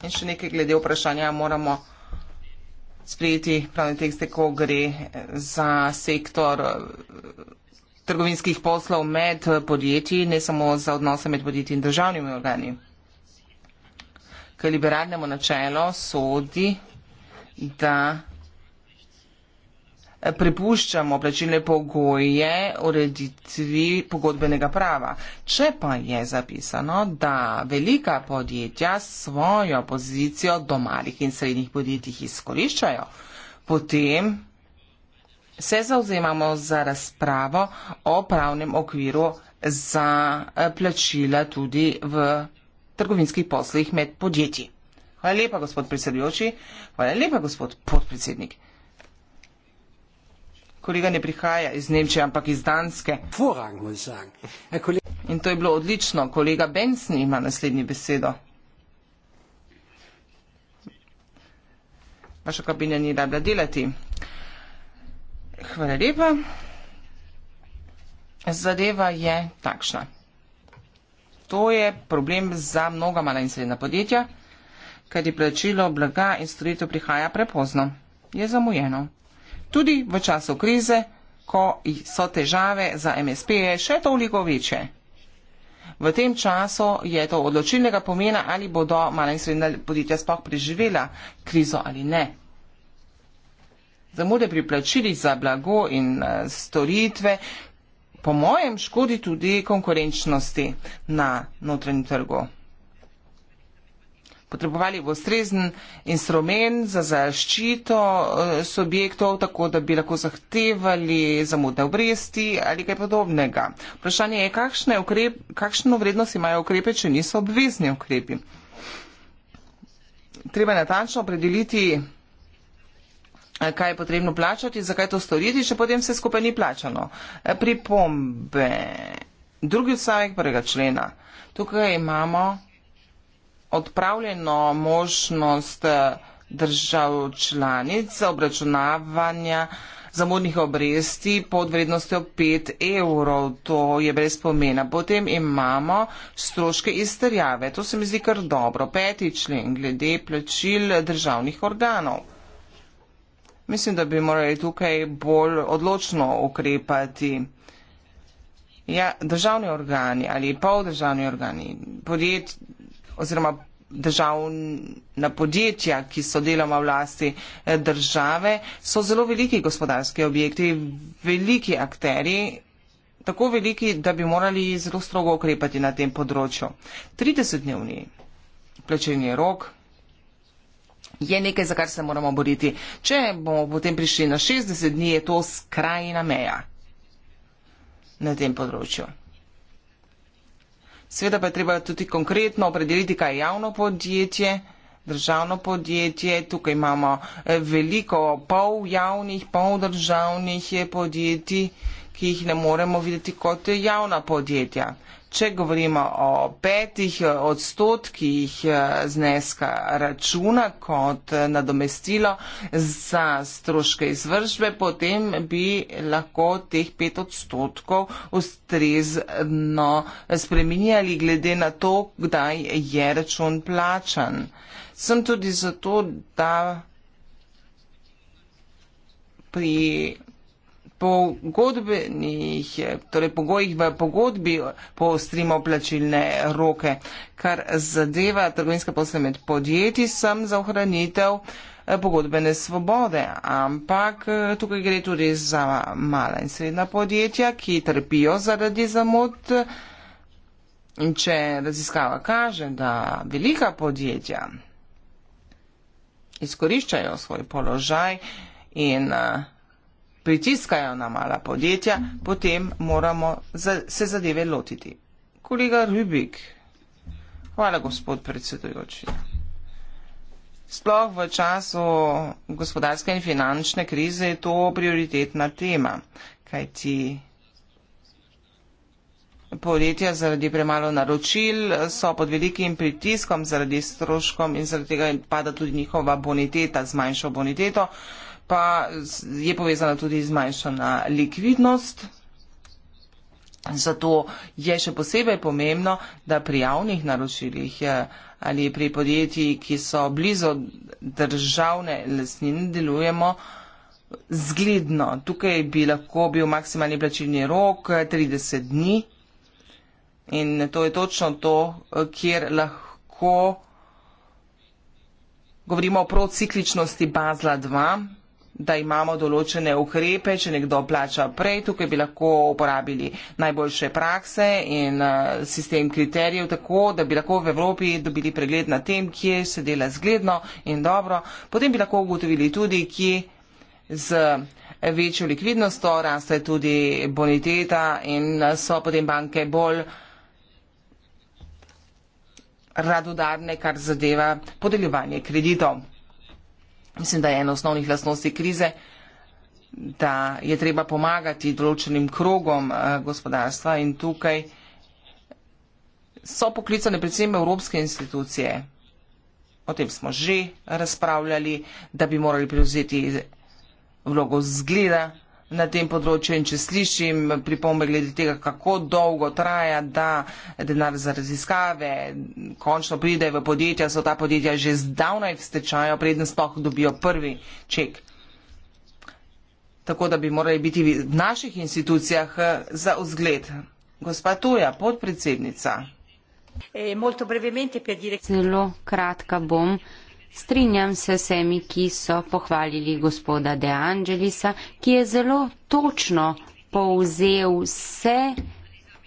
In še nekaj glede vprašanja moramo sprejeti pravne tekste, ko gre za sektor eh, trgovinskih poslov med eh, podjetji, ne samo za odnose med podjetji in državnimi organi. K liberalnemu načelo sodi, da prepuščamo plačilne pogoje ureditvi pogodbenega prava. Če pa je zapisano, da velika podjetja svojo pozicijo do malih in srednjih podjetij izkoriščajo, potem se zauzemamo za razpravo o pravnem okviru za eh, plačila tudi v trgovinskih poslih med podjetji. Hvala lepa, gospod predsedujoči. Hvala lepa, gospod podpredsednik kolega ne prihaja iz Nemčije, ampak iz Danske. In to je bilo odlično. Kolega Benson ima naslednji besedo. Vaša kabina ni rada delati. Hvala lepa. Zadeva je takšna. To je problem za mnoga mala in srednja podjetja, ker je plačilo blaga in storitev prihaja prepozno. Je zamujeno tudi v času krize, ko so težave za MSP-je še toliko večje. V tem času je to odločilnega pomena, ali bodo mala in srednja podjetja sploh preživela krizo ali ne. Zamude pri plačilih za blago in eh, storitve po mojem škodi tudi konkurenčnosti na notranjem trgu potrebovali ustrezen instrument za zaščito eh, subjektov, tako da bi lahko zahtevali zamudne obresti ali kaj podobnega. Vprašanje je, kakšne ukrep, kakšno vrednost imajo ukrepe, če niso obvezni ukrepi. Treba natančno opredeliti, eh, kaj je potrebno plačati, zakaj to storiti, če potem vse skupaj ni plačano. Eh, pripombe. Drugi odstavek prvega člena. Tukaj imamo odpravljeno možnost eh, držav članic obračunavanja zamudnih obresti pod vrednostjo 5 evrov. To je brez pomena. Potem imamo stroške izterjave. To se mi zdi kar dobro. Peti člen glede plačil državnih organov. Mislim, da bi morali tukaj bolj odločno ukrepati. Ja, državni organi ali pol državni organi, podjetje, oziroma državna podjetja, ki so deloma vlasti eh, države, so zelo veliki gospodarski objekti, veliki akteri, tako veliki, da bi morali zelo strogo ukrepati na tem področju. 30-dnevni plačeni rok je nekaj, za kar se moramo boriti. Če bomo potem prišli na 60 dni, je to skrajna meja na tem področju. Sveda pa je treba tudi konkretno opredeliti, kaj je javno podjetje, državno podjetje. Tukaj imamo eh, veliko pol javnih, pol državnih eh, podjetij, ki jih ne moremo videti kot javna podjetja. Če govorimo o petih odstotkih eh, zneska računa kot eh, nadomestilo za stroške izvržbe, potem bi lahko teh pet odstotkov ustrezno spreminjali glede na to, kdaj je račun plačan. Sem tudi zato, da pri pogodbenih, torej pogojih v pogodbi poostrimo plačilne roke. Kar zadeva trgovinska posla med podjetji, sem za ohranitev eh, pogodbene svobode, ampak eh, tukaj gre tudi za mala in srednja podjetja, ki trpijo zaradi zamot. In če raziskava kaže, da velika podjetja izkoriščajo svoj položaj in eh, pritiskajo na mala podjetja, potem moramo za, se zadeve lotiti. Kolega Rubik, hvala gospod predsedujoči. Sploh v času gospodarske in finančne krize je to prioritetna tema, kajti podjetja zaradi premalo naročil, so pod velikim pritiskom zaradi stroškom in zaradi tega pada tudi njihova boniteta z manjšo boniteto, pa je povezana tudi z manjšana likvidnost. Zato je še posebej pomembno, da pri javnih naročilih eh, ali pri podjetji, ki so blizu državne lesnine, delujemo zgledno. Tukaj bi lahko bil maksimalni plačilni rok 30 eh, dni. In to je točno to, eh, kjer lahko govorimo o procikličnosti bazla 2, da imamo določene ukrepe, če nekdo plača prej, tukaj bi lahko uporabili najboljše prakse in eh, sistem kriterijev tako, da bi lahko v Evropi dobili pregled na tem, kje se dela zgledno in dobro. Potem bi lahko ugotovili tudi, kje z večjo likvidnostjo raste tudi boniteta in so potem banke bolj radodarne, kar zadeva podeljevanje kreditov. Mislim, da je ena osnovnih lastnosti krize, da je treba pomagati določenim krogom eh, gospodarstva in tukaj so poklicane predvsem evropske institucije. O tem smo že razpravljali, da bi morali prevzeti vlogo zgleda na tem področju in če slišim pripombe glede tega, kako dolgo traja, da denar za raziskave končno pride v podjetja, so ta podjetja že zdavnaj v stečaju, preden sploh dobijo prvi ček. Tako da bi morali biti v naših institucijah eh, za vzgled. Gospa Tuja, podpredsednica. Eh, Zelo kratka bom. Strinjam se vsemi, ki so pohvalili gospoda De Angelisa, ki je zelo točno povzel vse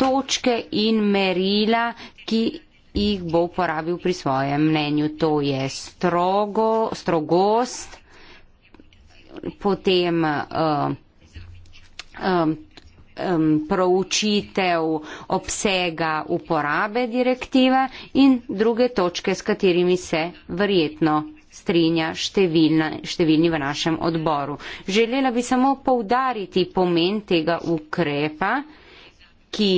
točke in merila, ki jih bo uporabil pri svojem mnenju. To je strogo, strogost, potem uh, um, um, proučitev obsega uporabe direktive in druge točke, s katerimi se verjetno strinja številna, številni v našem odboru. Želela bi samo poudariti pomen tega ukrepa, ki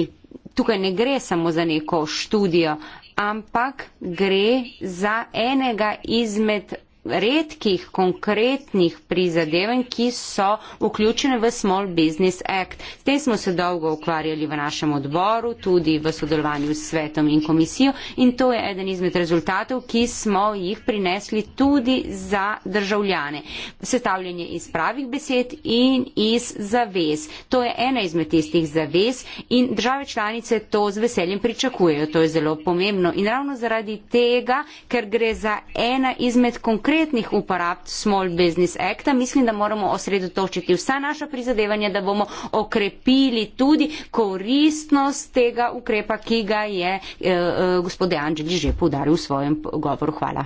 tukaj ne gre samo za neko študijo, ampak gre za enega izmed redkih konkretnih prizadevanj, ki so vključene v Small Business Act. S tem smo se dolgo ukvarjali v našem odboru, tudi v sodelovanju s svetom in komisijo in to je eden izmed rezultatov, ki smo jih prinesli tudi za državljane. Sestavljanje iz pravih besed in iz zavez. To je ena izmed tistih zavez in države članice to z veseljem pričakujejo. To je zelo pomembno in ravno zaradi tega, ker gre za ena izmed konkretnih konkretnih uporab Small Business Acta, mislim, da moramo osredotočiti vsa naša prizadevanja, da bomo okrepili tudi koristnost tega ukrepa, ki ga je eh, eh, gospod Anđeli že poudaril v svojem govoru. Hvala.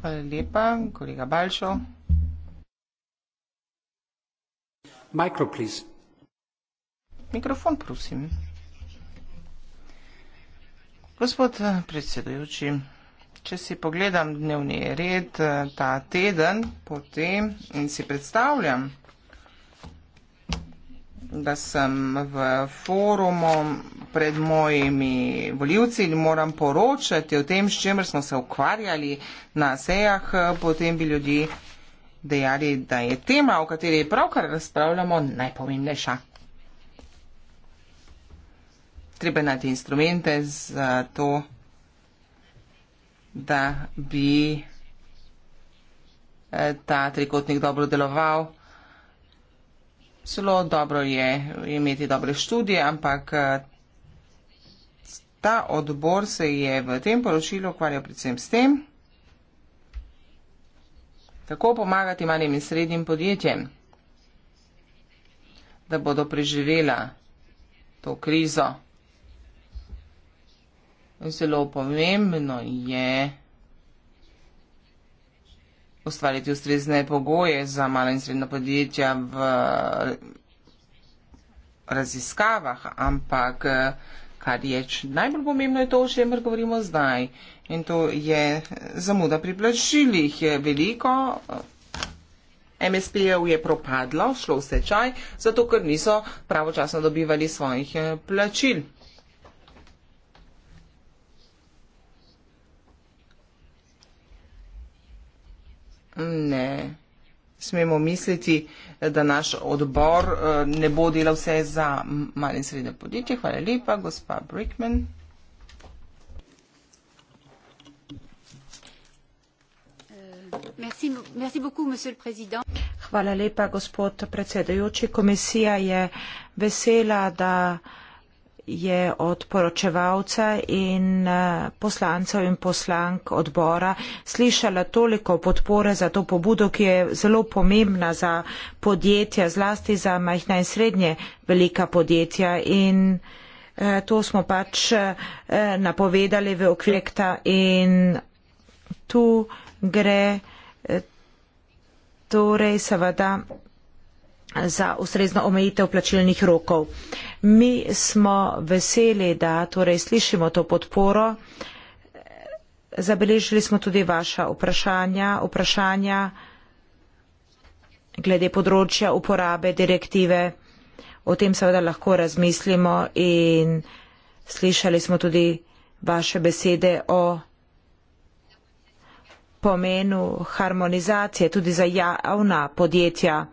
Hvala lepa, kolega Balšo. Mikro, Mikrofon, prosim. Gospod eh, predsedujoči, če si pogledam dnevni red eh, ta teden, potem si predstavljam, da sem v forumu pred mojimi voljivci in moram poročati o tem, s čemer smo se ukvarjali na sejah, potem bi ljudi dejali, da je tema, o kateri pravkar razpravljamo, najpomembnejša. Treba najti instrumente za to, da bi eh, ta trikotnik dobro deloval. Zelo dobro je imeti dobre študije, ampak eh, ta odbor se je v tem poročilu ukvarjal predvsem s tem, kako pomagati malim in srednjim podjetjem, da bodo preživela to krizo. Zelo pomembno je ustvariti ustrezne pogoje za mala in srednja podjetja v raziskavah, ampak kar je najbolj pomembno je to, o čemer govorimo zdaj. In to je zamuda pri plačilih. Veliko MSP-jev je propadlo, šlo v stečaj, zato ker niso pravočasno dobivali svojih eh, plačil. Ne smemo misliti, da naš odbor eh, ne bo delal vse za mali in srednje podjetje. Hvala lepa, gospa Brickman. Eh, Hvala lepa, gospod predsedujoči. Komisija je vesela, da je od poročevalca in eh, poslancev in poslank odbora slišala toliko podpore za to pobudo, ki je zelo pomembna za podjetja, zlasti za majhna in srednje velika podjetja. In eh, to smo pač eh, napovedali v okvirekta in tu gre torej seveda za ustrezno omejitev plačilnih rokov. Mi smo veseli, da torej slišimo to podporo. Zabeležili smo tudi vaša vprašanja, vprašanja glede področja uporabe direktive. O tem seveda lahko razmislimo in slišali smo tudi vaše besede o pomenu harmonizacije tudi za javna podjetja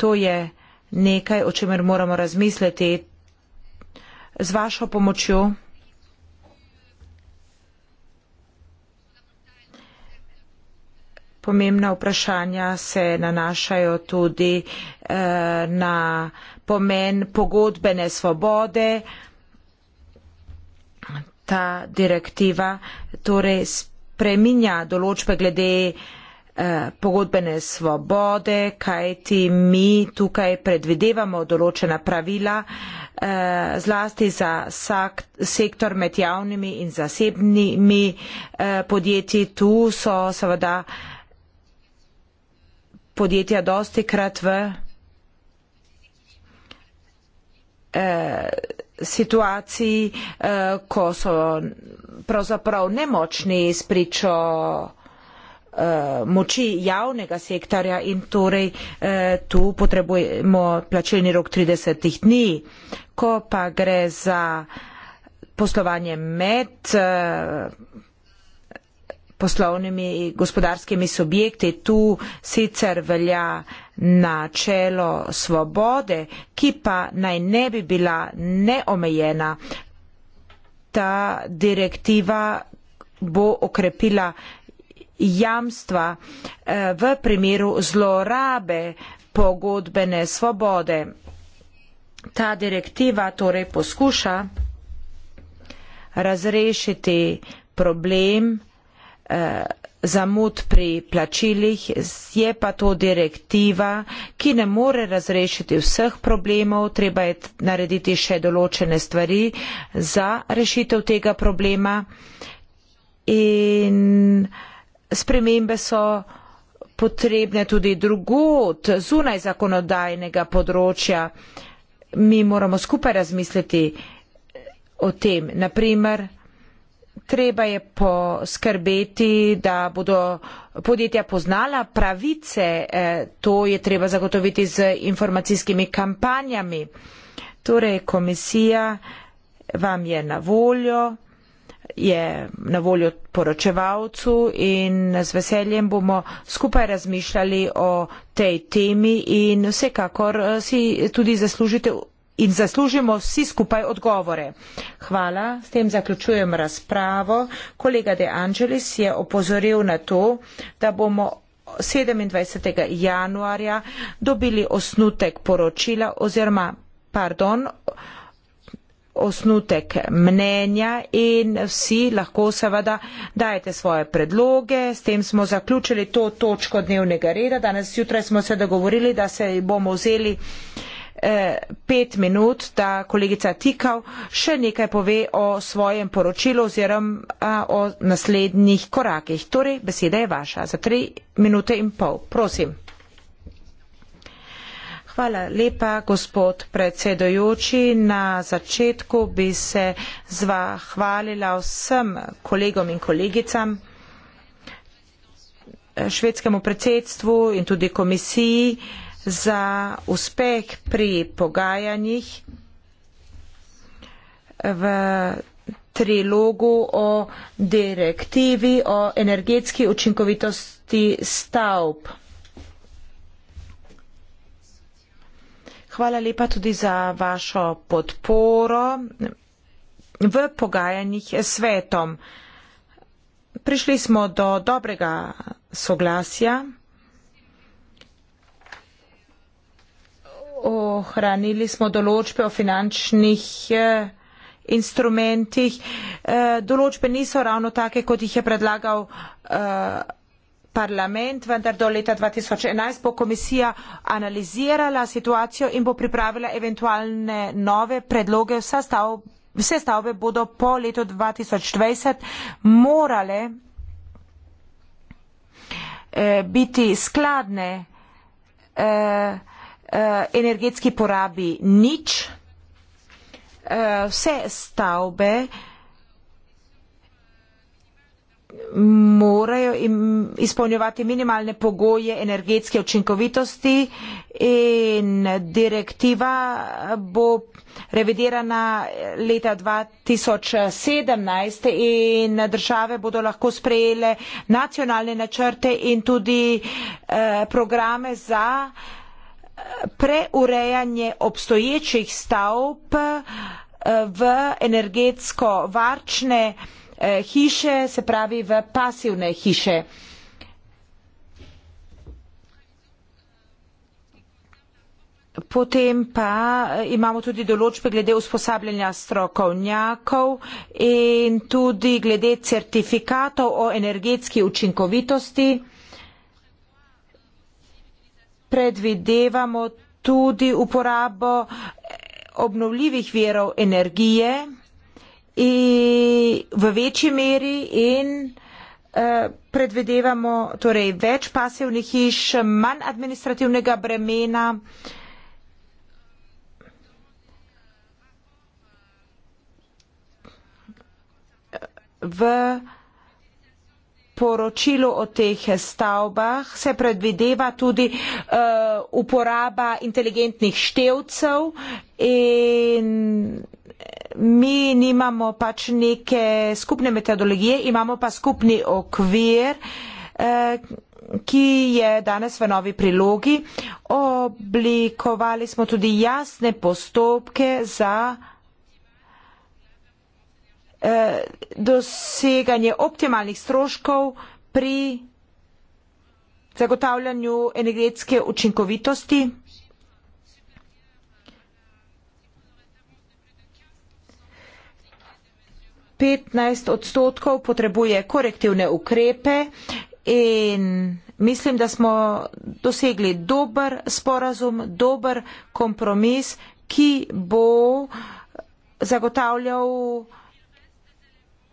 to je nekaj, o čemer moramo razmisliti. Z vašo pomočjo pomembna vprašanja se nanašajo tudi eh, na pomen pogodbene svobode. Ta direktiva torej spreminja določbe glede eh, Eh, pogodbene svobode, kajti mi tukaj predvidevamo določena pravila eh, zlasti za sektor med javnimi in zasebnimi eh, podjetji. Tu so seveda podjetja dosti krat v situaciji, ko so pravzaprav nemočni spričo Eh, moči javnega sektorja in torej eh, tu potrebujemo plačilni rok 30 dni. Ko pa gre za poslovanje med eh, poslovnimi gospodarskimi subjekti, tu sicer velja načelo svobode, ki pa naj ne bi bila neomejena. Ta direktiva bo okrepila jamstva eh, v primeru zlorabe pogodbene svobode. Ta direktiva torej poskuša razrešiti problem eh, zamud pri plačilih, je pa to direktiva, ki ne more razrešiti vseh problemov, treba je narediti še določene stvari za rešitev tega problema. In uh, spremembe so potrebne tudi drugot, zunaj zakonodajnega področja. Mi moramo skupaj razmisliti o tem. Naprimer, treba je poskrbeti, da bodo podjetja poznala pravice, eh, to je treba zagotoviti z informacijskimi kampanjami. Torej, komisija vam je na voljo je na voljo poročevalcu in z veseljem bomo skupaj razmišljali o tej temi in vsekakor eh, si tudi zaslužite in zaslužimo vsi skupaj odgovore. Hvala, s tem zaključujem razpravo. Kolega De Angelis je opozoril na to, da bomo 27. januarja dobili osnutek poročila oziroma, pardon, osnutek mnenja in vsi lahko seveda dajete svoje predloge. S tem smo zaključili to točko dnevnega reda. Danes jutraj smo se dogovorili, da se bomo vzeli eh, pet minut, da kolegica Tikal še nekaj pove o svojem poročilu oziroma o naslednjih korakih. Torej, beseda je vaša za tri minute in pol. Prosim. Hvala lepa, gospod predsedojoči. Na začetku bi se zahvalila vsem kolegom in kolegicam, švedskemu predsedstvu in tudi komisiji za uspeh pri pogajanjih v trilogu o direktivi o energetski učinkovitosti stavb. hvala lepa tudi za vašo podporo v pogajanjih s svetom. Prišli smo do dobrega soglasja. Ohranili smo določbe o finančnih eh, instrumentih. Eh, določbe niso ravno take, kot jih je predlagal. Uh, parlament, vendar do leta 2011 bo komisija analizirala situacijo in bo pripravila eventualne nove predloge. Stavbe, vse stavbe bodo po letu 2020 morale eh, biti skladne eh, eh, energetski porabi nič. Vse stavbe morajo izpolnjevati minimalne pogoje energetske učinkovitosti in direktiva bo revidirana leta 2017 in države bodo lahko sprejele nacionalne načrte in tudi eh, programe za eh, preurejanje obstoječih stavb eh, v energetsko varčne Eh, hiše, se pravi v pasivne hiše. Potem pa eh, imamo tudi določbe glede usposabljanja strokovnjakov in tudi glede certifikatov o energetski učinkovitosti. Predvidevamo tudi uporabo eh, obnovljivih verov energije v večji meri in eh, predvidevamo torej več pasivnih hiš, manj administrativnega bremena. V poročilu o teh stavbah se predvideva tudi uh, uporaba inteligentnih števcev in mi nimamo pač neke skupne metodologije, imamo pa skupni okvir, eh, ki je danes v novi prilogi. Oblikovali smo tudi jasne postopke za eh, doseganje optimalnih stroškov pri zagotavljanju energetske učinkovitosti 15 odstotkov potrebuje korektivne ukrepe in mislim, da smo dosegli dober sporazum, dober kompromis, ki bo zagotavljal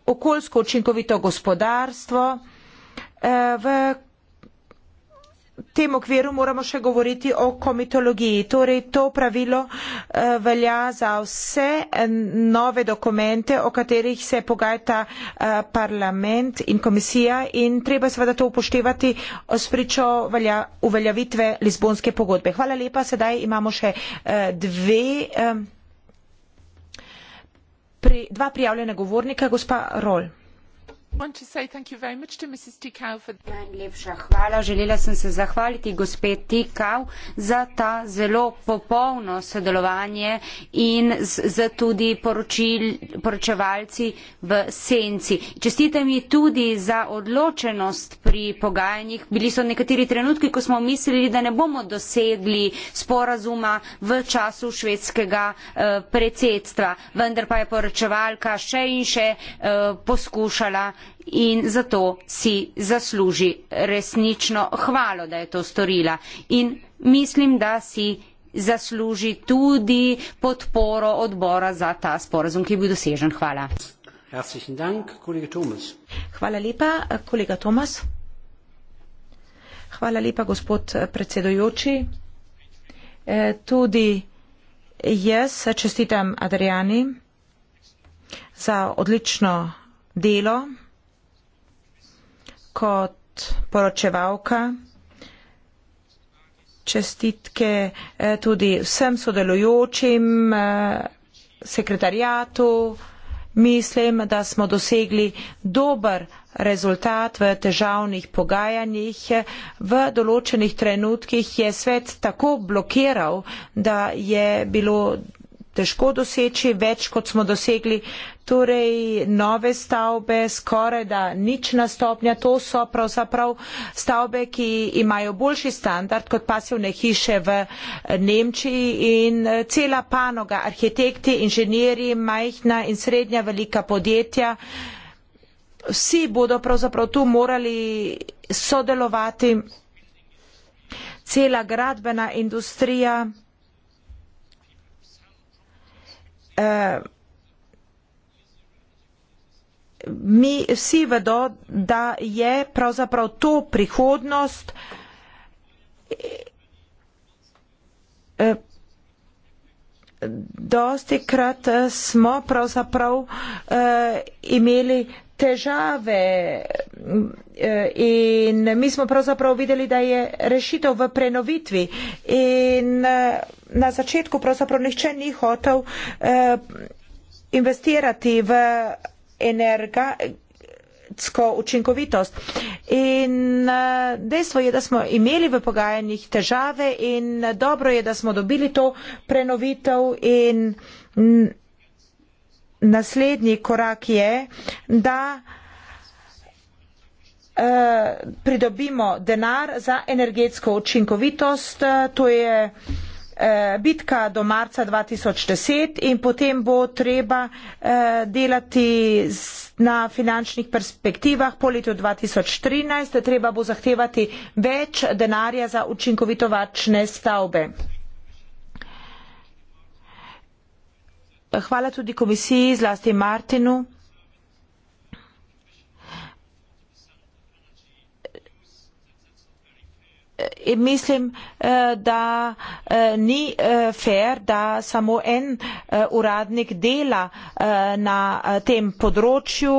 okoljsko učinkovito gospodarstvo eh, v V tem okviru moramo še govoriti o komitologiji. Torej, to pravilo eh, velja za vse eh, nove dokumente, o katerih se pogajata eh, parlament in komisija in treba seveda to upoštevati spričo uveljavitve Lizbonske pogodbe. Hvala lepa, sedaj imamo še dve, dva prijavljena govornika, gospa Rol najlepša hvala želela sem se zahvaliti gospe tikav za ta zelo popolno sodelovanje in z, z tudi poročil, poročevalci v senci čestite mi tudi za odločenost pri pogajanjih bili so nekateri trenutki ko smo mislili da ne bomo dosegli sporazuma v času švedskega eh, predsedstva vendar pa je poročevalka še in še eh, poskušala in zato si zasluži resnično hvalo, da je to storila. In mislim, da si zasluži tudi podporo odbora za ta sporazum, ki je bil dosežen. Hvala. Dank, Hvala lepa, kolega Tomas. Hvala lepa, gospod predsedojoči. E, tudi jaz čestitam Adriani za odlično delo kot poročevalka. Čestitke eh, tudi vsem sodelujočim eh, sekretarijatu. Mislim, da smo dosegli dober rezultat v težavnih pogajanjih. V določenih trenutkih je svet tako blokiral, da je bilo težko doseči, več kot smo dosegli. Torej, nove stavbe, skoraj da nič na stopnja, to so pravzaprav stavbe, ki imajo boljši standard kot pasivne hiše v Nemčiji in eh, cela panoga, arhitekti, inženjeri, majhna in srednja velika podjetja, vsi bodo pravzaprav tu morali sodelovati. Cela gradbena industrija. Eh, mi vsi vedo, da je pravzaprav to prihodnost, eh, eh, dosti krat smo pravzaprav imeli težave mm, eh, in mi smo pravzaprav videli, da je rešitev v prenovitvi in eh, na začetku pravzaprav nihče ni hotel eh, investirati v energetsko učinkovitost. In dejstvo je, da smo imeli v pogajanjih težave in dobro je, da smo dobili to prenovitev in mm, naslednji korak je, da eh, pridobimo denar za energetsko učinkovitost. To je eh, bitka do marca 2010 in potem bo treba eh, delati na finančnih perspektivah po letu 2013. Treba bo zahtevati več denarja za učinkovito varčne stavbe. Hvala tudi komisiji, zlasti Martinu. In mislim, eh, da eh, ni eh, fair, da samo en uradnik dela na tem področju.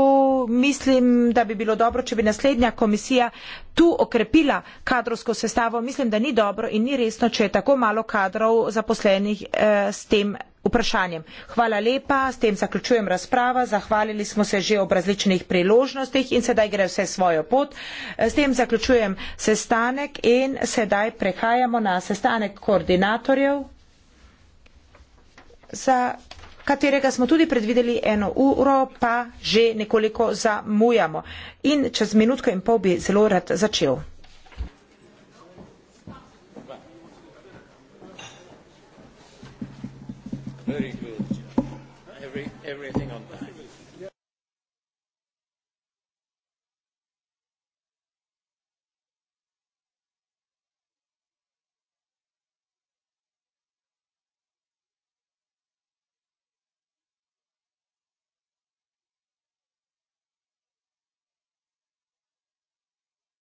Mislim, da bi bilo dobro, če bi naslednja komisija tu okrepila kadrovsko sestavo. Mislim, da ni dobro in ni resno, če je tako malo kadrov zaposlenih s tem vprašanjem. Hvala lepa, s tem zaključujem razprava, zahvalili smo se že ob različnih priložnostih in sedaj gre vse svojo pot. S tem zaključujem sestanek in sedaj prehajamo na sestanek koordinatorjev, za katerega smo tudi predvideli eno uro, pa že nekoliko zamujamo. In čez minutko in pol bi zelo rad začel. Very good. Every, everything on